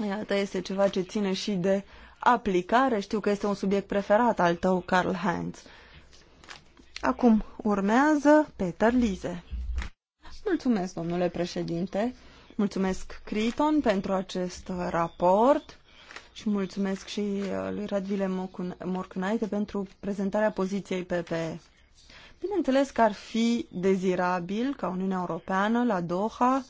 Iată, este ceva ce ține și de aplicare. Știu că este un subiect preferat al tău, Karl Heinz. Acum urmează Peter Lize. Mulțumesc, domnule președinte. Mulțumesc, Criton, pentru acest raport și mulțumesc și uh, lui Radvile Morcunaite pentru prezentarea poziției PPE. Bineînțeles că ar fi dezirabil ca Uniunea Europeană la Doha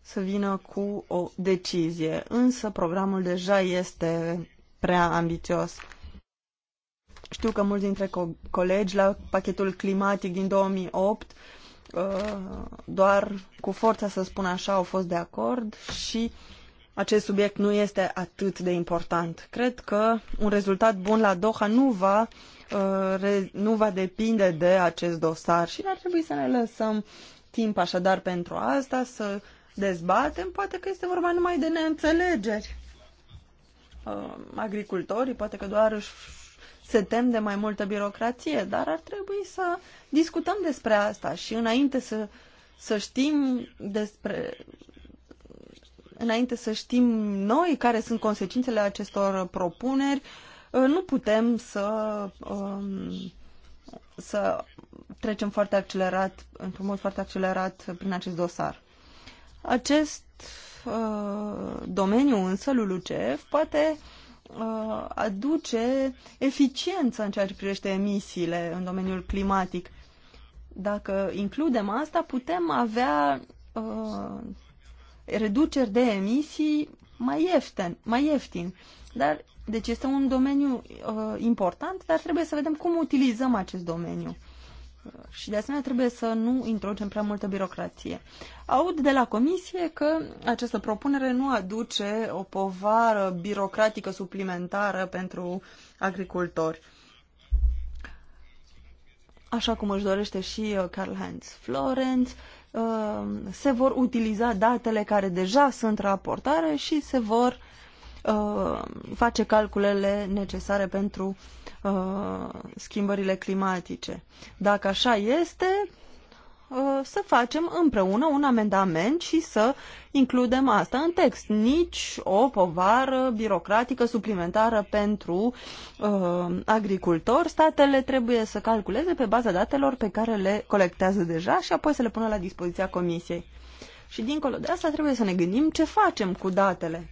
să vină cu o decizie, însă programul deja este prea ambițios. Știu că mulți dintre co colegi la pachetul climatic din 2008 uh, doar cu forța, să spun așa, au fost de acord și acest subiect nu este atât de important. Cred că un rezultat bun la Doha nu va, uh, nu va depinde de acest dosar și ar trebui să ne lăsăm timp așadar pentru asta, să dezbatem. Poate că este vorba numai de neînțelegeri. Uh, agricultorii poate că doar își se tem de mai multă birocrație, dar ar trebui să discutăm despre asta și înainte să, să știm despre înainte să știm noi care sunt consecințele acestor propuneri, uh, nu putem să, um, să trecem foarte accelerat, într-un mod foarte accelerat prin acest dosar. Acest uh, domeniu însă, LULUCF, poate uh, Uh, aduce eficiență în ceea ce privește emisiile în domeniul climatic. Dacă includem asta, putem avea uh, reduceri de emisii mai ieftin. Mai ieftin. Dar, deci este un domeniu uh, important, dar trebuie să vedem cum utilizăm acest domeniu și de asemenea trebuie să nu introducem prea multă birocrație. Aud de la comisie că această propunere nu aduce o povară birocratică suplimentară pentru agricultori. Așa cum își dorește și Carl uh, heinz Florenz, uh, se vor utiliza datele care deja sunt raportare și se vor Uh, face calculele necesare pentru uh, schimbările climatice. Dacă așa este, uh, să facem împreună un amendament și să includem asta în text. Nici o povară birocratică suplimentară pentru uh, agricultori. Statele trebuie să calculeze pe baza datelor pe care le colectează deja și apoi să le pună la dispoziția Comisiei. Și dincolo de asta trebuie să ne gândim ce facem cu datele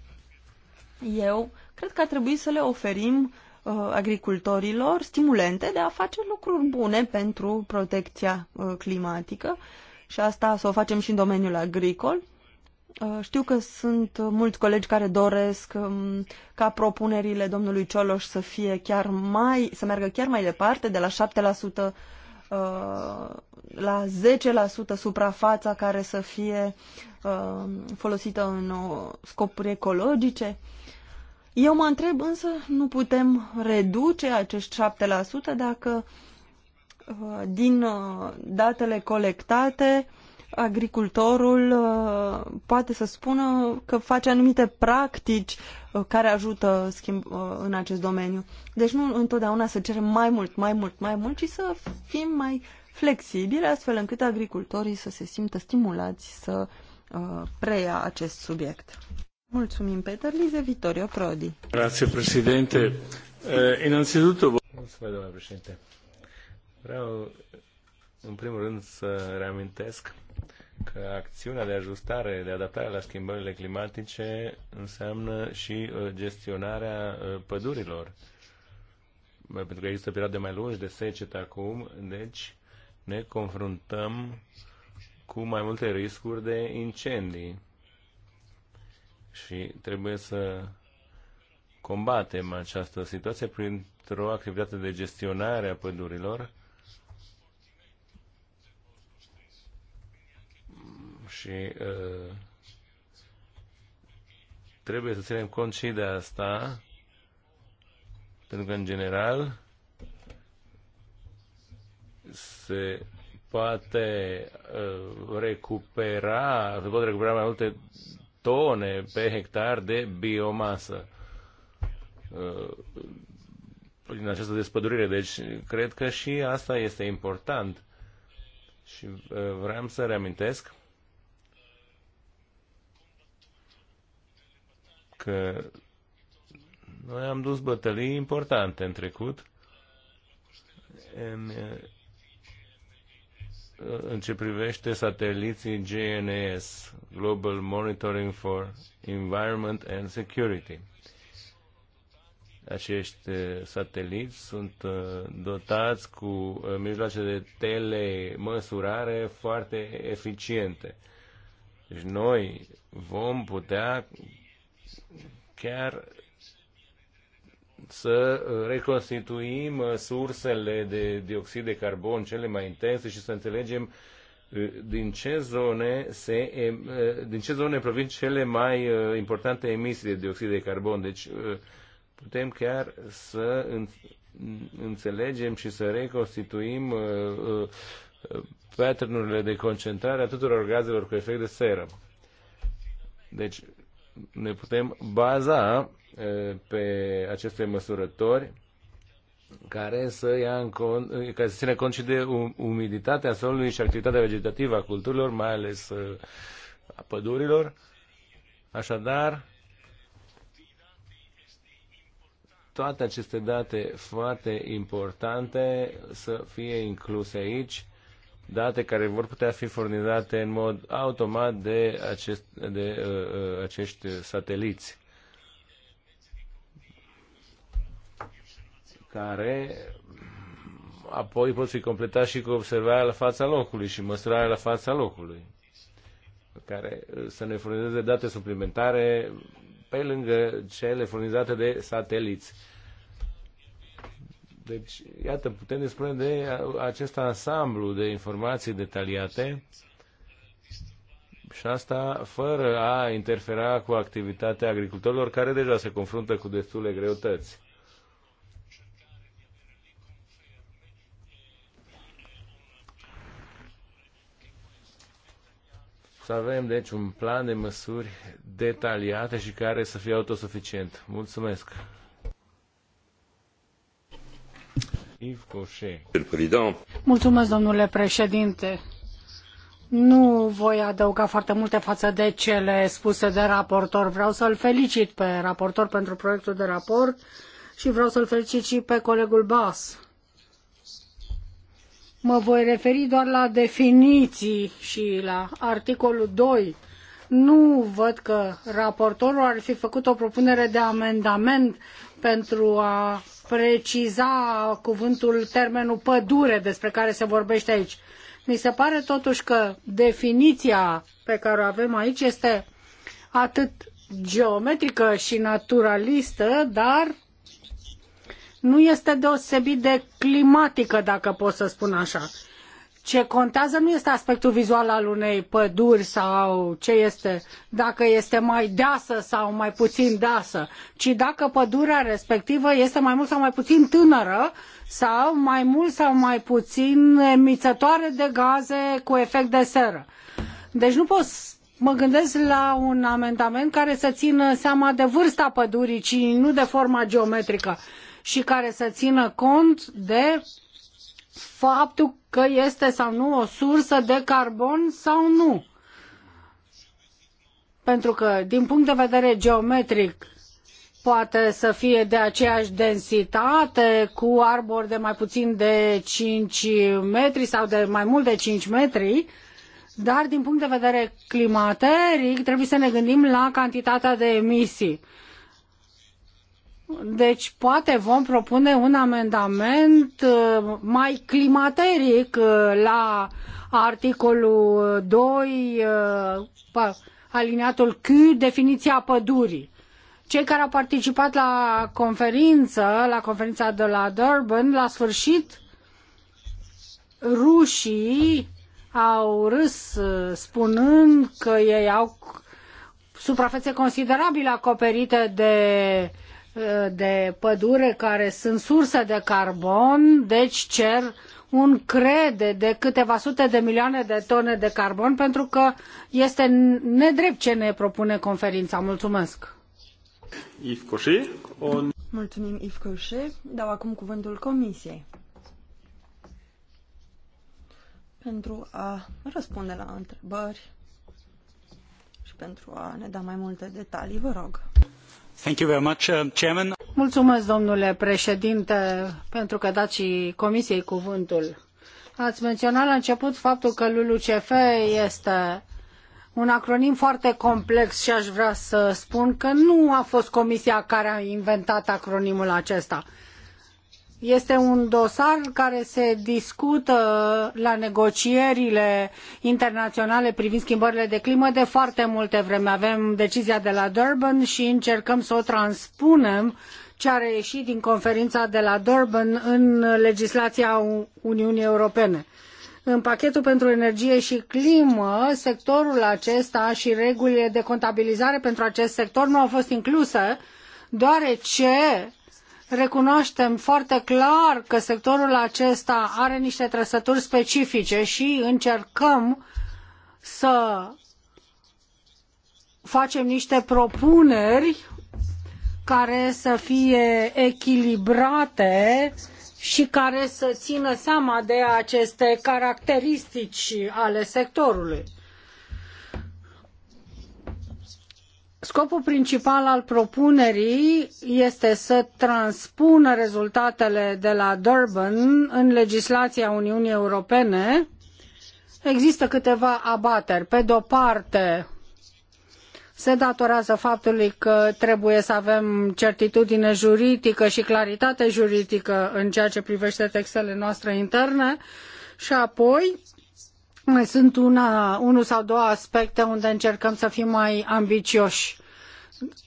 eu cred că ar trebui să le oferim uh, agricultorilor stimulente de a face lucruri bune pentru protecția uh, climatică și asta să o facem și în domeniul agricol. Uh, știu că sunt mulți colegi care doresc um, ca propunerile domnului Cioloș să fie chiar mai, să meargă chiar mai departe, de la 7% la 10% uh, suprafața care să fie uh, folosită în scopuri ecologice. Eu mă întreb însă, nu putem reduce acești 7% dacă uh, din uh, datele colectate agricultorul uh, poate să spună că face anumite practici care ajută schimb, în acest domeniu. Deci nu întotdeauna să cerem mai mult, mai mult, mai mult, ci să fim mai flexibili, astfel încât agricultorii să se simtă stimulați să preia acest subiect. Mulțumim, Peter Lize, Vittorio Prodi. Grazie, președinte. Eh, innanzitutto... Mulțumesc, domnule președinte. Vreau, în primul rând, să reamintesc că acțiunea de ajustare, de adaptare la schimbările climatice înseamnă și uh, gestionarea uh, pădurilor. Pentru că există perioade mai lungi de secetă acum, deci ne confruntăm cu mai multe riscuri de incendii și trebuie să combatem această situație printr-o activitate de gestionare a pădurilor și uh, trebuie să ținem cont și de asta pentru că în general se poate uh, recupera, se pot recupera mai multe tone pe hectar de biomasă prin uh, această despădurire. Deci, cred că și asta este important. Și uh, vreau să reamintesc că noi am dus bătălii importante în trecut uh, în ce privește sateliții GNS, Global Monitoring for Environment and Security. Acești uh, sateliți sunt uh, dotați cu uh, mijloace de telemăsurare foarte eficiente. Deci noi vom putea chiar să uh, reconstituim uh, sursele de dioxid de carbon cele mai intense și să înțelegem uh, din ce zone, se, din ce zone provin cele mai importante emisii de dioxid de carbon. Deci putem chiar să înțelegem și să reconstituim paternurile de concentrare a tuturor gazelor cu efect de seră. Deci ne putem baza pe aceste măsurători care să, ia în cont, care să ține cont și de umiditatea solului și activitatea vegetativă a culturilor, mai ales a pădurilor. Așadar, toate aceste date foarte importante să fie incluse aici, date care vor putea fi furnizate în mod automat de, acest, de uh, acești sateliți. care apoi pot fi completați și cu observarea la fața locului și măsurarea la fața locului, care uh, să ne furnizeze date suplimentare pe lângă cele furnizate de sateliți. Deci, iată, putem spune de uh, acest ansamblu de informații detaliate și asta fără a interfera cu activitatea agricultorilor care deja se confruntă cu destule greutăți. Să avem, deci, un plan de măsuri detaliate și care să fie autosuficient. Mulțumesc! Mulțumesc, domnule președinte. Nu voi adăuga foarte multe față de cele spuse de raportor. Vreau să-l felicit pe raportor pentru proiectul de raport și vreau să-l felicit și pe colegul Bas Mă voi referi doar la definiții și la articolul 2. Nu văd că raportorul ar fi făcut o propunere de amendament pentru a preciza cuvântul, termenul pădure despre care se vorbește aici. Mi se pare totuși că definiția pe care o avem aici este atât geometrică și naturalistă, dar nu este deosebit de climatică, dacă pot să spun așa. Ce contează nu este aspectul vizual al unei păduri sau ce este, dacă este mai deasă sau mai puțin deasă, ci dacă pădurea respectivă este mai mult sau mai puțin tânără sau mai mult sau mai puțin emițătoare de gaze cu efect de seră. Deci nu pot mă gândesc la un amendament care să țină seama de vârsta pădurii, ci nu de forma geometrică și care să țină cont de faptul că este sau nu o sursă de carbon sau nu. Pentru că, din punct de vedere geometric, poate să fie de aceeași densitate cu arbori de mai puțin de 5 metri sau de mai mult de 5 metri, dar din punct de vedere climateric trebuie să ne gândim la cantitatea de emisii. Deci poate vom propune un amendament uh, mai climateric uh, la articolul 2, uh, aliniatul Q, definiția pădurii. Cei care au participat la conferință, la conferința de la Durban, la sfârșit, rușii au râs spunând că ei au suprafețe considerabile acoperite de de pădure care sunt sursă de carbon, deci cer un crede de câteva sute de milioane de tone de carbon pentru că este nedrept ce ne propune conferința. Mulțumesc! Yves Coșe, on... Mulțumim, Yves Coșe. Dau acum cuvântul Comisiei pentru a răspunde la întrebări și pentru a ne da mai multe detalii. Vă rog! Uh, Mulțumesc, domnule președinte, pentru că dați și comisiei cuvântul. Ați menționat la început faptul că LULUCF este un acronim foarte complex și aș vrea să spun că nu a fost comisia care a inventat acronimul acesta. Este un dosar care se discută la negocierile internaționale privind schimbările de climă de foarte multe vreme. Avem decizia de la Durban și încercăm să o transpunem ce a reieșit din conferința de la Durban în legislația Uniunii Europene. În pachetul pentru energie și climă, sectorul acesta și regulile de contabilizare pentru acest sector nu au fost incluse, deoarece recunoaștem foarte clar că sectorul acesta are niște trăsături specifice și încercăm să facem niște propuneri care să fie echilibrate și care să țină seama de aceste caracteristici ale sectorului. Scopul principal al propunerii este să transpună rezultatele de la Durban în legislația Uniunii Europene. Există câteva abateri. Pe de o parte, se datorează faptului că trebuie să avem certitudine juridică și claritate juridică în ceea ce privește textele noastre interne și apoi mai sunt una, unul sau două aspecte unde încercăm să fim mai ambițioși.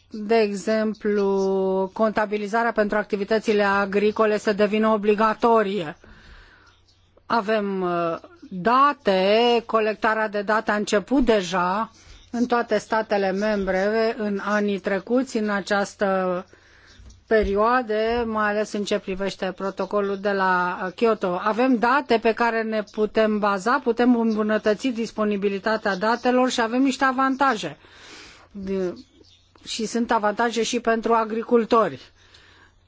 De exemplu, contabilizarea pentru activitățile agricole să devină obligatorie. Avem uh, date, colectarea de date a început deja în toate statele membre în anii trecuți în această perioade, mai ales în ce privește protocolul de la uh, Kyoto. Avem date pe care ne putem baza, putem îmbunătăți disponibilitatea datelor și avem niște avantaje. Și sunt avantaje și pentru agricultori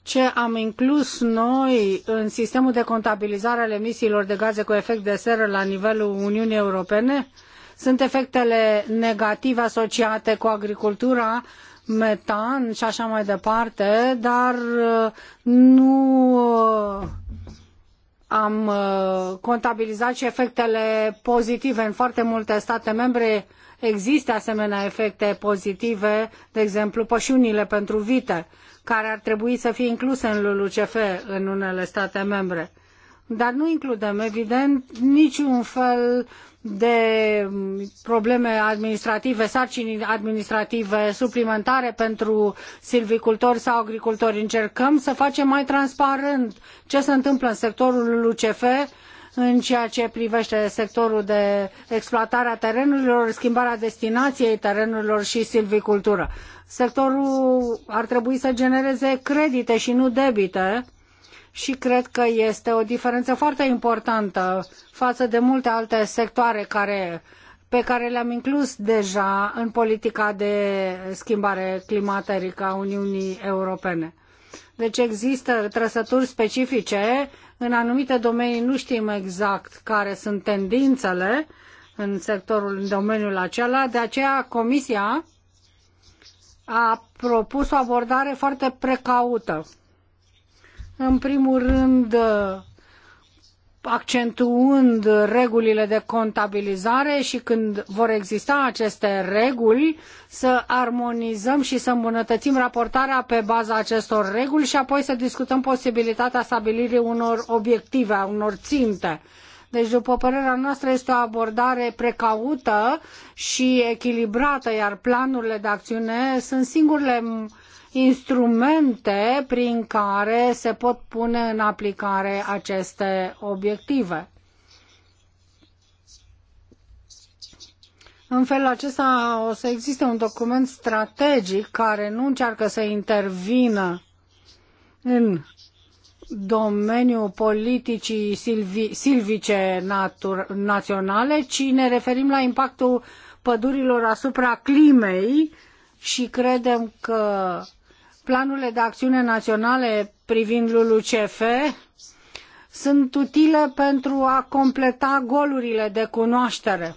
ce am inclus noi în sistemul de contabilizare al emisiilor de gaze cu efect de seră la nivelul Uniunii Europene sunt efectele negative asociate cu agricultura metan și așa mai departe, dar uh, nu uh, am uh, contabilizat și efectele pozitive în foarte multe state membre. Există asemenea efecte pozitive, de exemplu pășunile pentru vite, care ar trebui să fie incluse în LULUCF în unele state membre. Dar nu includem, evident, niciun fel de probleme administrative, sarcini administrative suplimentare pentru silvicultori sau agricultori. Încercăm să facem mai transparent ce se întâmplă în sectorul LUCF în ceea ce privește sectorul de exploatare a terenurilor, schimbarea destinației terenurilor și silvicultură. Sectorul ar trebui să genereze credite și nu debite și cred că este o diferență foarte importantă față de multe alte sectoare care, pe care le-am inclus deja în politica de schimbare climaterică a Uniunii Europene. Deci există trăsături specifice, în anumite domenii nu știm exact care sunt tendințele în sectorul, în domeniul acela, de aceea Comisia a propus o abordare foarte precaută în primul rând, accentuând regulile de contabilizare și când vor exista aceste reguli, să armonizăm și să îmbunătățim raportarea pe baza acestor reguli și apoi să discutăm posibilitatea stabilirii unor obiective, unor ținte. Deci, după părerea noastră, este o abordare precaută și echilibrată, iar planurile de acțiune sunt singurele instrumente prin care se pot pune în aplicare aceste obiective. În felul acesta o să existe un document strategic care nu încearcă să intervină în domeniul politicii silvi, silvice natur, naționale, ci ne referim la impactul pădurilor asupra climei și credem că Planurile de acțiune naționale privind LULUCF sunt utile pentru a completa golurile de cunoaștere.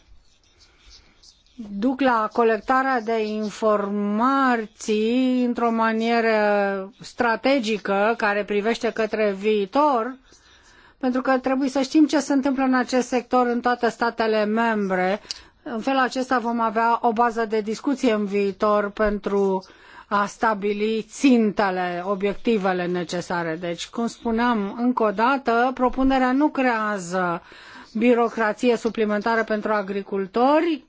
Duc la colectarea de informații într-o manieră strategică care privește către viitor, pentru că trebuie să știm ce se întâmplă în acest sector în toate statele membre. În felul acesta vom avea o bază de discuție în viitor pentru a stabili țintele, obiectivele necesare. Deci, cum spuneam, încă o dată, propunerea nu creează birocrație suplimentară pentru agricultori,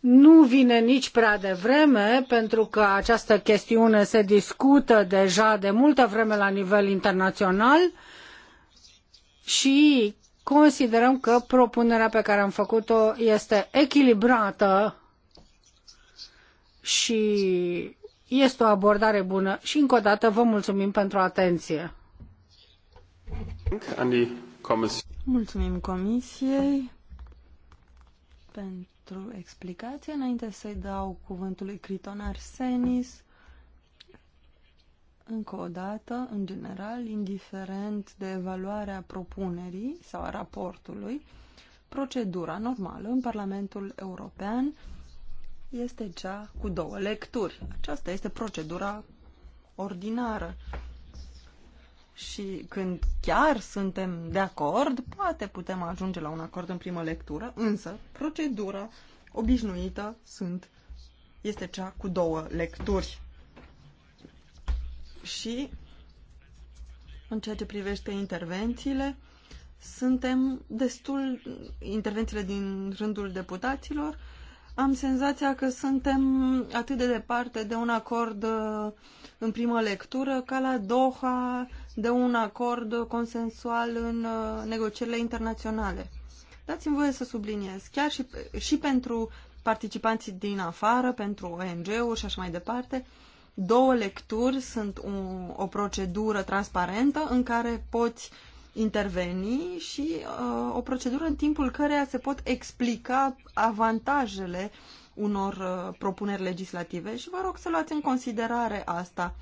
nu vine nici prea devreme, pentru că această chestiune se discută deja de multă vreme la nivel internațional și considerăm că propunerea pe care am făcut-o este echilibrată și este o abordare bună și încă o dată vă mulțumim pentru atenție. Mulțumim Comisiei pentru explicație. Înainte să-i dau cuvântul lui Criton Arsenis, încă o dată, în general, indiferent de evaluarea propunerii sau a raportului, procedura normală în Parlamentul European este cea cu două lecturi. Aceasta este procedura ordinară. Și când chiar suntem de acord, poate putem ajunge la un acord în primă lectură, însă procedura obișnuită sunt, este cea cu două lecturi. Și în ceea ce privește intervențiile, suntem destul, intervențiile din rândul deputaților, am senzația că suntem atât de departe de un acord uh, în primă lectură ca la Doha de un acord consensual în uh, negocierile internaționale. Dați-mi voie să subliniez, chiar și, și pentru participanții din afară, pentru ONG-uri și așa mai departe, două lecturi sunt un, o procedură transparentă în care poți uh, interveni și uh, o procedură în timpul căreia se pot explica avantajele unor uh, propuneri legislative și vă rog să luați în considerare asta.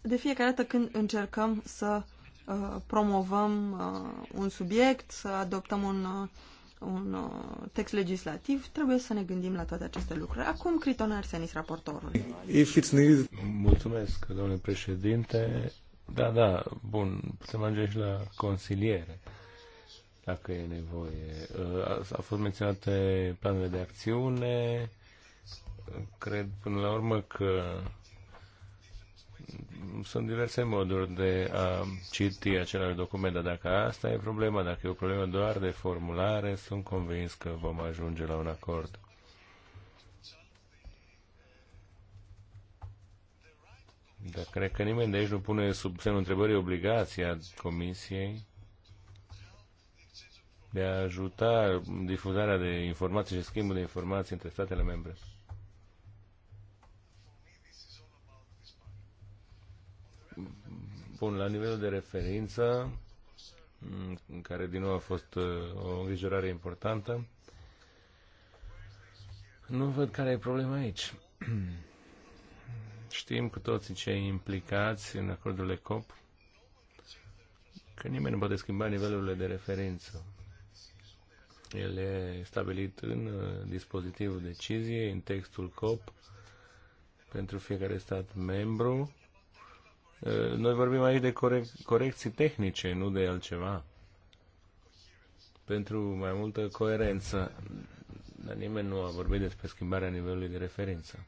De fiecare dată când încercăm să uh, promovăm uh, un subiect, să adoptăm un, uh, un uh, text legislativ, trebuie să ne gândim la toate aceste lucruri. Acum, Criton Arsenis, raportorul. Mulțumesc, domnule președinte. Da, da, bun, putem ajunge și la consiliere, dacă e nevoie. Uh, au fost menționate planurile de acțiune, cred până la urmă că sunt diverse moduri de a citi același document, dar dacă asta e problema, dacă e o problemă doar de formulare, sunt convins că vom ajunge la un acord. Dar cred că nimeni de aici nu pune sub semnul întrebării obligația Comisiei de a ajuta difuzarea de informații și schimbul de informații între statele membre. Bun, la nivelul de referință, care din nou a fost uh, o îngrijorare importantă, nu văd care e problema aici. <clears throat> Știm cu toții cei implicați în acordurile COP că nimeni nu poate schimba nivelurile de referință. El e stabilit în uh, dispozitivul deciziei, în textul COP, pentru fiecare stat membru. Uh, noi vorbim aici de corec- corecții tehnice, nu de altceva. Pentru mai multă coerență. Dar nimeni nu a vorbit despre schimbarea nivelului de referință.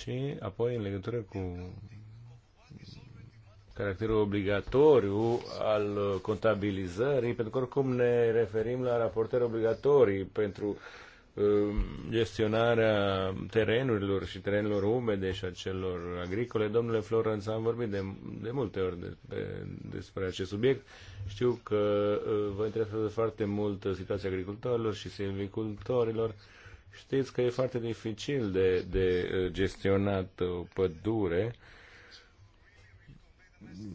Și apoi, în legătură cu caracterul obligatoriu al contabilizării, pentru că oricum ne referim la raportări obligatorii pentru um, gestionarea terenurilor și terenurilor umede și a celor agricole. Domnule Florenț, am vorbit de, de multe ori de, de, despre acest subiect. Știu că uh, vă interesează foarte mult situația agricultorilor și silvicultorilor. Știți că e foarte dificil de, de uh, gestionat o pădure.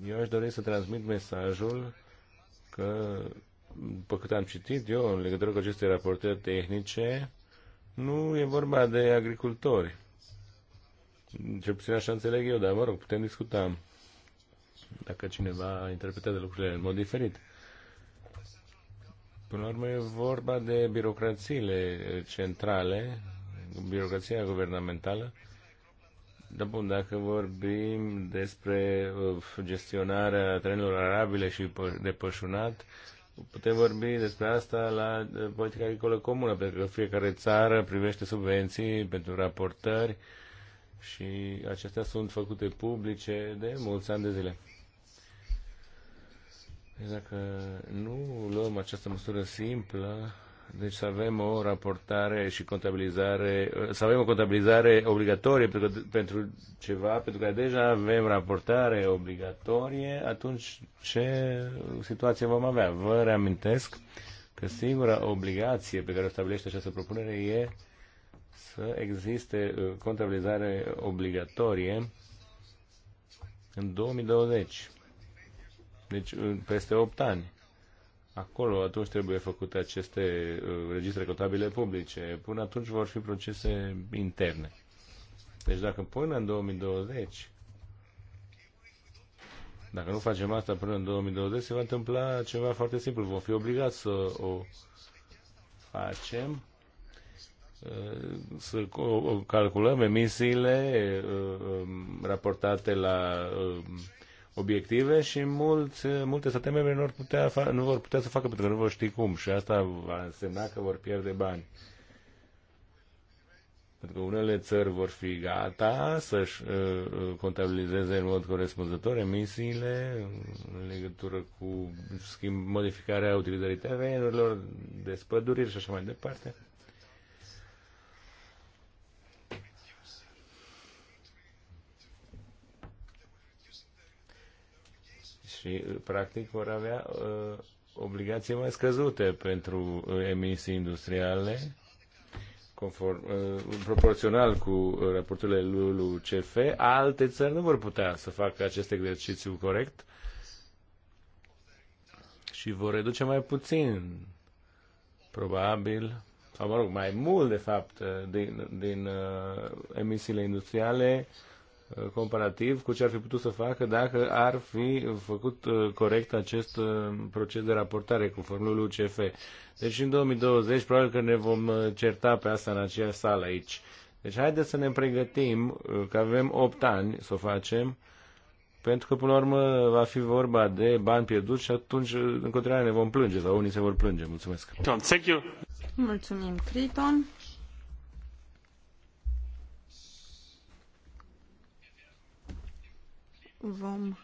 Eu aș dori să transmit mesajul că, după cât am citit eu, în legătură cu aceste raportări tehnice, nu e vorba de agricultori. Cel puțin așa înțeleg eu, dar mă rog, putem discuta dacă cineva interpretează lucrurile în mod diferit. Până la urmă e vorba de birocrațiile centrale, birocrația guvernamentală. Dar bun, dacă vorbim despre uh, gestionarea trenurilor arabile și de pășunat, putem vorbi despre asta la uh, politica agricolă comună, pentru că fiecare țară primește subvenții pentru raportări și acestea sunt făcute publice de mulți ani de zile. Deci exact, dacă nu luăm această măsură simplă, deci să avem o raportare și contabilizare, să avem o contabilizare obligatorie pentru, pentru ceva, pentru că deja avem raportare obligatorie, atunci ce situație vom avea? Vă reamintesc că singura obligație pe care o stabilește această propunere e să existe uh, contabilizare obligatorie în 2020 deci peste 8 ani. Acolo atunci trebuie făcute aceste uh, registre contabile publice. Până atunci vor fi procese interne. Deci dacă până în 2020 dacă nu facem asta până în 2020, se va întâmpla ceva foarte simplu. Vom fi obligați să o facem, uh, să calculăm emisiile uh, um, raportate la um, obiective și mulți, multe state membre nu, putea, nu vor putea să facă pentru că nu vor ști cum și asta va însemna că vor pierde bani. Pentru că unele țări vor fi gata să-și uh, uh, contabilizeze în mod corespunzător emisiile în legătură cu schimb, modificarea utilizării terenurilor, despăduriri și așa mai departe. și practic vor avea uh, obligații mai scăzute pentru uh, emisii industriale conform, uh, proporțional cu raporturile LULU-CF, alte țări nu vor putea să facă acest exercițiu corect și vor reduce mai puțin, probabil, sau mă rog, mai mult, de fapt, uh, din, din uh, emisiile industriale uh, Uh, comparativ cu ce ar fi putut să facă dacă ar fi făcut uh, corect acest uh, proces de raportare cu lui UCF. Deci în 2020 probabil că ne vom certa pe asta în aceea sală aici. Deci haideți să ne pregătim, că avem 8 ani să o facem, pentru că până la urmă va fi vorba de bani pierduți și atunci în continuare ne vom plânge sau unii se vor plânge. Mulțumesc. Thank you. Mulțumim, Criton. vom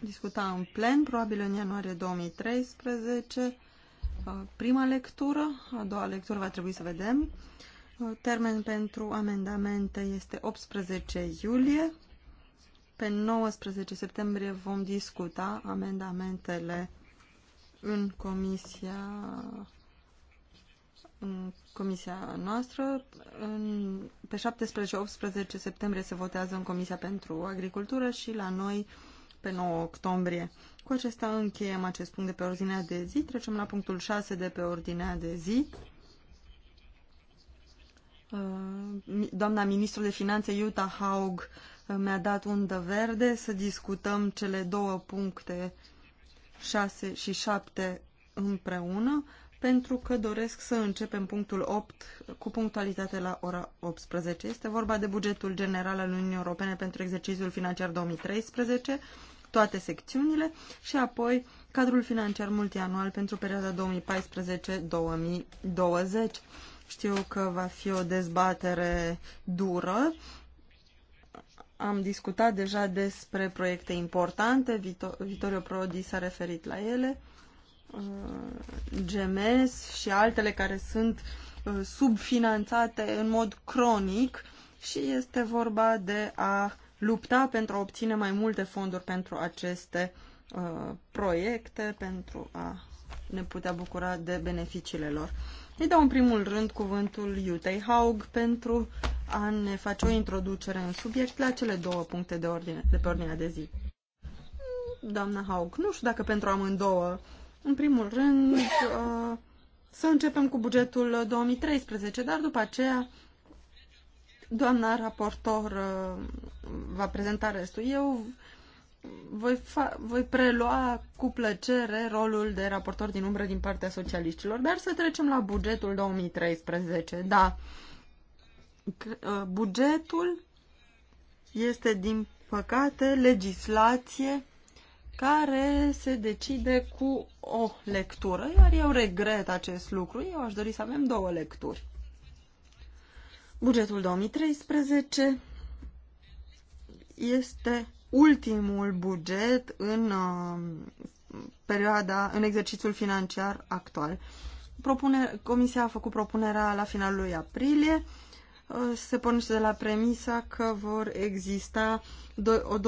discuta în plen, probabil în ianuarie 2013, uh, prima lectură, a doua lectură va trebui să vedem. Uh, Termen pentru amendamente este 18 iulie. Pe 19 septembrie vom discuta amendamentele în Comisia în comisia noastră. În, pe 17-18 septembrie se votează în Comisia pentru Agricultură și la noi pe 9 octombrie. Cu acesta încheiem acest punct de pe ordinea de zi. Trecem la punctul 6 de pe ordinea de zi. Uh, doamna ministru de finanțe Iuta Haug uh, mi-a dat undă verde să discutăm cele două puncte 6 și 7 împreună pentru că doresc să începem punctul 8 cu punctualitate la ora 18. Este vorba de bugetul general al Uniunii Europene pentru exercițiul financiar 2013, toate secțiunile și apoi cadrul financiar multianual pentru perioada 2014-2020. Știu că va fi o dezbatere dură. Am discutat deja despre proiecte importante, Vito Vitorio Prodi s-a referit la ele. Uh, GMS și altele care sunt uh, subfinanțate în mod cronic și este vorba de a lupta pentru a obține mai multe fonduri pentru aceste uh, proiecte, pentru a ne putea bucura de beneficiile lor. Îi dau în primul rând cuvântul Iutei Haug pentru a ne face o introducere în subiect la cele două puncte de, ordine, de pe ordinea de zi. Doamna Haug, nu știu dacă pentru amândouă în primul rând, uh, să începem cu bugetul 2013, dar după aceea doamna raportor uh, va prezenta restul. Eu voi, voi prelua cu plăcere rolul de raportor din umbră din partea socialiștilor, dar să trecem la bugetul 2013. Da, uh, bugetul este, din păcate, legislație care se decide cu o lectură, iar eu regret acest lucru. Eu aș dori să avem două lecturi. Bugetul 2013 este ultimul buget în uh, perioada, în exercițiul financiar actual. Propune, comisia a făcut propunerea la finalul lui aprilie Uh, se pornește de la premisa că vor exista o,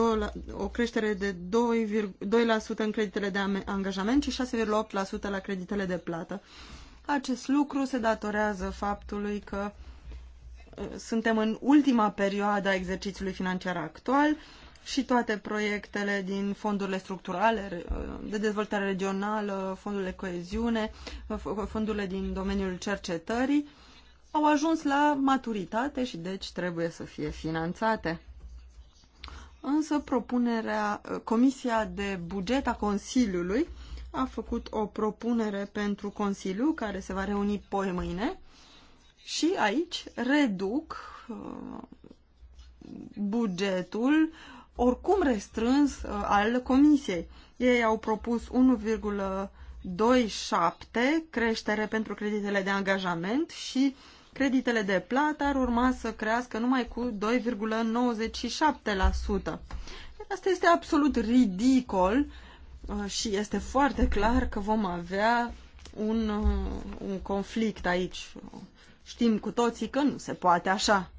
o creștere de 2, 2% în creditele de angajament și 6,8% la creditele de plată. Acest lucru se datorează faptului că uh, suntem în ultima perioadă a exercițiului financiar actual și toate proiectele din fondurile structurale, uh, de dezvoltare regională, fondurile coeziune, fondurile din domeniul cercetării, au ajuns la maturitate și deci trebuie să fie finanțate. Însă propunerea, Comisia de Buget a Consiliului a făcut o propunere pentru Consiliu care se va reuni poi mâine și aici reduc uh, bugetul oricum restrâns uh, al Comisiei. Ei au propus 1,27 creștere pentru creditele de angajament și Creditele de plată ar urma să crească numai cu 2,97%. Asta este absolut ridicol uh, și este foarte clar că vom avea un, uh, un conflict aici. Știm cu toții că nu se poate așa.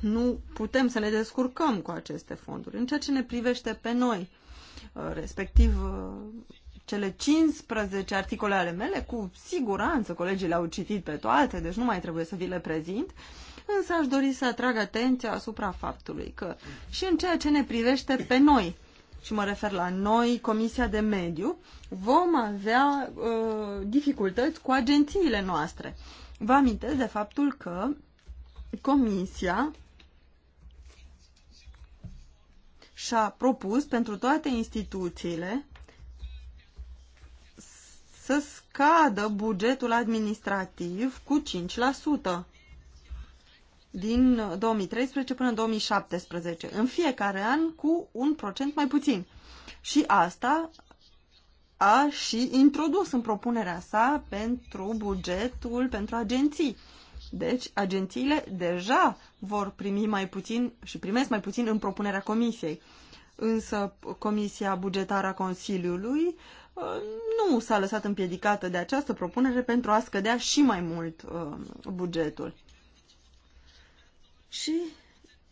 Nu putem să ne descurcăm cu aceste fonduri. În ceea ce ne privește pe noi, uh, respectiv cele 15 articole ale mele, cu siguranță colegii le-au citit pe toate, deci nu mai trebuie să vi le prezint, însă aș dori să atrag atenția asupra faptului că și în ceea ce ne privește pe noi, și mă refer la noi, Comisia de Mediu, vom avea uh, dificultăți cu agențiile noastre. Vă amintesc de faptul că Comisia și-a propus pentru toate instituțiile să scadă bugetul administrativ cu 5% din 2013 până în 2017, în fiecare an cu un procent mai puțin. Și asta a și introdus în propunerea sa pentru bugetul pentru agenții. Deci, agențiile deja vor primi mai puțin și primesc mai puțin în propunerea comisiei. Însă, Comisia Bugetară a Consiliului uh, Uh, nu s-a lăsat împiedicată de această propunere pentru a scădea și mai mult uh, bugetul. Și,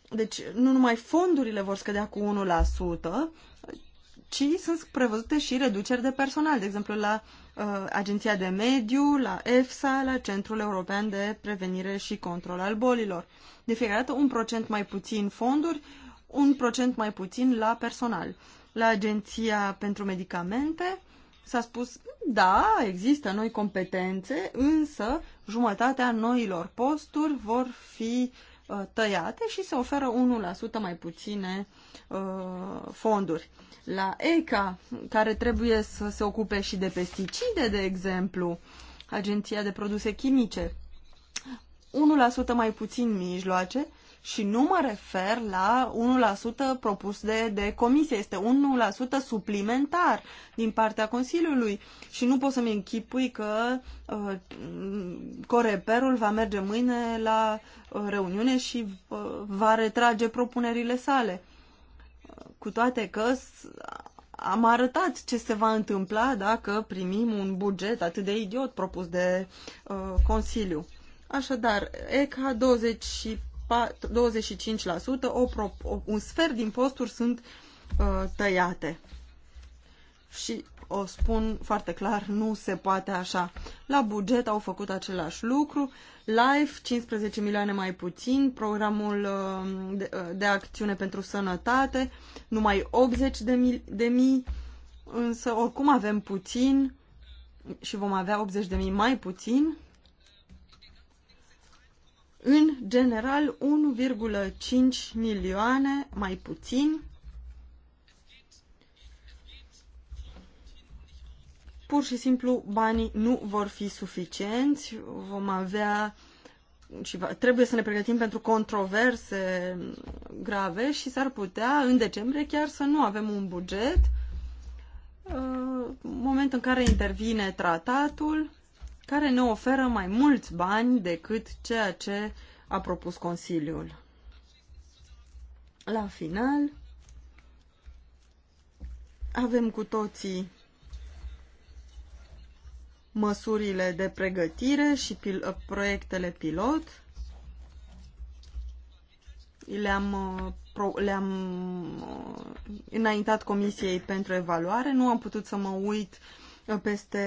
deci, nu numai fondurile vor scădea cu 1%, ci sunt prevăzute și reduceri de personal, de exemplu, la uh, Agenția de Mediu, la EFSA, la Centrul European de Prevenire și Control al Bolilor. De fiecare dată, un procent mai puțin fonduri, un procent mai puțin la personal. La Agenția pentru Medicamente, s-a spus, da, există noi competențe, însă jumătatea noilor posturi vor fi uh, tăiate și se oferă 1% mai puține uh, fonduri. La ECA, care trebuie să se ocupe și de pesticide, de exemplu, Agenția de Produse Chimice, 1% mai puțin mijloace și nu mă refer la 1% propus de, de comisie, este 1% suplimentar din partea Consiliului și nu pot să-mi închipui că uh, Coreperul va merge mâine la uh, reuniune și uh, va retrage propunerile sale. Cu toate că am arătat ce se va întâmpla dacă primim un buget atât de idiot propus de uh, Consiliu. Așadar, ECA 24 25%, o, o, un sfert din posturi sunt uh, tăiate. Și o spun foarte clar, nu se poate așa. La buget au făcut același lucru, LIFE 15 milioane mai puțin, programul uh, de, uh, de acțiune pentru sănătate numai 80 de mii, de mii însă oricum avem puțin și vom avea 80 de mii mai puțin în general 1,5 milioane, mai puțin. Pur și simplu banii nu vor fi suficienți, vom avea și va, trebuie să ne pregătim pentru controverse grave și s-ar putea în decembrie chiar să nu avem un buget, uh, moment în care intervine tratatul care ne oferă mai mulți bani decât ceea ce a propus Consiliul. La final, avem cu toții măsurile de pregătire și pil uh, proiectele pilot. Le-am uh, le-am uh, înaintat Comisiei pentru evaluare. Nu am putut să mă uit uh, peste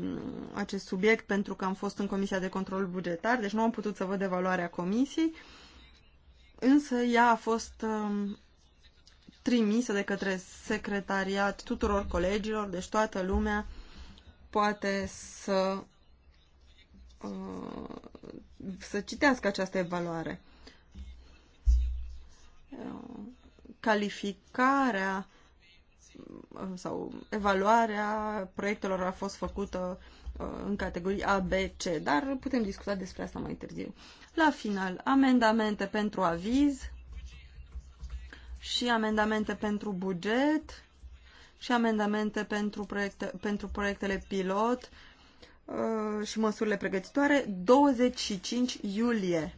mm, acest subiect pentru că am fost în Comisia de Control Bugetar, deci nu am putut să văd evaluarea comisiei, însă ea a fost mm, trimisă de către secretariat tuturor colegilor, deci toată lumea poate să mm, să citească această evaluare. Calificarea sau evaluarea proiectelor a fost făcută uh, în categorii A, B, C, dar putem discuta despre asta mai târziu. La final, amendamente pentru aviz și amendamente pentru buget și amendamente pentru, proiecte, pentru proiectele pilot uh, și măsurile pregătitoare 25 iulie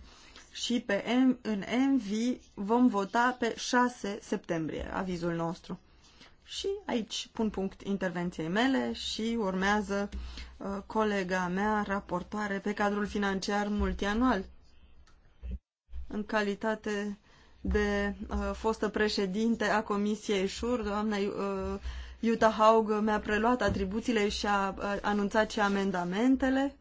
și pe M, în MV vom vota pe 6 septembrie avizul nostru. Și aici pun punct intervenției mele și urmează uh, colega mea raportoare pe cadrul financiar multianual. În calitate de uh, fostă președinte a Comisiei Șur, doamna uh, Iuta Haug mi-a preluat atribuțiile și a uh, anunțat și amendamentele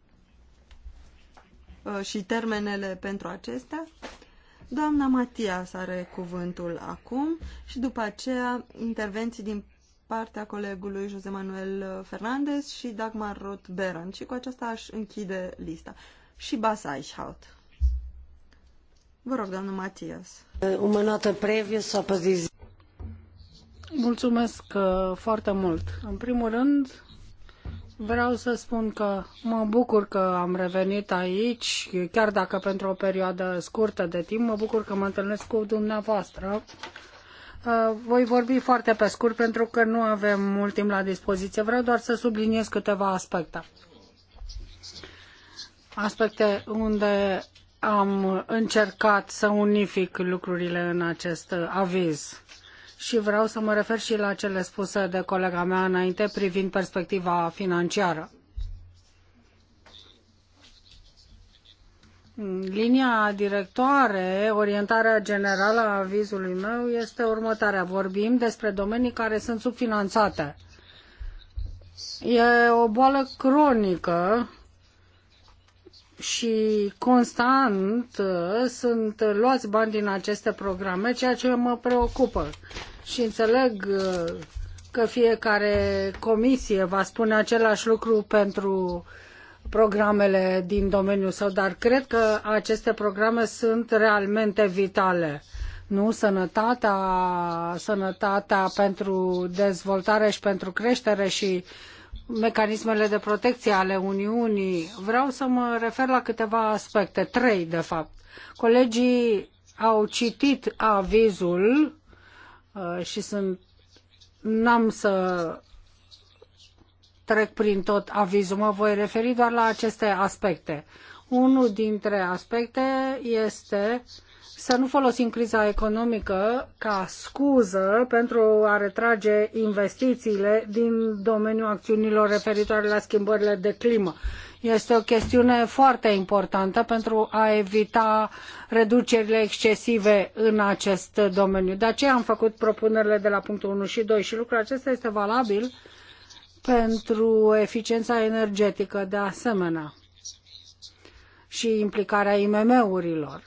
uh, și termenele pentru acestea. Doamna Matias are cuvântul acum și după aceea intervenții din partea colegului José Manuel Fernandez și Dagmar Roth Beran și cu aceasta aș închide lista. Și Bas Eichhout. Vă rog, doamna Matias. Eh, uma notă previe sau pe Mulțumesc eh, foarte mult. În primul rând, Vreau să spun că mă bucur că am revenit aici, chiar dacă pentru o perioadă scurtă de timp, mă bucur că mă întâlnesc cu dumneavoastră. Uh, voi vorbi foarte pe scurt pentru că nu avem mult timp la dispoziție. Vreau doar să subliniez câteva aspecte. Aspecte unde am încercat să unific lucrurile în acest aviz și vreau să mă refer și la cele spuse de colega mea înainte privind perspectiva financiară. Linia directoare, orientarea generală a avizului meu este următoarea. Vorbim despre domenii care sunt subfinanțate. E o boală cronică și constant uh, sunt luați bani din aceste programe, ceea ce mă preocupă. Și înțeleg uh, că fiecare comisie va spune același lucru pentru programele din domeniul său, dar cred că aceste programe sunt realmente vitale. Nu sănătatea, sănătatea pentru dezvoltare și pentru creștere și uh, mecanismele de protecție ale Uniunii, vreau să mă refer la câteva aspecte, trei de fapt. Colegii au citit avizul uh, și sunt n-am să trec prin tot avizul, mă voi referi doar la aceste aspecte. Unul dintre aspecte este uh, să nu folosim criza economică ca scuză pentru a retrage investițiile din domeniul acțiunilor referitoare la schimbările de climă. Este o chestiune foarte importantă pentru a evita reducerile excesive în acest domeniu. De aceea am făcut propunerile de la punctul unu și doi și lucrul acesta este valabil pentru eficiența energetică de asemenea și implicarea IMM-urilor.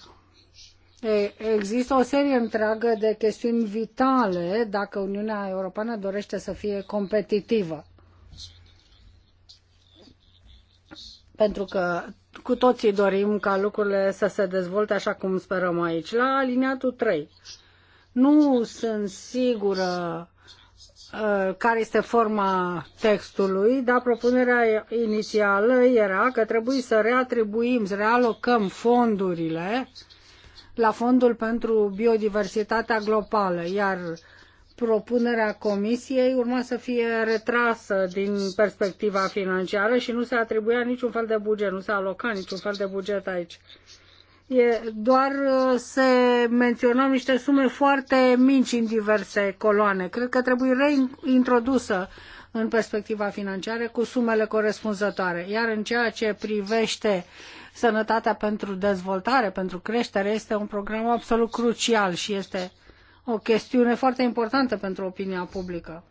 Există o serie întreagă de chestiuni vitale dacă Uniunea Europeană dorește să fie competitivă. Pentru că cu toții dorim ca lucrurile să se dezvolte așa cum sperăm aici. La aliniatul 3. Nu sunt sigură care este forma textului, dar propunerea inițială era că trebuie să reatribuim, să realocăm fondurile la Fondul pentru Biodiversitatea Globală, iar propunerea comisiei urma să fie retrasă din perspectiva financiară și nu se atribuia niciun fel de buget, nu se aloca niciun fel de buget aici. E, doar uh, se menționau niște sume foarte mici în diverse coloane. Cred că trebuie reintrodusă în perspectiva financiară cu sumele corespunzătoare. Iar în ceea ce privește uh, Sănătatea pentru dezvoltare, pentru creștere este un program absolut crucial și este o chestiune foarte importantă pentru opinia publică.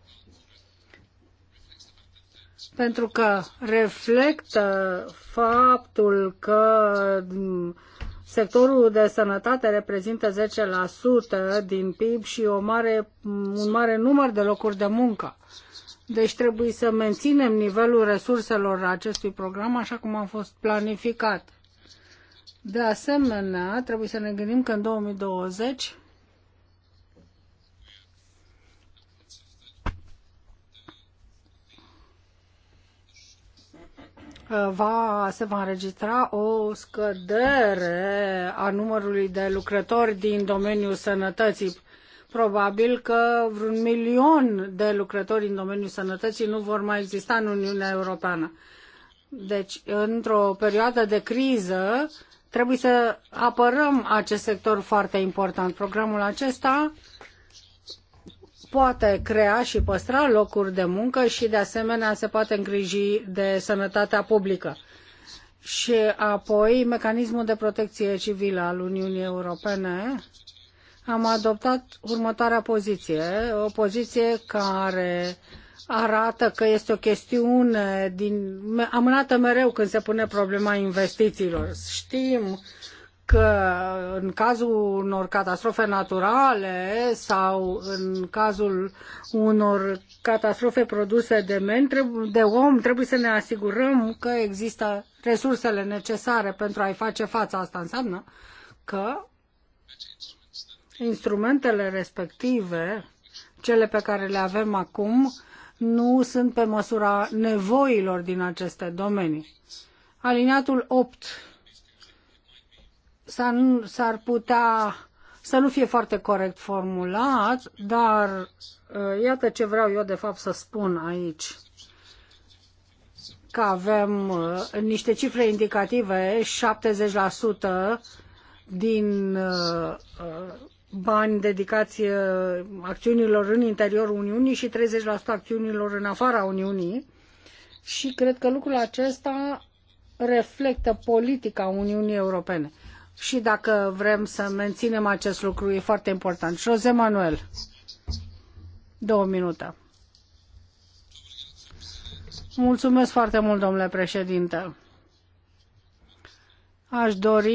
Pentru că reflectă faptul că sectorul de sănătate reprezintă 10% din PIB și o mare, un mare număr de locuri de muncă. Deci trebuie să menținem nivelul resurselor acestui program așa cum a fost planificat. De asemenea, trebuie să ne gândim că în 2020 va, se va înregistra o scădere a numărului de lucrători din domeniul sănătății Probabil că vreun milion de lucrători în domeniul sănătății nu vor mai exista în Uniunea Europeană. Deci, într-o perioadă de criză, trebuie să apărăm acest sector foarte important. Programul acesta poate crea și păstra locuri de muncă și, de asemenea, se poate îngriji de sănătatea publică. Și apoi, mecanismul de protecție civilă al Uniunii Europene am adoptat următoarea poziție, o poziție care arată că este o chestiune din, amânată mereu când se pune problema investițiilor. Știm că în cazul unor catastrofe naturale sau în cazul unor catastrofe produse de, men, de om, trebuie să ne asigurăm că există resursele necesare pentru a-i face față. Asta înseamnă că instrumentele respective, cele pe care le avem acum, nu sunt pe măsura nevoilor din aceste domenii. Aliniatul 8 s-ar putea să nu fie foarte corect formulat, dar uh, iată ce vreau eu de fapt să spun aici că avem uh, niște cifre indicative, 70% din uh, bani dedicați uh, acțiunilor în interiorul Uniunii și 30% acțiunilor în afara Uniunii. Și cred că lucrul acesta reflectă politica Uniunii Europene. Și dacă vrem să menținem acest lucru, e foarte important. Jose Manuel, două minute. Mulțumesc foarte mult, domnule președinte. Aș dori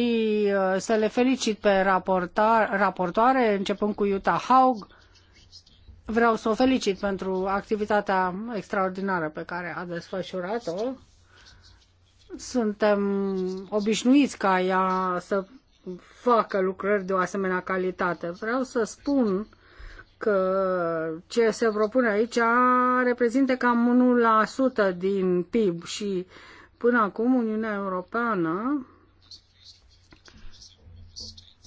uh, să le felicit pe raportar, raportoare, începând cu Jutta Haug. Vreau să o felicit pentru activitatea extraordinară pe care a desfășurat-o. Suntem obișnuiți ca ea să facă lucrări de o asemenea calitate. Vreau să spun că ce se propune aici reprezintă cam 1% din PIB și până acum Uniunea Europeană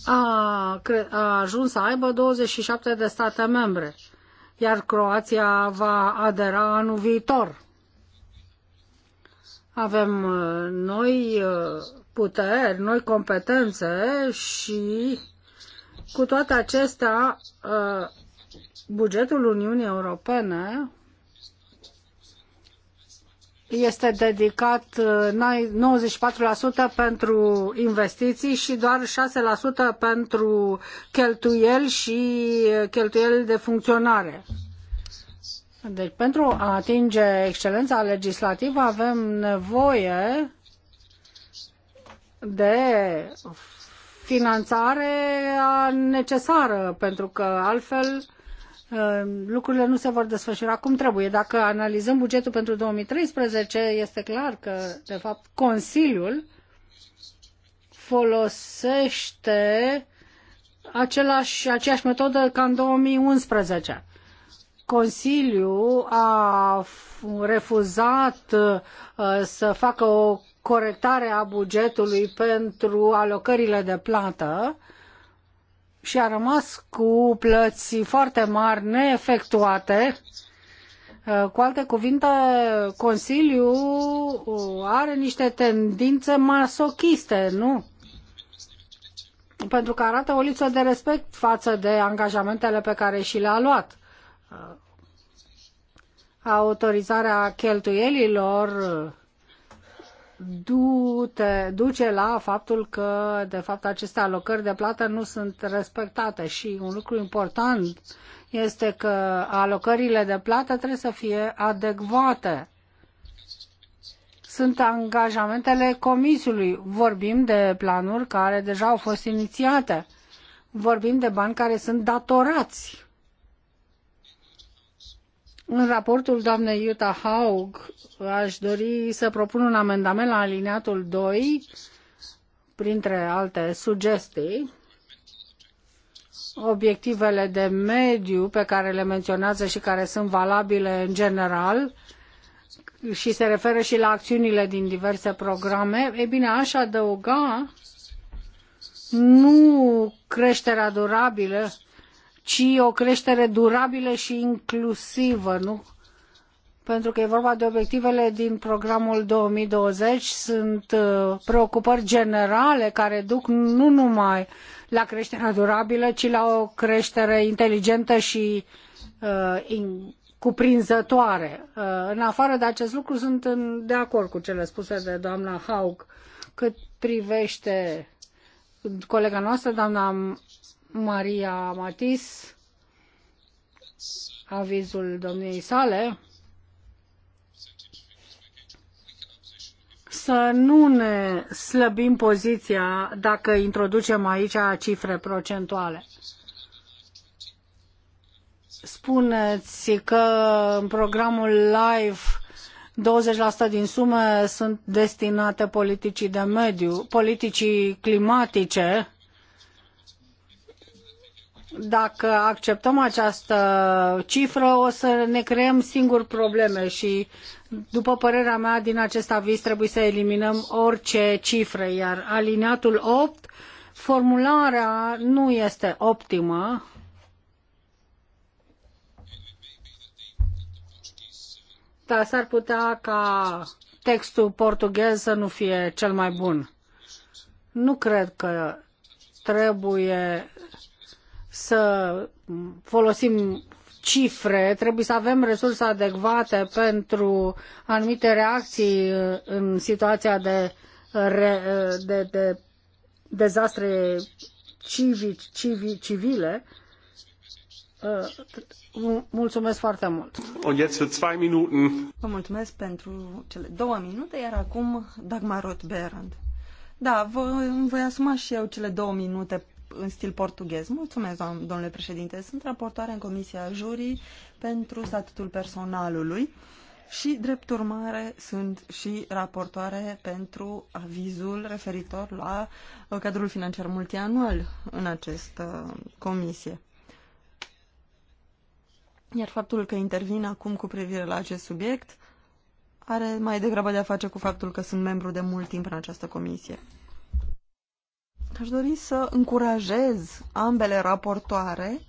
a, a ajuns să aibă 27 de state membre, iar Croația va adera anul viitor. Avem uh, noi uh, puteri, noi competențe și cu toate acestea uh, bugetul Uniunii Europene este dedicat 94% uh, pentru investiții și doar 6% pentru cheltuieli și uh, cheltuieli de funcționare. Deci pentru a atinge excelența legislativă avem nevoie de finanțare necesară, pentru că altfel Ehm, lucrurile nu se vor desfășura cum trebuie. Dacă analizăm bugetul pentru 2013, este clar că, de fapt, Consiliul folosește același, aceeași metodă ca în 2011. Consiliul a refuzat uh, să facă o corectare a bugetului pentru alocările de plată uh, și a rămas cu plăți foarte mari neefectuate. Uh, cu alte cuvinte, Consiliul uh, are niște tendințe masochiste, nu? Pentru că arată o lipsă de respect față de angajamentele pe care și le-a luat. Uh, autorizarea cheltuielilor du te duce la faptul că, de fapt, aceste alocări de plată nu sunt respectate și un lucru important este că alocările de plată trebuie să fie adecvate. Sunt angajamentele comisiului. Vorbim de planuri care deja au fost inițiate. Vorbim de bani care sunt datorați în raportul doamnei Jutta Haug aș dori să propun un amendament la alineatul 2, printre alte sugestii, obiectivele de mediu pe care le menționează și care sunt valabile în general și se referă și la acțiunile din diverse programe, e bine, aș adăuga nu creșterea durabilă, ci o creștere durabilă și inclusivă, nu? Pentru că e vorba de obiectivele din programul 2020, sunt uh, preocupări generale care duc nu numai la creșterea durabilă, ci la o creștere inteligentă și uh, in, cuprinzătoare. Uh, în afară de acest lucru, sunt în, de acord cu cele spuse de doamna Haug cât privește colega noastră, doamna Maria Matis, avizul domniei sale, să nu ne slăbim poziția dacă introducem aici cifre procentuale. Spuneți că în programul live 20% din sume sunt destinate politicii de mediu, politicii climatice, dacă acceptăm această cifră, o să ne creăm singur probleme și, după părerea mea, din acest aviz trebuie să eliminăm orice cifră, iar alineatul opt, formularea nu este optimă. Dar s-ar putea ca textul portughez să nu fie cel mai bun. Nu cred că trebuie să folosim cifre, trebuie să avem resurse adecvate pentru anumite reacții uh, în situația de, uh, uh, de, de dezastre civic, civic, civile. Mulțumesc foarte mult. Vă mulțumesc pentru cele două minute, iar acum Dagmar Roth Berend. Da, vă, voi asuma și eu cele două minute în stil portughez. Mulțumesc, domnule președinte. Sunt raportoare în Comisia Jurii pentru statutul personalului și, drept urmare, sunt și raportoare pentru avizul referitor la uh, cadrul financiar multianual în această uh, comisie. Iar faptul că intervin acum cu privire la acest subiect are mai degrabă de a face cu faptul că sunt membru de mult timp în această comisie. Aș dori să încurajez ambele raportoare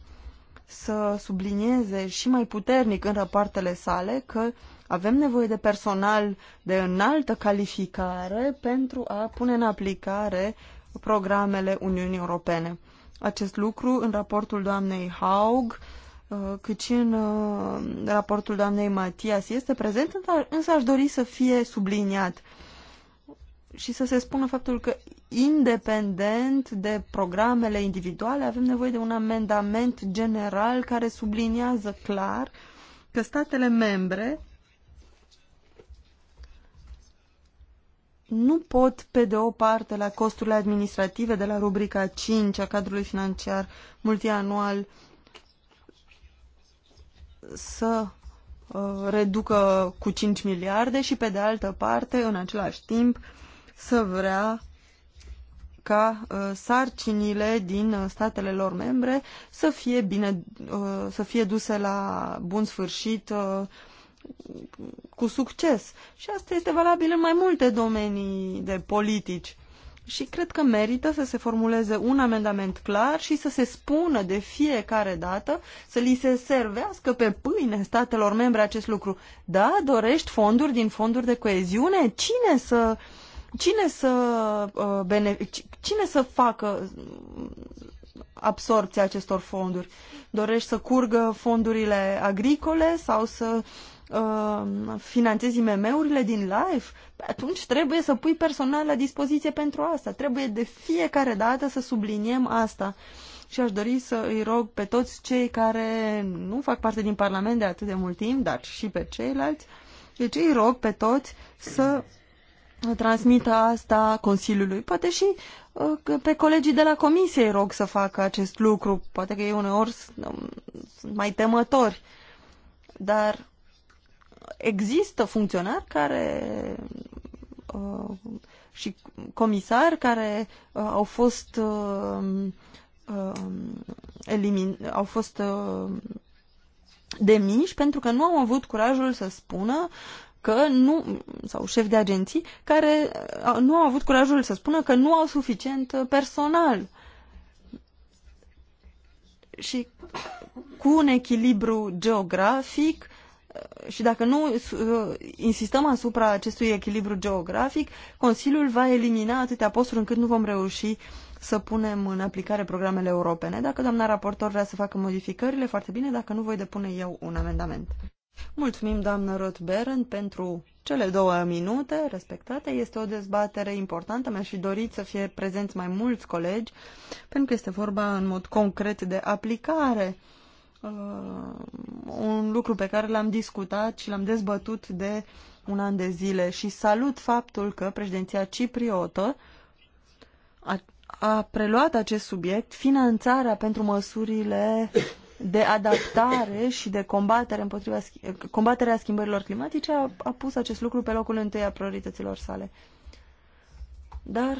să sublinieze și mai puternic în rapoartele sale că avem nevoie de personal de înaltă calificare pentru a pune în aplicare programele Uniunii Europene. Acest lucru în raportul doamnei Haug, uh, cât și în uh, raportul doamnei Matias este prezent, însă aș dori să fie subliniat și să se spună faptul că, independent de programele individuale, avem nevoie de un amendament general care subliniază clar că statele membre nu pot, pe de o parte, la costurile administrative de la rubrica 5 a cadrului financiar multianual să uh, reducă cu 5 miliarde și, pe de altă parte, în același timp, uh, să vrea ca uh, sarcinile din uh, statele lor membre să fie, bine, uh, să fie duse la bun sfârșit uh, cu succes. Și asta este valabil în mai multe domenii de politici. Și cred că merită să se formuleze un amendament clar și să se spună de fiecare dată să li se servească pe pâine statelor membre acest lucru. Da, dorești fonduri din fonduri de coeziune? Cine să uh, Cine să, uh, cine să facă absorpția acestor fonduri? Dorești să curgă fondurile agricole sau să uh, finanțezi mm urile din live? Atunci trebuie să pui personal la dispoziție pentru asta. Trebuie de fiecare dată să subliniem asta. Și aș dori să îi rog pe toți cei care nu fac parte din Parlament de atât de mult timp, dar și pe ceilalți, deci îi rog pe toți să transmită asta Consiliului. Poate și uh, pe colegii de la Comisie rog să facă acest lucru. Poate că ei uneori sunt mai temători. Dar există funcționari care uh, și comisari care uh, au fost elimin, au fost demiși pentru că nu au avut curajul să spună că nu, sau șef de agenții, care nu au avut curajul să spună că nu au suficient uh, personal. Și cu un echilibru geografic, uh, și dacă nu uh, insistăm asupra acestui echilibru geografic, Consiliul va elimina atâtea posturi încât nu vom reuși să punem în aplicare programele europene. Dacă doamna raportor vrea să facă modificările, foarte bine, dacă nu, voi depune eu un amendament. Mulțumim, doamnă Roth-Berend, pentru cele două minute respectate. Este o dezbatere importantă. Mi-aș fi dorit să fie prezenți mai mulți colegi, pentru că este vorba în mod concret de aplicare. Uh, un lucru pe care l-am discutat și l-am dezbătut de un an de zile și salut faptul că președinția cipriotă a, a preluat acest subiect, finanțarea pentru măsurile de adaptare și de combatere împotriva combaterea schimbărilor climatice a, a pus acest lucru pe locul întâi a priorităților sale. Dar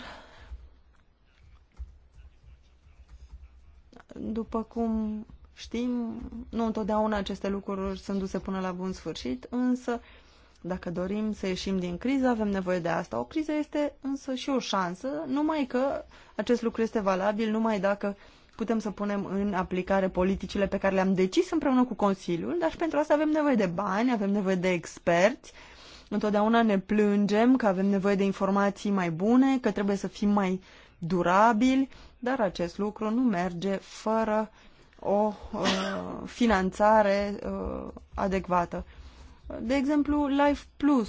după cum știm, nu întotdeauna aceste lucruri sunt duse până la bun sfârșit, însă dacă dorim să ieșim din criză, avem nevoie de asta. O criză este însă și o șansă, numai că acest lucru este valabil numai dacă uh, putem să punem în aplicare politicile pe care le-am decis împreună cu Consiliul, dar și pentru asta avem nevoie de bani, avem nevoie de experți. Întotdeauna ne plângem că avem nevoie de informații mai bune, că trebuie să fim mai durabili, dar acest lucru nu merge fără o uh, finanțare uh, adecvată. De exemplu, Life Plus.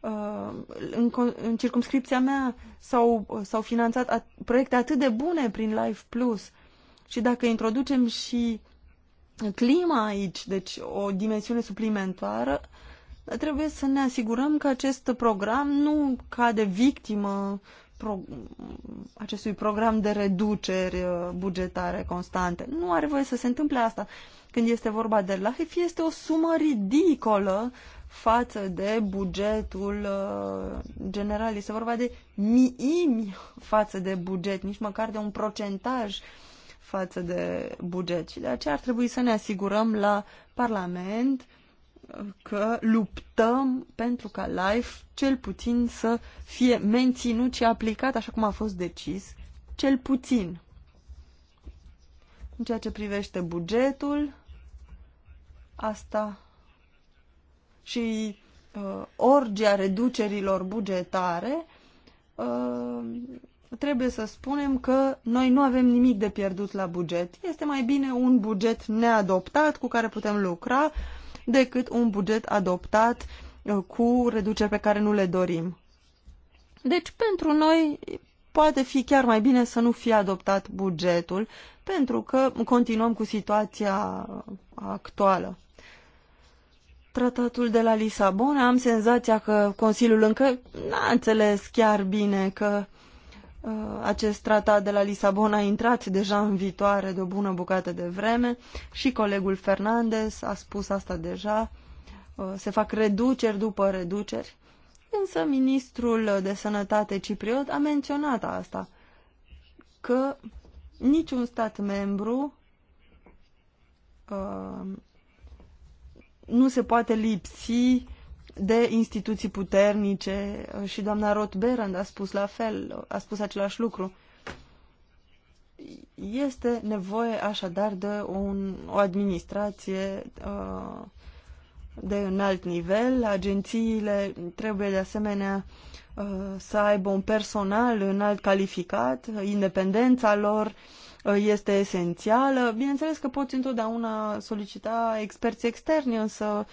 Uh, în, în circumscripția mea s-au, s-au finanțat at- proiecte atât de bune prin Life Plus. Uh, și dacă introducem și clima aici, deci o dimensiune suplimentară, trebuie să ne asigurăm că acest program nu cade victimă pro, acestui program de reduceri uh, bugetare constante. Nu are voie să se întâmple asta. Când este vorba de LAHIF, este o sumă ridicolă față de bugetul uh, general. Este vorba de miimi față de buget, nici măcar de un procentaj uh, față de buget și de aceea ar trebui să ne asigurăm la Parlament uh, că luptăm pentru ca LIFE cel puțin să fie menținut și aplicat așa cum a fost decis, cel puțin. În ceea ce privește bugetul, asta și uh, orgia reducerilor bugetare, uh, trebuie să spunem că noi nu avem nimic de pierdut la buget. Este mai bine un buget neadoptat cu care putem lucra decât un buget adoptat uh, cu reduceri pe care nu le dorim. Deci, pentru noi, poate fi chiar mai bine să nu fie adoptat bugetul, pentru că continuăm cu situația actuală. Tratatul de la Lisabona, am senzația că Consiliul încă n-a înțeles chiar bine că uh, Uh, acest tratat de la Lisabona a intrat deja în viitoare de o bună bucată de vreme și colegul Fernandez a spus asta deja. Uh, se fac reduceri după reduceri, însă ministrul de sănătate cipriot a menționat asta, că niciun stat membru uh, nu se poate lipsi de instituții puternice uh, și doamna Roth Berend a spus la fel, a spus același lucru. Este nevoie așadar de un, o administrație de uh, de înalt nivel. Agențiile trebuie de asemenea uh, să aibă un personal înalt calificat, independența lor este esențială. Bineînțeles că poți întotdeauna solicita experți externi, însă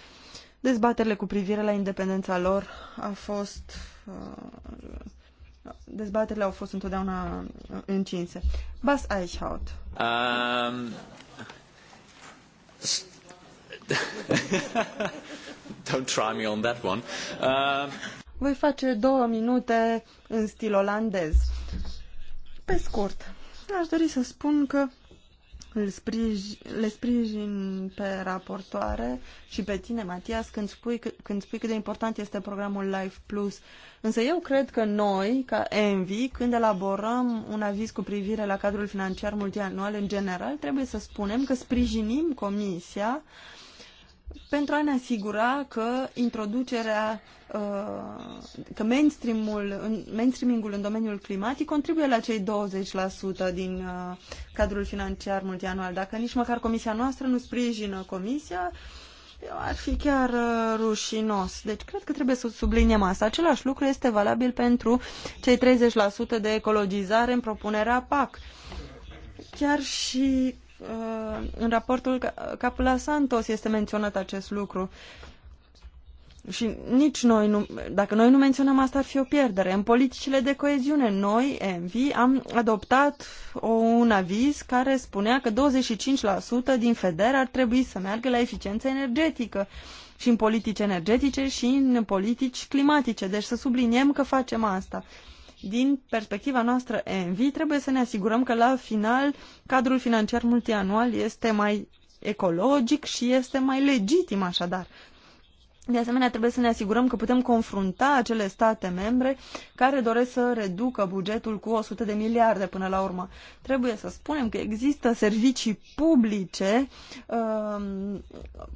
Dezbaterile cu privire la independența lor a fost... Uh, dezbaterile au fost întotdeauna încinse. Bas Eichhout. Um... <laughs> Don't try me on that one. Um, Voi face două minute în stil olandez. Pe scurt, aș dori să spun că le sprijin pe raportoare și pe tine, Matias, când spui, când spui cât de important este programul Life Plus. Însă eu cred că noi, ca Envy, când elaborăm un aviz cu privire la cadrul financiar multianual în general, trebuie să spunem că sprijinim Comisia uh, pentru a ne asigura că introducerea, uh, că mainstream-ul, mainstreaming-ul în domeniul climatic contribuie la cei 20% din uh, cadrul financiar multianual. Dacă nici măcar comisia noastră nu sprijină comisia, ar fi chiar uh, rușinos. Deci cred că trebuie să subliniem asta. Același lucru este valabil pentru cei 30% de ecologizare în propunerea PAC. Chiar și în raportul Capula Santos este menționat acest lucru. Și nici noi nu, dacă noi nu menționăm asta ar fi o pierdere. În politicile de coeziune, noi, MV, am adoptat o, un aviz care spunea că 25% din FEDER ar trebui să meargă la eficiență energetică și în politici energetice și în politici climatice. Deci să subliniem că facem asta. Uh, din perspectiva noastră ENVI, trebuie să ne asigurăm că la final cadrul financiar multianual este mai ecologic și este mai legitim așadar. De asemenea, trebuie să ne asigurăm că putem confrunta acele state membre care doresc să reducă bugetul cu 100 de miliarde până la urmă. Trebuie să spunem că există servicii publice uh,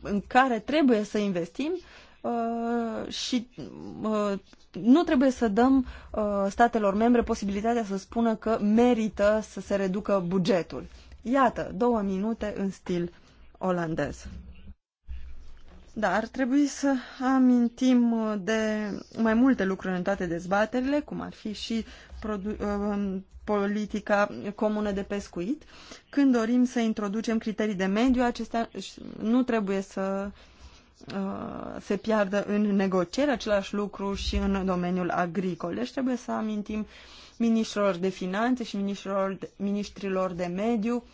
în care trebuie să investim Uh, și uh, nu trebuie să dăm uh, statelor membre posibilitatea să spună că merită să se reducă bugetul. Iată, două minute în stil olandez. Dar da, trebuie să amintim de mai multe lucruri în toate dezbaterile, cum ar fi și politica comună de pescuit. Când dorim să introducem criterii de mediu, acestea nu trebuie să uh, Uh, se piardă în negocieri, același lucru și în domeniul agricol. Deci trebuie să amintim ministrilor de finanțe și ministrilor de, ministrilor de mediu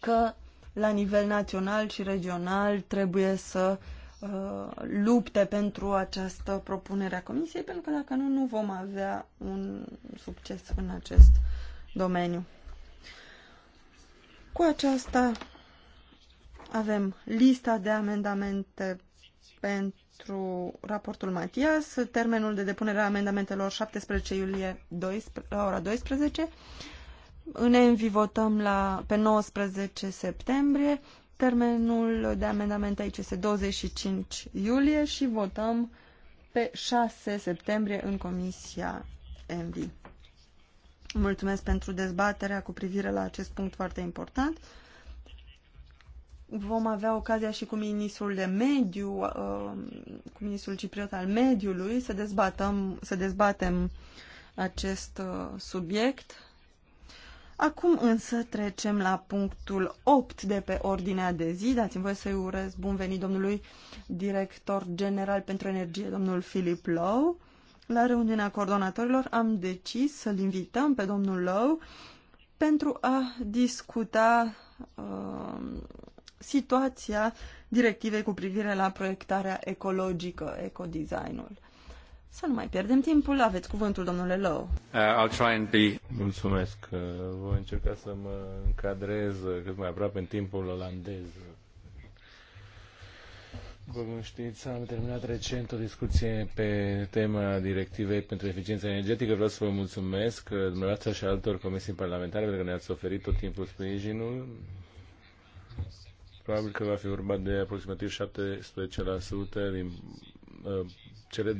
că la nivel național și regional trebuie să uh, lupte pentru această propunere a Comisiei, pentru că dacă nu, nu vom avea un succes în acest domeniu. Cu aceasta avem lista de amendamente pentru raportul Matias, termenul de depunere a amendamentelor 17 iulie 12, la ora 12. În Envi votăm la, pe 19 septembrie, termenul de amendament aici este 25 iulie și votăm pe 6 septembrie în Comisia Envi. Mulțumesc pentru dezbaterea cu privire la acest punct foarte important. Vom avea ocazia și cu ministrul de mediu, uh, cu ministrul cipriot al mediului, să, dezbatăm, să dezbatem acest uh, subiect. Acum însă trecem la punctul 8 de pe ordinea de zi. Dați-mi voie să-i urez bun venit domnului director general pentru energie, domnul Philip Lou. La reuniunea coordonatorilor am decis să-l invităm pe domnul Lou pentru a discuta uh, situația directivei cu privire la proiectarea ecologică, ecodesignul. Să nu mai pierdem timpul, aveți cuvântul, domnule Low. Uh, I'll try and be... Mulțumesc. Uh, voi încerca să mă încadrez cât mai aproape în timpul olandez. După cum știți, am terminat recent o discuție pe tema directivei pentru eficiența energetică. Vreau să vă mulțumesc uh, dumneavoastră și altor comisii parlamentare pentru că ne-ați oferit tot timpul sprijinul probabil că va fi urmat de aproximativ 17% din uh, cele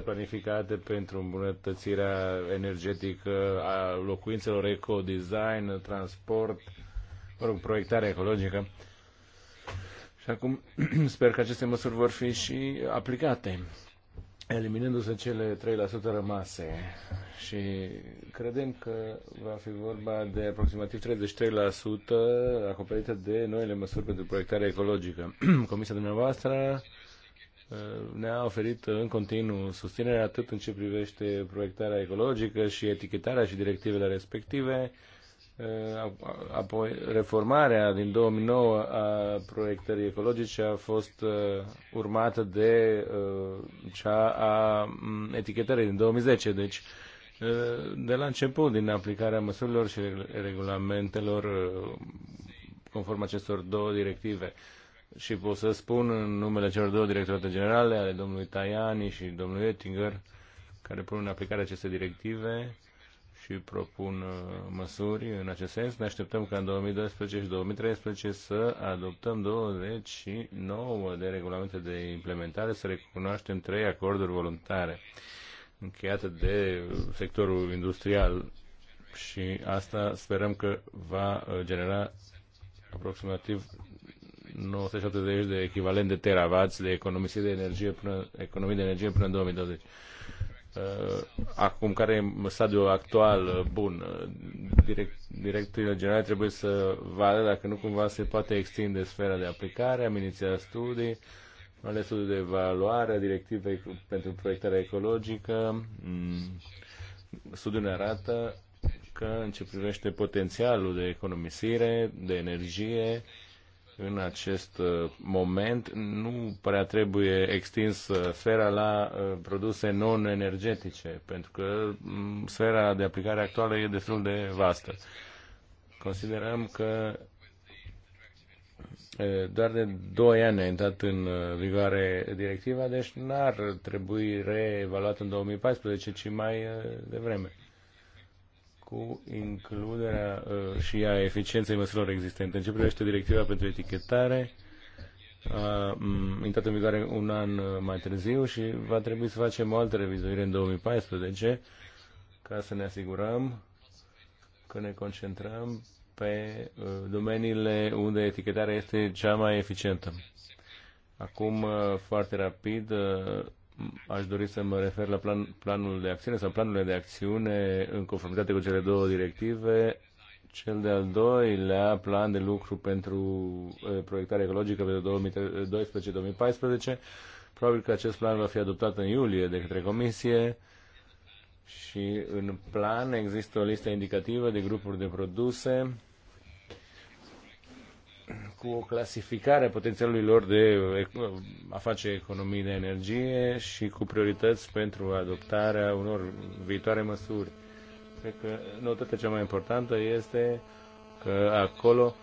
20% planificate pentru îmbunătățirea energetică a locuințelor, eco-design, transport, mă rog, proiectare ecologică. Și acum <clears throat> sper că aceste măsuri vor fi și aplicate eliminându-se cele 3% rămase. Și credem că va fi vorba de aproximativ 33% acoperită de noile măsuri pentru proiectare ecologică. <clears throat> Comisia dumneavoastră uh, ne-a oferit în continuu susținere atât în ce privește proiectarea ecologică și etichetarea și directivele respective, Uh, apoi, reformarea din 2009 a proiectării ecologice a fost uh, urmată de uh, cea a mm, etichetării din 2010. Deci, de la început, din aplicarea măsurilor și regulamentelor conform acestor două directive. Și pot să spun în numele celor două directorate generale, ale domnului Tajani și domnului Oettinger, care pun în aplicare aceste directive, și propun uh, măsuri în acest sens. Ne așteptăm ca în 2012 și 2013 să adoptăm 29 de regulamente de implementare, să recunoaștem trei acorduri voluntare încheiate de sectorul industrial și asta sperăm că va uh, genera aproximativ 970 de echivalent de teravați de economisire de energie până, economii de energie până în 2020. Uh, acum care e stadiul actual uh, bun. Uh, direct, directorul general trebuie să vadă dacă nu cumva se poate extinde sfera de aplicare, am inițiat studii, am ales studiul de evaluare a directivei pentru proiectarea ecologică. Mm, studiul ne arată că în ce privește potențialul de economisire, de energie, în acest uh, moment nu prea trebuie extins uh, sfera la uh, produse non-energetice, pentru că mm, sfera de aplicare actuală e destul de vastă. Considerăm că doar de 2 ani a intrat în vigoare directiva, deci n-ar trebui reevaluat în 2014, ci mai devreme cu includerea uh, și a eficienței măsurilor existente. În ce privește directiva pentru etichetare, a intrat în vigoare un an uh, mai târziu și va trebui să facem o altă revizuire în 2014 ca să ne asigurăm că ne concentrăm pe uh, domeniile unde etichetarea este cea mai eficientă. Acum, foarte rapid, aș dori să mă refer la plan, planul de acțiune sau planurile de acțiune în conformitate cu cele două directive, cel de-al doilea plan de lucru pentru proiectare ecologică pe 2012-2014. Probabil că acest plan va fi adoptat în iulie de către Comisie și în plan există o listă indicativă de grupuri de produse cu o clasificare a potențialului lor de a face economii de energie și cu priorități pentru adoptarea unor viitoare măsuri. Cred că notatea cea mai importantă este că acolo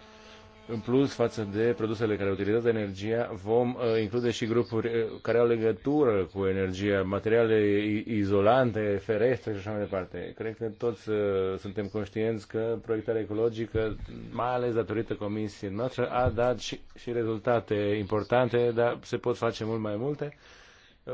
în plus, față de produsele care utilizează energia, vom uh, include și grupuri uh, care au legătură cu energia, materiale izolante, ferestre și așa mai departe. Cred că toți uh, suntem conștienți că proiectarea ecologică, mai ales datorită comisiei noastre, a dat și, și rezultate importante, dar se pot face mult mai multe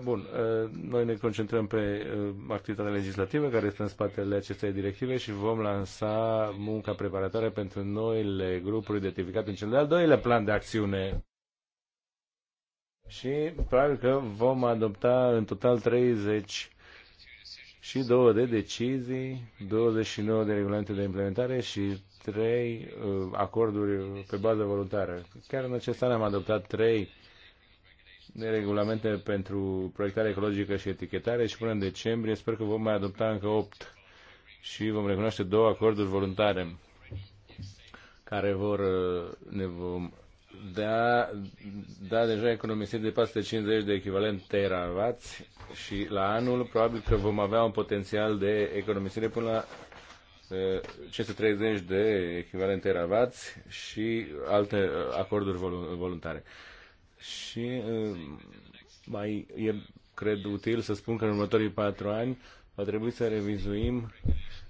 Bun, uh, noi ne concentrăm pe uh, activitatea legislativă care este în spatele acestei directive și vom lansa munca preparatoare pentru noile grupuri identificate în cel de-al doilea plan de acțiune. Și probabil că vom adopta în total 30 și două de decizii, 29 de regulamente de implementare și trei uh, acorduri pe bază voluntară. Chiar în acest an am adoptat trei de regulamente pentru proiectare ecologică și etichetare și până în decembrie sper că vom mai adopta încă 8 și vom recunoaște două acorduri voluntare care vor, uh, ne vom da, da deja economisit de 450 de echivalent teravați și la anul probabil că vom avea un potențial de economisire până la 530 uh, de echivalente teravați și alte uh, acorduri voluntare și eh, mai e, cred, util să spun că în următorii patru ani va trebui să revizuim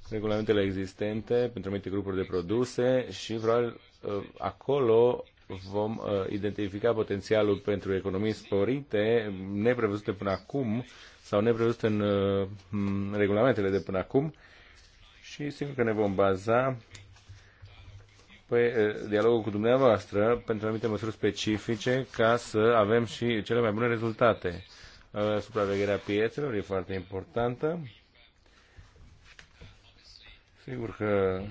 regulamentele existente pentru anumite grupuri de produse și probabil eh, acolo vom eh, identifica potențialul pentru economii sporite, neprevăzute până acum sau neprevăzute în regulamentele de până acum și sigur că ne vom baza Păi, dialogul cu dumneavoastră pentru anumite măsuri specifice ca să avem și cele mai bune rezultate. Supravegherea piețelor e foarte importantă. Sigur că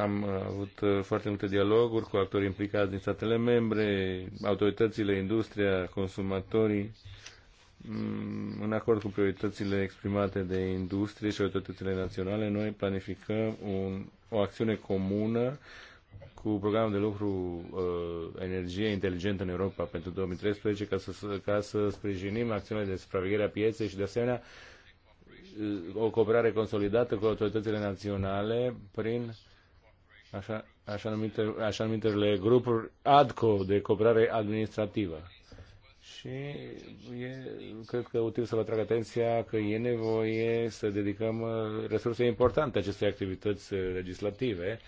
am avut foarte multe dialoguri cu actori implicați din statele membre, autoritățile, industria, consumatorii Mm, în acord cu prioritățile exprimate de industrie și autoritățile naționale, noi planificăm un, o acțiune comună cu programul de lucru uh, Energie Inteligentă în Europa pentru 2013 ca să, ca să sprijinim acțiunile de supraveghere a pieței și de asemenea uh, o cooperare consolidată cu autoritățile naționale prin așa, așa, numite, așa numitele grupuri ADCO de cooperare administrativă. Și e, cred că util să vă atrag atenția că e nevoie să dedicăm uh, resurse importante acestei activități uh, legislative,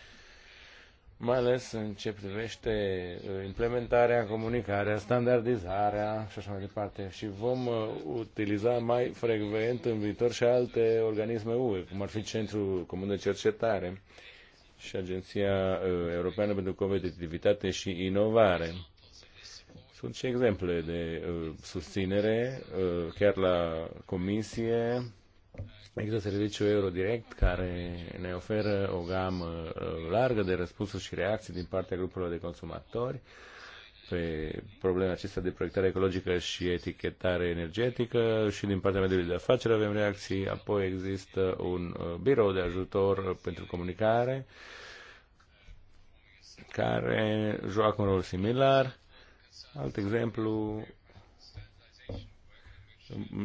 mai ales în ce privește uh, implementarea, comunicarea, standardizarea și așa mai departe. Și vom utiliza mai frecvent în viitor și alte organisme UE, cum ar fi Centrul Comun de Cercetare și Agenția Europeană pentru Competitivitate și Inovare sunt și exemple de uh, susținere, uh, chiar la comisie. Există serviciul Eurodirect care ne oferă o gamă uh, largă de răspunsuri și reacții din partea grupurilor de consumatori pe problema acesta de proiectare ecologică și etichetare energetică și din partea mediului de afaceri avem reacții, apoi există un uh, birou de ajutor pentru comunicare care joacă un rol similar Alt exemplu,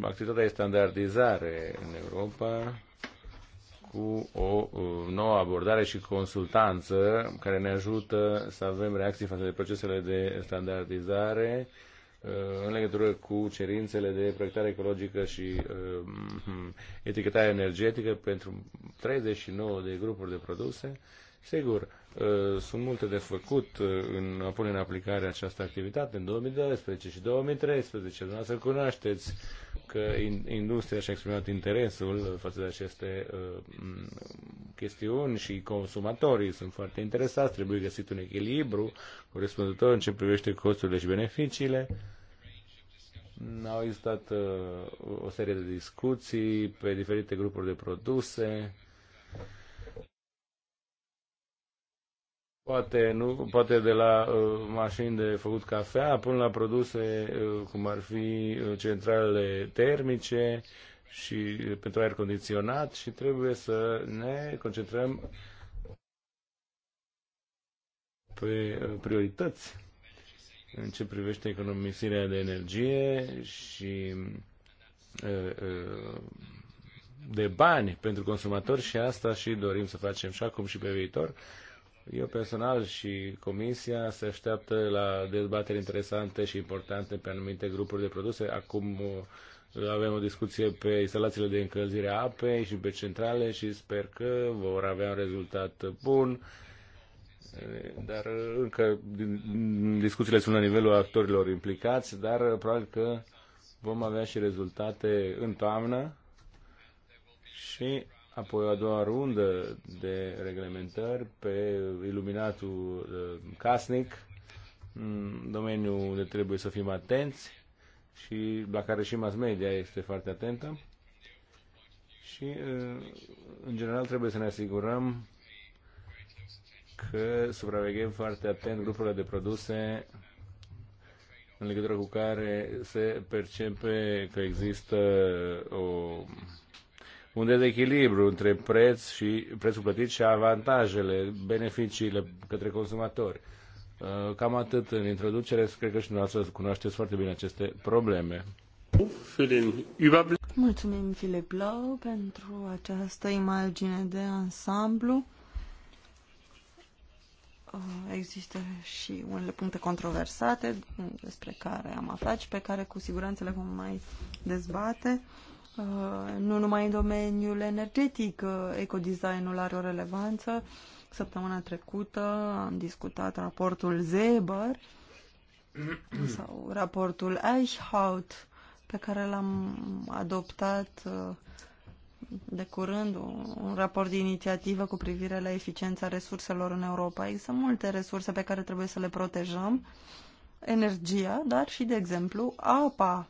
activitatea de standardizare în Europa cu o uh, nouă abordare și consultanță care ne ajută să avem reacții față de procesele de standardizare uh, în legătură cu cerințele de proiectare ecologică și uh, etichetare energetică pentru 39 de grupuri de produse. Sigur, Uh, sunt multe de făcut uh, în a pune în aplicare această activitate în 2012 și 2013. Dumneavoastră cunoașteți că industria și-a exprimat interesul față de aceste uh, chestiuni și consumatorii sunt foarte interesați. Trebuie găsit un echilibru corespunzător în ce privește costurile și beneficiile. Au existat o serie de discuții pe diferite grupuri de produse Poate, nu, poate de la uh, mașini de făcut cafea până la produse uh, cum ar fi uh, centralele termice și uh, pentru aer condiționat și trebuie să ne concentrăm pe uh, priorități în ce privește economisirea de energie și de bani pentru consumatori și asta și dorim să facem și acum și pe viitor eu personal și comisia se așteaptă la dezbateri interesante și importante pe anumite grupuri de produse. Acum uh, avem o discuție pe instalațiile de încălzire a apei și pe centrale și sper că vor avea un rezultat bun. Dar uh, încă discuțiile sunt la nivelul actorilor implicați, dar uh, probabil că vom avea și rezultate în toamnă și apoi o a doua rundă de reglementări pe iluminatul uh, casnic, mm, domeniul unde trebuie să fim atenți și la care și mass media este foarte atentă. Și, uh, în general, trebuie să ne asigurăm că supraveghem foarte atent grupurile de produse în legătură cu care se percepe că există o un dezechilibru între preț și prețul plătit și avantajele, beneficiile către consumatori. Uh, cam atât în introducere, cred că și dumneavoastră cunoașteți foarte bine aceste probleme. Mulțumim, Filip Lau, pentru această imagine de ansamblu. Uh, există și unele puncte controversate despre care am aflat și pe care cu siguranță le vom mai dezbate. Uh, nu numai în domeniul energetic uh, ecodesignul are o relevanță. Săptămâna trecută am discutat raportul Zeber <clears throat> sau raportul Eichhout pe care l-am adoptat uh, de curând, un raport de inițiativă cu privire la eficiența resurselor în Europa. Există multe resurse pe care trebuie să le protejăm, energia, dar și, de exemplu, apa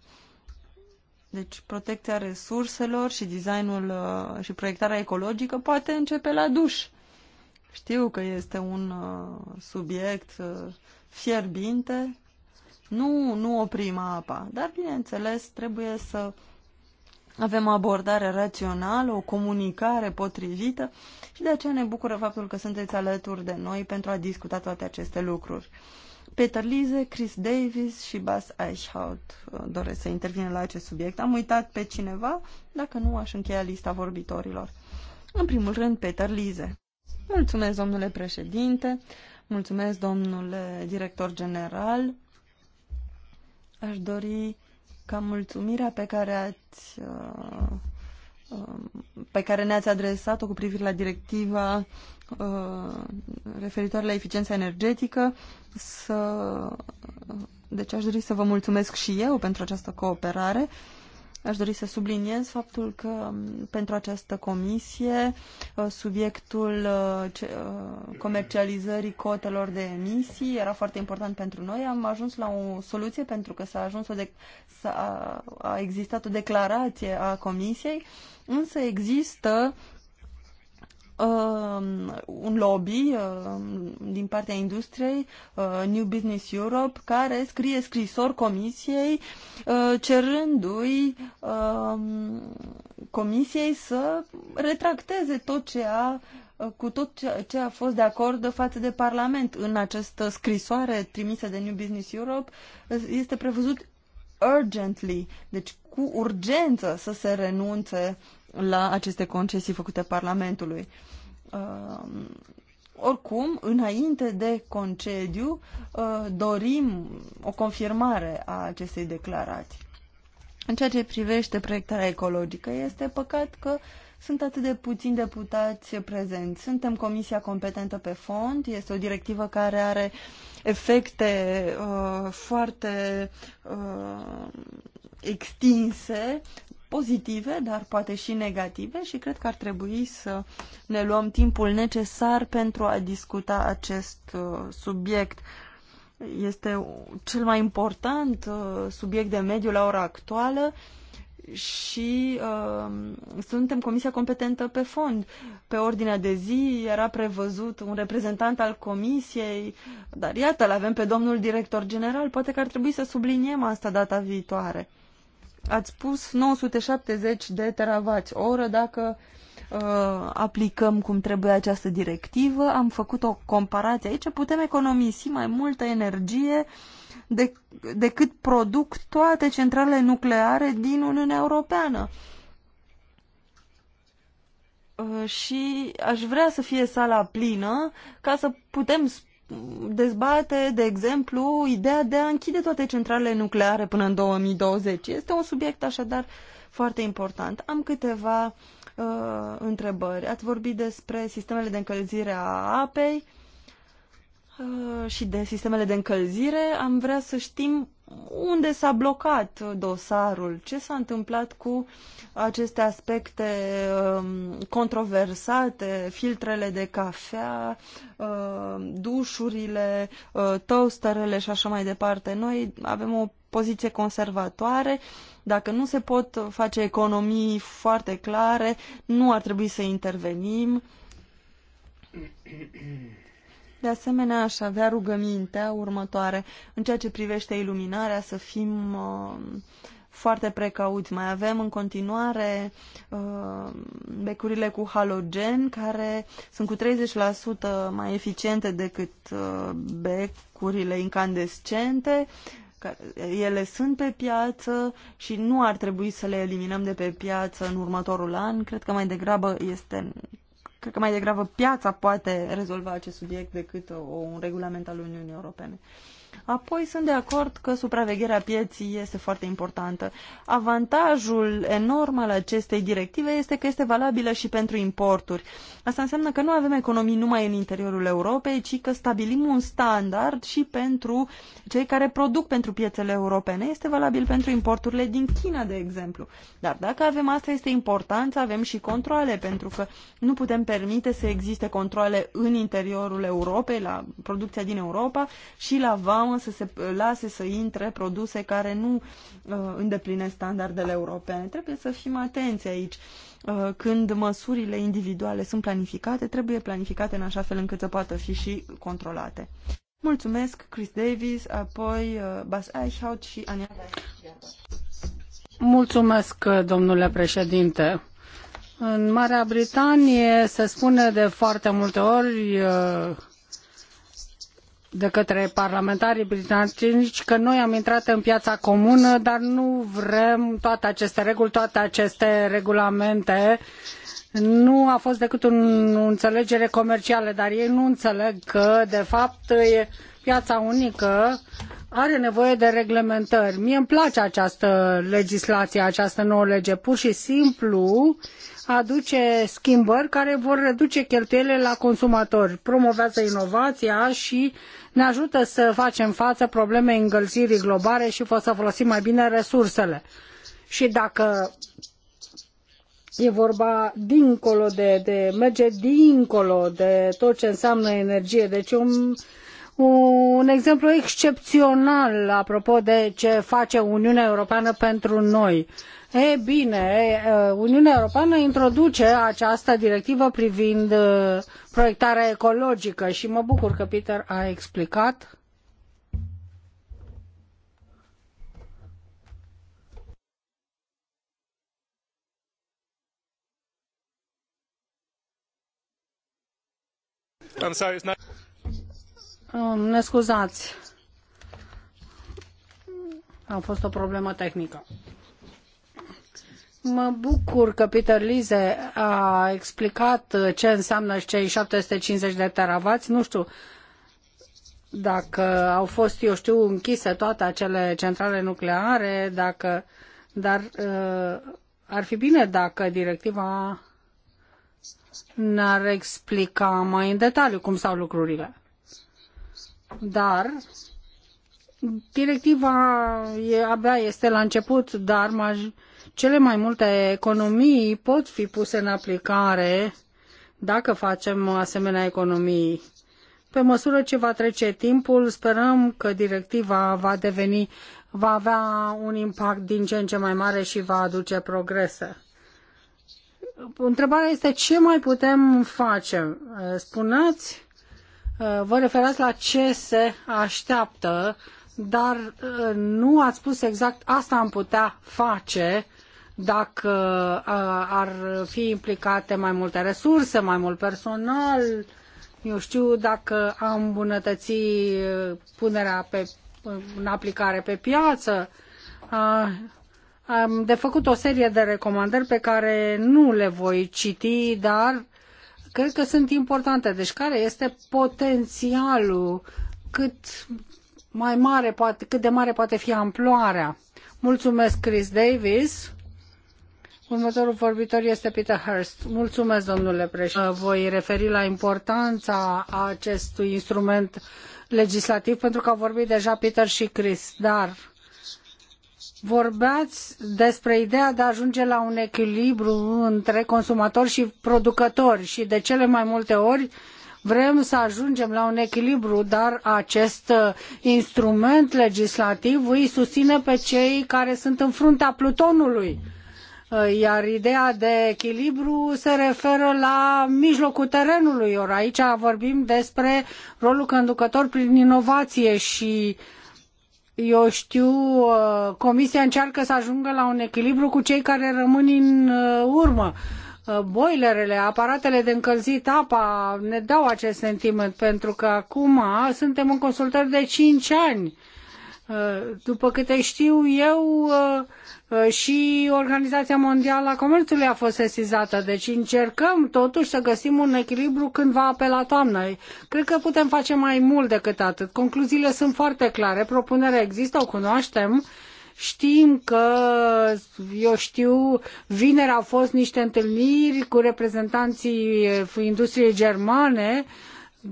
deci protecția resurselor și designul uh, și proiectarea ecologică poate începe la duș. Știu că este un uh, subiect uh, fierbinte. Nu, nu oprim apa, dar bineînțeles trebuie să avem o abordare rațională, o comunicare potrivită și de aceea ne bucură faptul că sunteți alături de noi pentru a discuta toate aceste lucruri. Peter Lise, Chris Davis și Bas Eichhout uh, doresc să intervină la acest subiect. Am uitat pe cineva, dacă nu aș încheia lista vorbitorilor. În primul rând, Peter Lise. Mulțumesc, domnule președinte, mulțumesc, domnule director general. Aș dori ca mulțumirea pe care ați uh, um, pe care ne-ați adresat-o cu privire la directiva Uh, referitor la eficiența energetică să... Deci aș dori să vă mulțumesc și eu pentru această cooperare. Aș dori să subliniez faptul că um, pentru această comisie uh, subiectul uh, comercializării cotelor de emisii era foarte important pentru noi. Am ajuns la o soluție pentru că s-a ajuns o de- s-a, a existat o declarație a comisiei, însă există Uh, un lobby uh, din partea industriei, uh, New Business Europe, care scrie scrisori comisiei cerându-i um, comisiei să retracteze tot ce a cu tot ce a fost de acord față de Parlament. În această scrisoare trimisă de New Business Europe este prevăzut urgently, deci cu urgență să se renunțe la aceste concesii făcute Parlamentului. Ehm, oricum, înainte de concediu, eh, dorim o confirmare a acestei declarații. În ceea ce privește proiectarea ecologică, este păcat că sunt atât de puțini deputați prezenți. Suntem comisia competentă pe fond, este o directivă care are efecte uh, foarte uh, extinse pozitive, dar poate și negative și cred că ar trebui să ne luăm timpul necesar pentru a discuta acest uh, subiect. Este cel mai important uh, subiect de mediu la ora actuală și uh, suntem comisia competentă pe fond. Pe ordinea de zi era prevăzut un reprezentant al comisiei, dar iată, l avem pe domnul director general, poate că ar trebui să subliniem asta data viitoare. Ați spus 970 de teravați oră dacă uh, aplicăm cum trebuie această directivă. Am făcut o comparație aici. Putem economisi mai multă energie de, decât produc toate centralele nucleare din Uniunea Europeană. Uh, și aș vrea să fie sala plină ca să putem dezbate, de exemplu, ideea de a închide toate centralele nucleare până în 2020. Este un subiect așadar foarte important. Am câteva uh, întrebări. Ați vorbit despre sistemele de încălzire a apei uh, și de sistemele de încălzire. Am vrea să știm unde s-a blocat dosarul, ce s-a întâmplat cu aceste aspecte um, controversate, filtrele de cafea, um, dușurile, uh, toasterele și așa mai departe. Noi avem o poziție conservatoare, dacă nu se pot face economii foarte clare, nu ar trebui să intervenim. De asemenea, aș avea rugămintea următoare. În ceea ce privește iluminarea, să fim uh, foarte precauți. Mai avem în continuare uh, becurile cu halogen, care sunt cu 30% mai eficiente decât uh, becurile incandescente. Ele sunt pe piață și nu ar trebui să le eliminăm de pe piață în următorul an. Cred că mai degrabă este cred că mai degrabă piața poate rezolva acest subiect decât o, un regulament al Uniunii Europene. Apoi sunt de acord că supravegherea pieții este foarte importantă. Avantajul enorm al acestei directive este că este valabilă și pentru importuri. Asta înseamnă că nu avem economii numai în interiorul Europei, ci că stabilim un standard și pentru cei care produc pentru piețele europene. Este valabil pentru importurile din China, de exemplu. Dar dacă avem asta, este important să avem și controle, pentru că nu putem permite să existe controle în interiorul Europei, la producția din Europa și la vam sau să se lase să intre produse care nu uh, îndeplinesc standardele europene. Trebuie să fim atenți aici. Uh, când măsurile individuale sunt planificate, trebuie planificate în așa fel încât să poată fi și controlate. Mulțumesc, Chris Davis, apoi uh, Bas Eichhout și Ania. Mulțumesc, domnule președinte. În Marea Britanie se spune de foarte multe ori de către parlamentarii britanici că noi am intrat în piața comună, dar nu vrem toate aceste reguli, toate aceste regulamente. Nu a fost decât un, o înțelegere comercială, dar ei nu înțeleg că, de fapt, piața unică are nevoie de reglementări. Mie îmi place această legislație, această nouă lege. Pur și simplu aduce schimbări care vor reduce cheltuielile la consumatori. Promovează inovația și ne ajută să facem față problemei încălzirii globale și să folosim mai bine resursele. Și dacă e vorba dincolo de, de merge dincolo de tot ce înseamnă energie, deci un un exemplu excepțional apropo de ce face Uniunea Europeană pentru noi. E bine, uh, Uniunea Europeană introduce această directivă privind uh, proiectarea ecologică și mă bucur că Peter a explicat. I'm sorry, it's not... Ne scuzați. A fost o problemă tehnică. Mă bucur că Peter Lize a explicat ce înseamnă cei 750 de teravați. Nu știu dacă au fost, eu știu, închise toate acele centrale nucleare, dacă, dar uh, ar fi bine dacă directiva ne-ar explica mai în detaliu cum stau lucrurile dar directiva e, abia este la început, dar maj, cele mai multe economii pot fi puse în aplicare dacă facem asemenea economii. Pe măsură ce va trece timpul, sperăm că directiva va deveni, va avea un impact din ce în ce mai mare și va aduce progrese. Întrebarea este ce mai putem face? Spuneați Uh, vă referați la ce se așteaptă, dar uh, nu ați spus exact asta am putea face dacă uh, ar fi implicate mai multe resurse, mai mult personal, eu știu dacă am îmbunătăți punerea pe, în aplicare pe piață. am de făcut o serie de recomandări pe care nu le voi citi, dar cred că sunt importante. Deci care este potențialul cât mai mare poate, cât de mare poate fi amploarea? Mulțumesc, Chris Davis. Următorul vorbitor este Peter Hurst. Mulțumesc, domnule președinte. Voi referi la importanța acestui instrument legislativ, pentru că au vorbit deja Peter și Chris, dar vorbeați despre ideea de a ajunge la un echilibru între consumatori și producători și de cele mai multe ori vrem să ajungem la un echilibru, dar acest uh, instrument legislativ îi susține pe cei care sunt în fruntea plutonului. Uh, iar ideea de echilibru se referă la mijlocul terenului. Ori aici vorbim despre rolul conducător prin inovație și uh, eu știu, uh, Comisia încearcă să ajungă la un echilibru cu cei care rămân în uh, urmă. Uh, boilerele, aparatele de încălzit apa ne dau acest sentiment pentru că acum suntem în consultări de cinci ani. După câte știu eu, Uh, și Organizația Mondială a Comerțului a fost sesizată. Deci încercăm totuși să găsim un echilibru când va apela toamna. Cred că putem face mai mult decât atât. Concluziile sunt foarte clare, propunerea există, o cunoaștem. Știm că, eu știu, vineri au fost niște întâlniri cu reprezentanții industriei germane uh,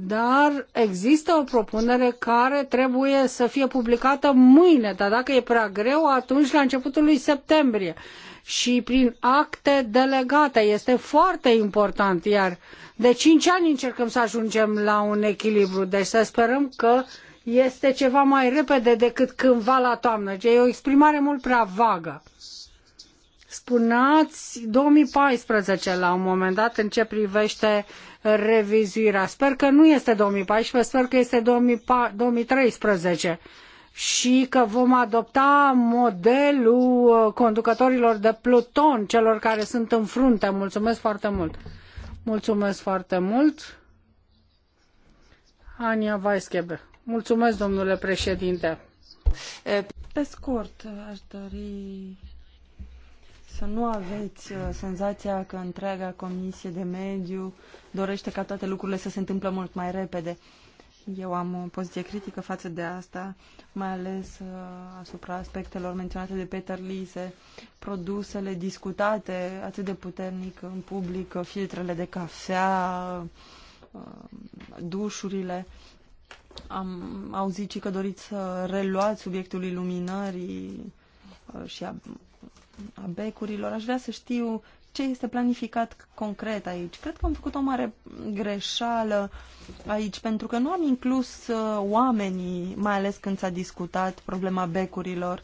dar există o propunere care trebuie să fie publicată mâine, dar dacă e prea greu, atunci la începutul lui septembrie și prin acte delegate. Este foarte important, iar de cinci ani încercăm să ajungem la un echilibru, deci să sperăm că este ceva mai repede decât cândva la toamnă. Deci e o exprimare mult prea vagă. Spuneați 2014 la un moment dat în ce privește revizuirea. Sper că nu este 2014, sper că este 2013 și că vom adopta modelul uh, conducătorilor de pluton, celor care sunt în frunte. Mulțumesc foarte mult! Mulțumesc foarte mult! Ania Weiskebe. Mulțumesc, domnule președinte. Pe scurt, aș dori să nu aveți uh, senzația că întreaga comisie de mediu dorește ca toate lucrurile să se întâmple mult mai repede. Eu am o poziție critică față de asta, mai ales uh, asupra aspectelor menționate de Peter Lise, produsele discutate atât de puternic în public, uh, filtrele de cafea, uh, dușurile. Am auzit și că doriți să reluați subiectul iluminării uh, și a a becurilor. Aș vrea să știu ce este planificat concret aici. Cred că am făcut o mare greșeală aici, pentru că nu am inclus uh, oamenii, mai ales când s-a discutat problema becurilor.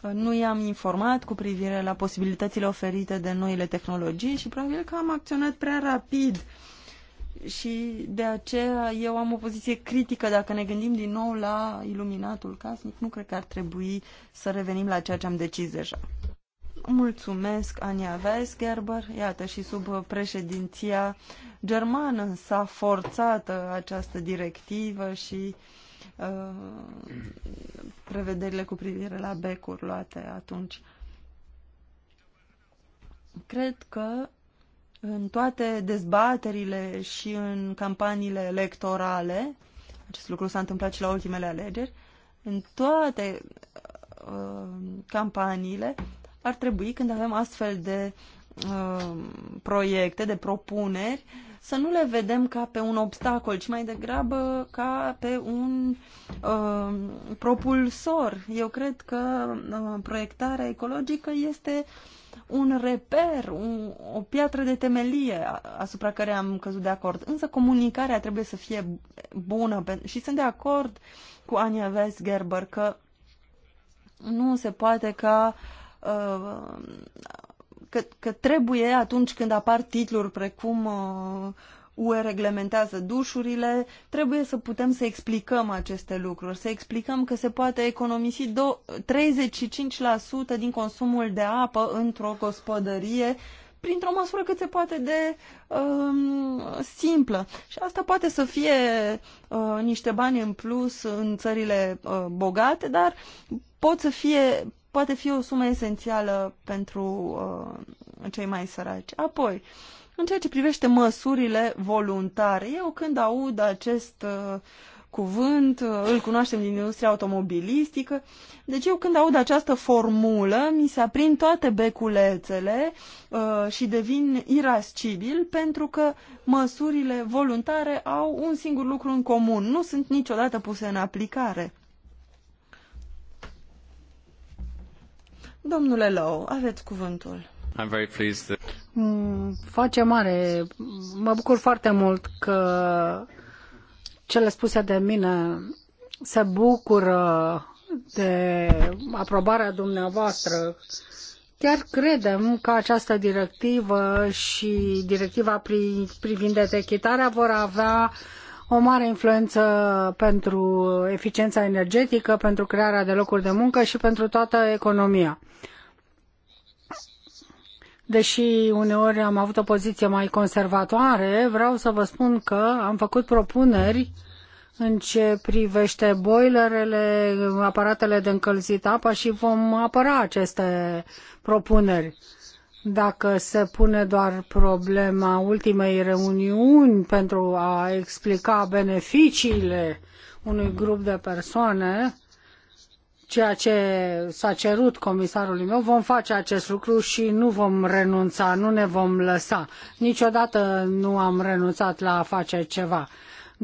Uh, nu i-am informat cu privire la posibilitățile oferite de noile tehnologii și probabil că am acționat prea rapid. Și de aceea eu am o poziție critică dacă ne gândim din nou la iluminatul casnic. Nu cred că ar trebui să revenim la ceea ce am decis deja. Mulțumesc, Ania Weisgerber. Iată, și sub președinția germană s-a forțat uh, această directivă și uh, prevederile cu privire la becuri luate atunci. Cred că în toate dezbaterile și în campaniile electorale, acest lucru s-a întâmplat și la ultimele alegeri, în toate uh, campaniile ar trebui, când avem astfel de uh, proiecte, de propuneri, să nu le vedem ca pe un obstacol, ci mai degrabă ca pe un uh, propulsor. Eu cred că uh, proiectarea ecologică este un reper, un, o piatră de temelie asupra care am căzut de acord. Însă comunicarea trebuie să fie bună și sunt de acord cu Ania West Gerber că nu se poate ca uh, Uh, că, că trebuie atunci când apar titluri precum UE uh, reglementează dușurile, trebuie să putem să explicăm aceste lucruri, să explicăm că se poate economisi 35% din consumul de apă într-o gospodărie printr-o măsură cât se poate de um, simplă. Și asta poate să fie uh, niște bani în plus în țările uh, bogate, dar pot să fie poate fi o sumă esențială pentru uh, cei mai săraci. Apoi, în ceea ce privește măsurile voluntare, eu când aud acest uh, cuvânt, uh, îl cunoaștem din industria automobilistică, deci eu când aud această formulă, mi se aprind toate beculețele uh, și devin irascibil pentru că măsurile voluntare au un singur lucru în comun, nu sunt niciodată puse în aplicare Domnule Lou, aveți cuvântul. I'm very pleased that... Mm, face mare, mă bucur foarte mult că cele spuse de mine se bucură de aprobarea dumneavoastră. Chiar credem că această directivă și directiva privind etichitarea vor avea o mare influență pentru eficiența energetică, pentru crearea de locuri de muncă și pentru toată economia. Deși uneori am avut o poziție mai conservatoare, vreau să vă spun că am făcut propuneri în ce privește boilerele, aparatele de încălzit apa și vom apăra aceste propuneri dacă se pune doar problema ultimei reuniuni pentru a explica beneficiile unui grup de persoane, ceea ce s-a cerut comisarului meu, vom face acest lucru și nu vom renunța, nu ne vom lăsa. Niciodată nu am renunțat la a face ceva. 2013-2014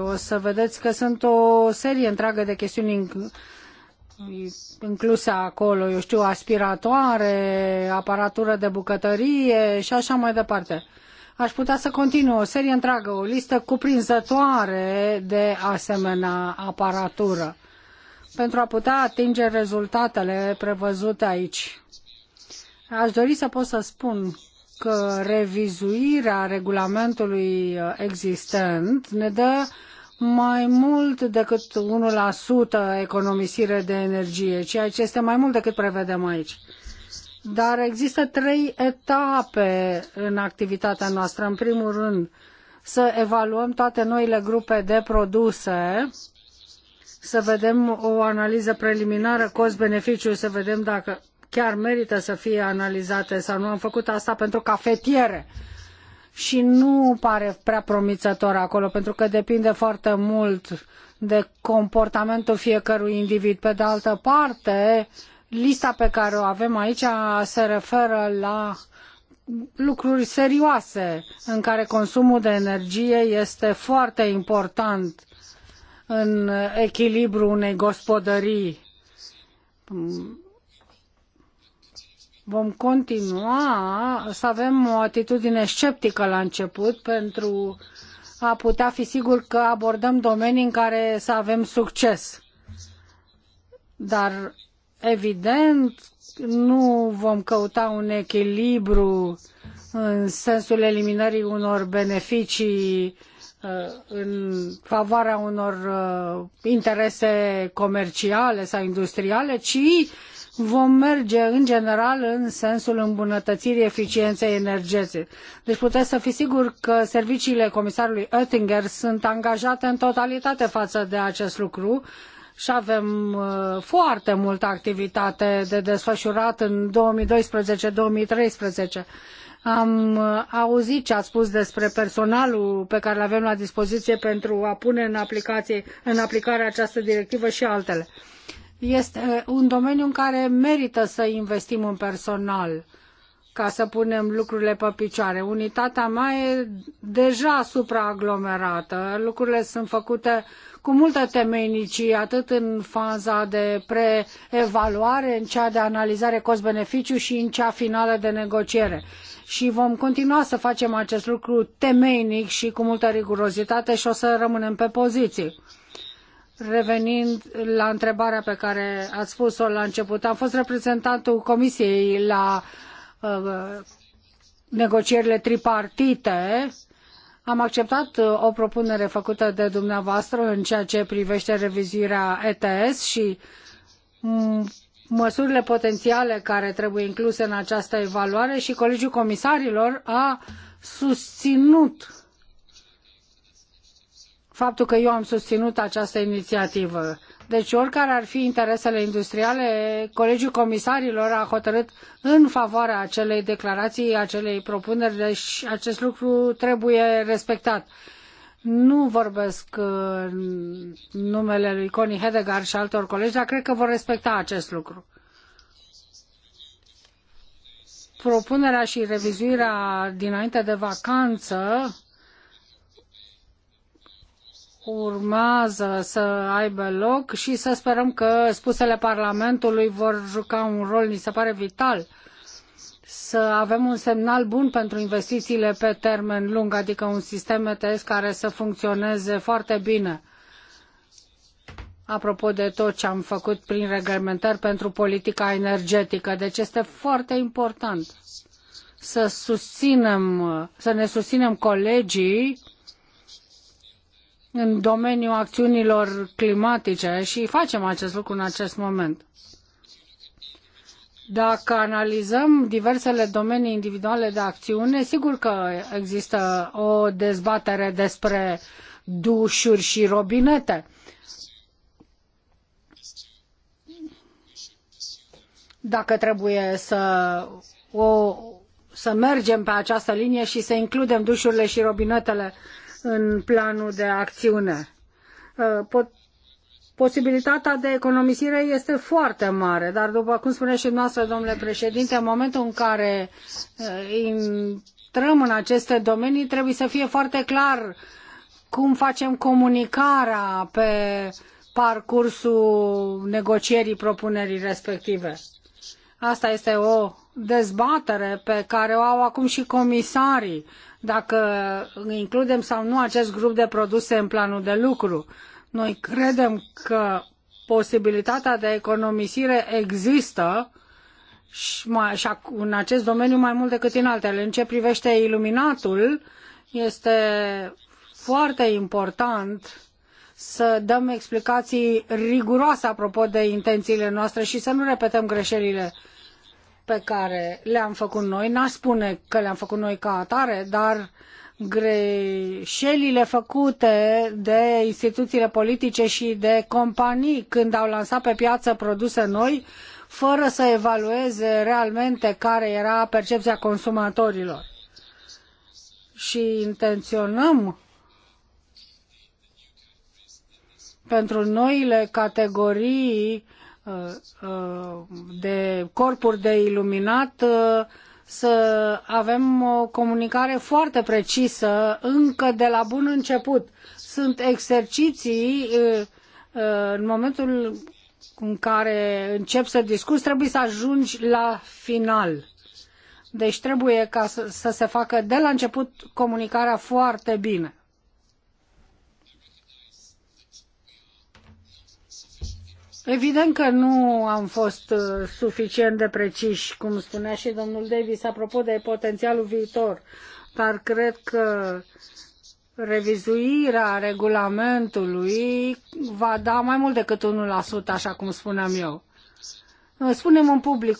o să vedeți că sunt o serie întreagă de chestiuni inclusă acolo, eu știu, aspiratoare, aparatură de bucătărie și așa mai departe. Aș putea să continui o serie întreagă, o listă cuprinzătoare de asemenea aparatură pentru a putea atinge rezultatele prevăzute aici. Aș dori să pot să spun că revizuirea regulamentului existent ne dă mai mult decât 1% economisire de energie, ceea ce este mai mult decât prevedem aici. Dar există trei etape în activitatea noastră. În primul rând, să evaluăm toate noile grupe de produse, să vedem o analiză preliminară cost-beneficiu, să vedem dacă chiar merită să fie analizate sau nu. Am făcut asta pentru cafetiere și nu pare prea promițător acolo, pentru că depinde foarte mult de comportamentul fiecărui individ. Pe de altă parte, lista pe care o avem aici se referă la lucruri serioase în care consumul de energie este foarte important în echilibrul unei gospodării vom continua să avem o atitudine sceptică la început pentru a putea fi sigur că abordăm domenii în care să avem succes. Dar, evident, nu vom căuta un echilibru în sensul eliminării unor beneficii uh, în favoarea unor uh, interese comerciale sau industriale, ci vom merge în general în sensul îmbunătățirii eficienței energetice. Deci puteți să fiți siguri că serviciile comisarului Oettinger sunt angajate în totalitate față de acest lucru și avem uh, foarte multă activitate de desfășurat în 2012-2013. Am uh, auzit ce a spus despre personalul pe care îl avem la dispoziție pentru a pune în, în aplicare această directivă și altele. Este un domeniu în care merită să investim în personal ca să punem lucrurile pe picioare. Unitatea mea e deja supraaglomerată. Lucrurile sunt făcute cu multă temenicie, atât în faza de preevaluare, în cea de analizare cost-beneficiu și în cea finală de negociere. Și vom continua să facem acest lucru temeinic și cu multă rigurozitate și o să rămânem pe poziții. Revenind la întrebarea pe care ați spus-o la început, am fost reprezentantul Comisiei la uh, negocierile tripartite. Am acceptat uh, o propunere făcută de dumneavoastră în ceea ce privește revizuirea ETS și mm, măsurile potențiale care trebuie incluse în această evaluare și Colegiul Comisarilor a susținut faptul că eu am susținut această inițiativă. Deci, oricare ar fi interesele industriale, Colegiul Comisarilor a hotărât în favoarea acelei declarații, acelei propuneri, deci acest lucru trebuie respectat. Nu vorbesc uh, în numele lui Connie Hedegaard și altor colegi, dar cred că vor respecta acest lucru. Propunerea și revizuirea dinainte de vacanță urmează să aibă loc și să sperăm că spusele Parlamentului vor juca un rol, ni se pare vital, să avem un semnal bun pentru investițiile pe termen lung, adică un sistem ETS care să funcționeze foarte bine. Apropo de tot ce am făcut prin reglementări pentru politica energetică, deci este foarte important să susținem, să ne susținem colegii în domeniul acțiunilor climatice și facem acest lucru în acest moment. Dacă analizăm diversele domenii individuale de acțiune, sigur că există o dezbatere despre dușuri și robinete. Dacă trebuie să, o, să mergem pe această linie și să includem dușurile și robinetele în planul de acțiune. Uh, pot, posibilitatea de economisire este foarte mare, dar după cum spuneți și noastră, domnule președinte, în momentul în care uh, intrăm în aceste domenii, trebuie să fie foarte clar cum facem comunicarea pe parcursul negocierii propunerii respective. Asta este o dezbatere pe care o au acum și comisarii, dacă includem sau nu acest grup de produse în planul de lucru. Noi credem că posibilitatea de economisire există și, mai, și în acest domeniu mai mult decât în altele. În ce privește iluminatul, este foarte important să dăm explicații riguroase apropo de intențiile noastre și să nu repetăm greșelile uh, pe care le-am făcut noi, n a spune că le-am făcut noi ca atare, dar greșelile făcute de instituțiile politice și de companii când au lansat pe piață produse noi, fără să evalueze realmente care era percepția consumatorilor. Și intenționăm pentru noile categorii Uh, uh, de corpuri de iluminat uh, să avem o comunicare foarte precisă încă de la bun început. Sunt exerciții în momentul în care încep să discuți, trebuie să ajungi la final. Deci trebuie ca să, să se facă de la început comunicarea foarte bine. Evident că nu am fost uh, suficient de preciși, cum spunea și domnul Davis, apropo de potențialul viitor, dar cred că revizuirea regulamentului va da mai mult decât 1%, așa cum spuneam eu. Spunem în public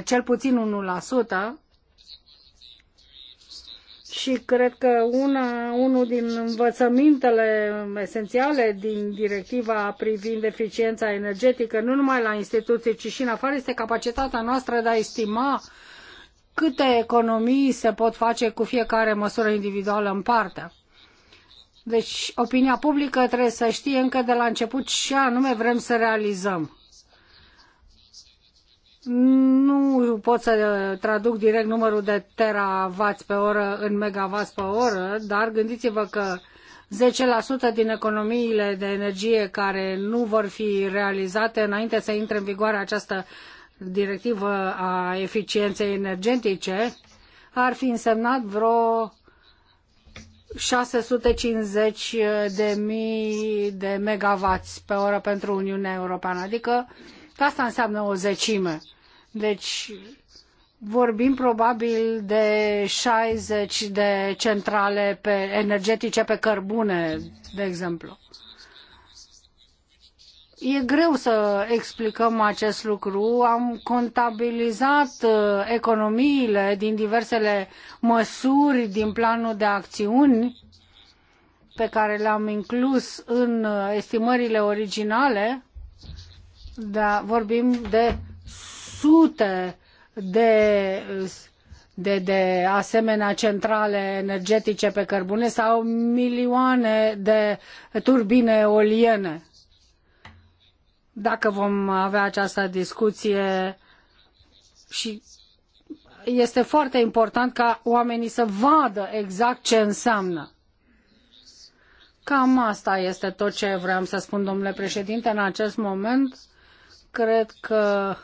1%, cel puțin și cred că una, unul din învățămintele esențiale din directiva privind eficiența energetică, nu numai la instituții, ci și în afară, este capacitatea noastră de a estima câte economii se pot face cu fiecare măsură individuală în parte. Deci, opinia publică trebuie să știe încă de la început ce anume vrem să realizăm. Nu pot să uh, traduc direct numărul de teravați pe oră în megavați pe oră, dar gândiți-vă că 10% din economiile de energie care nu vor fi realizate înainte să intre în vigoare această directivă a eficienței energetice ar fi însemnat vreo 650 de mii de megawatts pe oră pentru Uniunea Europeană, adică Că asta înseamnă o zecime. Deci vorbim probabil de 60 de centrale pe, energetice pe cărbune, de exemplu. E greu să explicăm acest lucru. Am contabilizat uh, economiile din diversele măsuri din planul de acțiuni pe care le-am inclus în uh, estimările originale da, vorbim de sute de, de, de asemenea centrale energetice pe cărbune sau milioane de turbine oliene. Dacă vom avea această discuție și este foarte important ca oamenii să vadă exact ce înseamnă. Cam asta este tot ce vreau să spun, domnule președinte, în acest moment. Cred că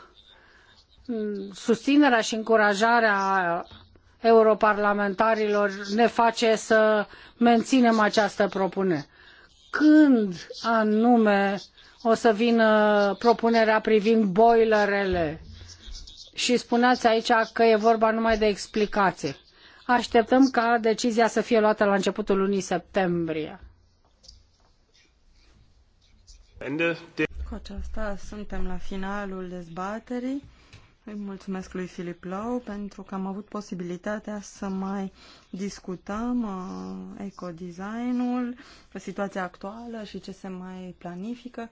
susținerea și încurajarea europarlamentarilor ne face să menținem această propunere. Când anume o să vină propunerea privind boilerele? Și spuneați aici că e vorba numai de explicație. Așteptăm ca decizia să fie luată la începutul lunii septembrie. Cu aceasta suntem la finalul dezbaterii. Îi mulțumesc lui Filip Lau pentru că am avut posibilitatea să mai discutăm uh, ecodesignul, situația actuală și ce se mai planifică.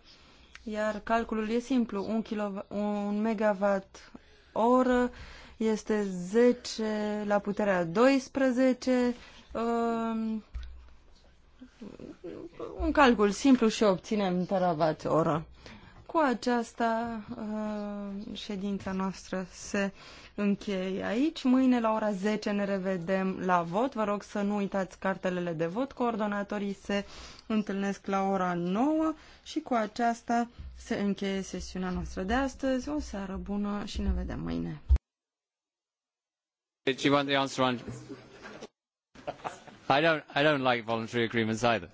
Iar calculul e simplu. Un, kilo, un megawatt oră este 10 la puterea 12 uh, un calcul simplu și obținem teravat oră. Cu aceasta uh, ședința noastră se încheie aici. Mâine la ora 10 ne revedem la vot. Vă rog să nu uitați cartelele de vot. Coordonatorii se întâlnesc la ora 9 și cu aceasta se încheie sesiunea noastră de astăzi. O seară bună și ne vedem mâine. Deci, I don't, I don't like voluntary agreements either.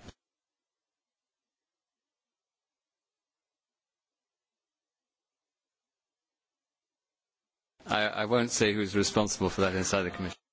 I, I won't say who's responsible for that inside the Commission.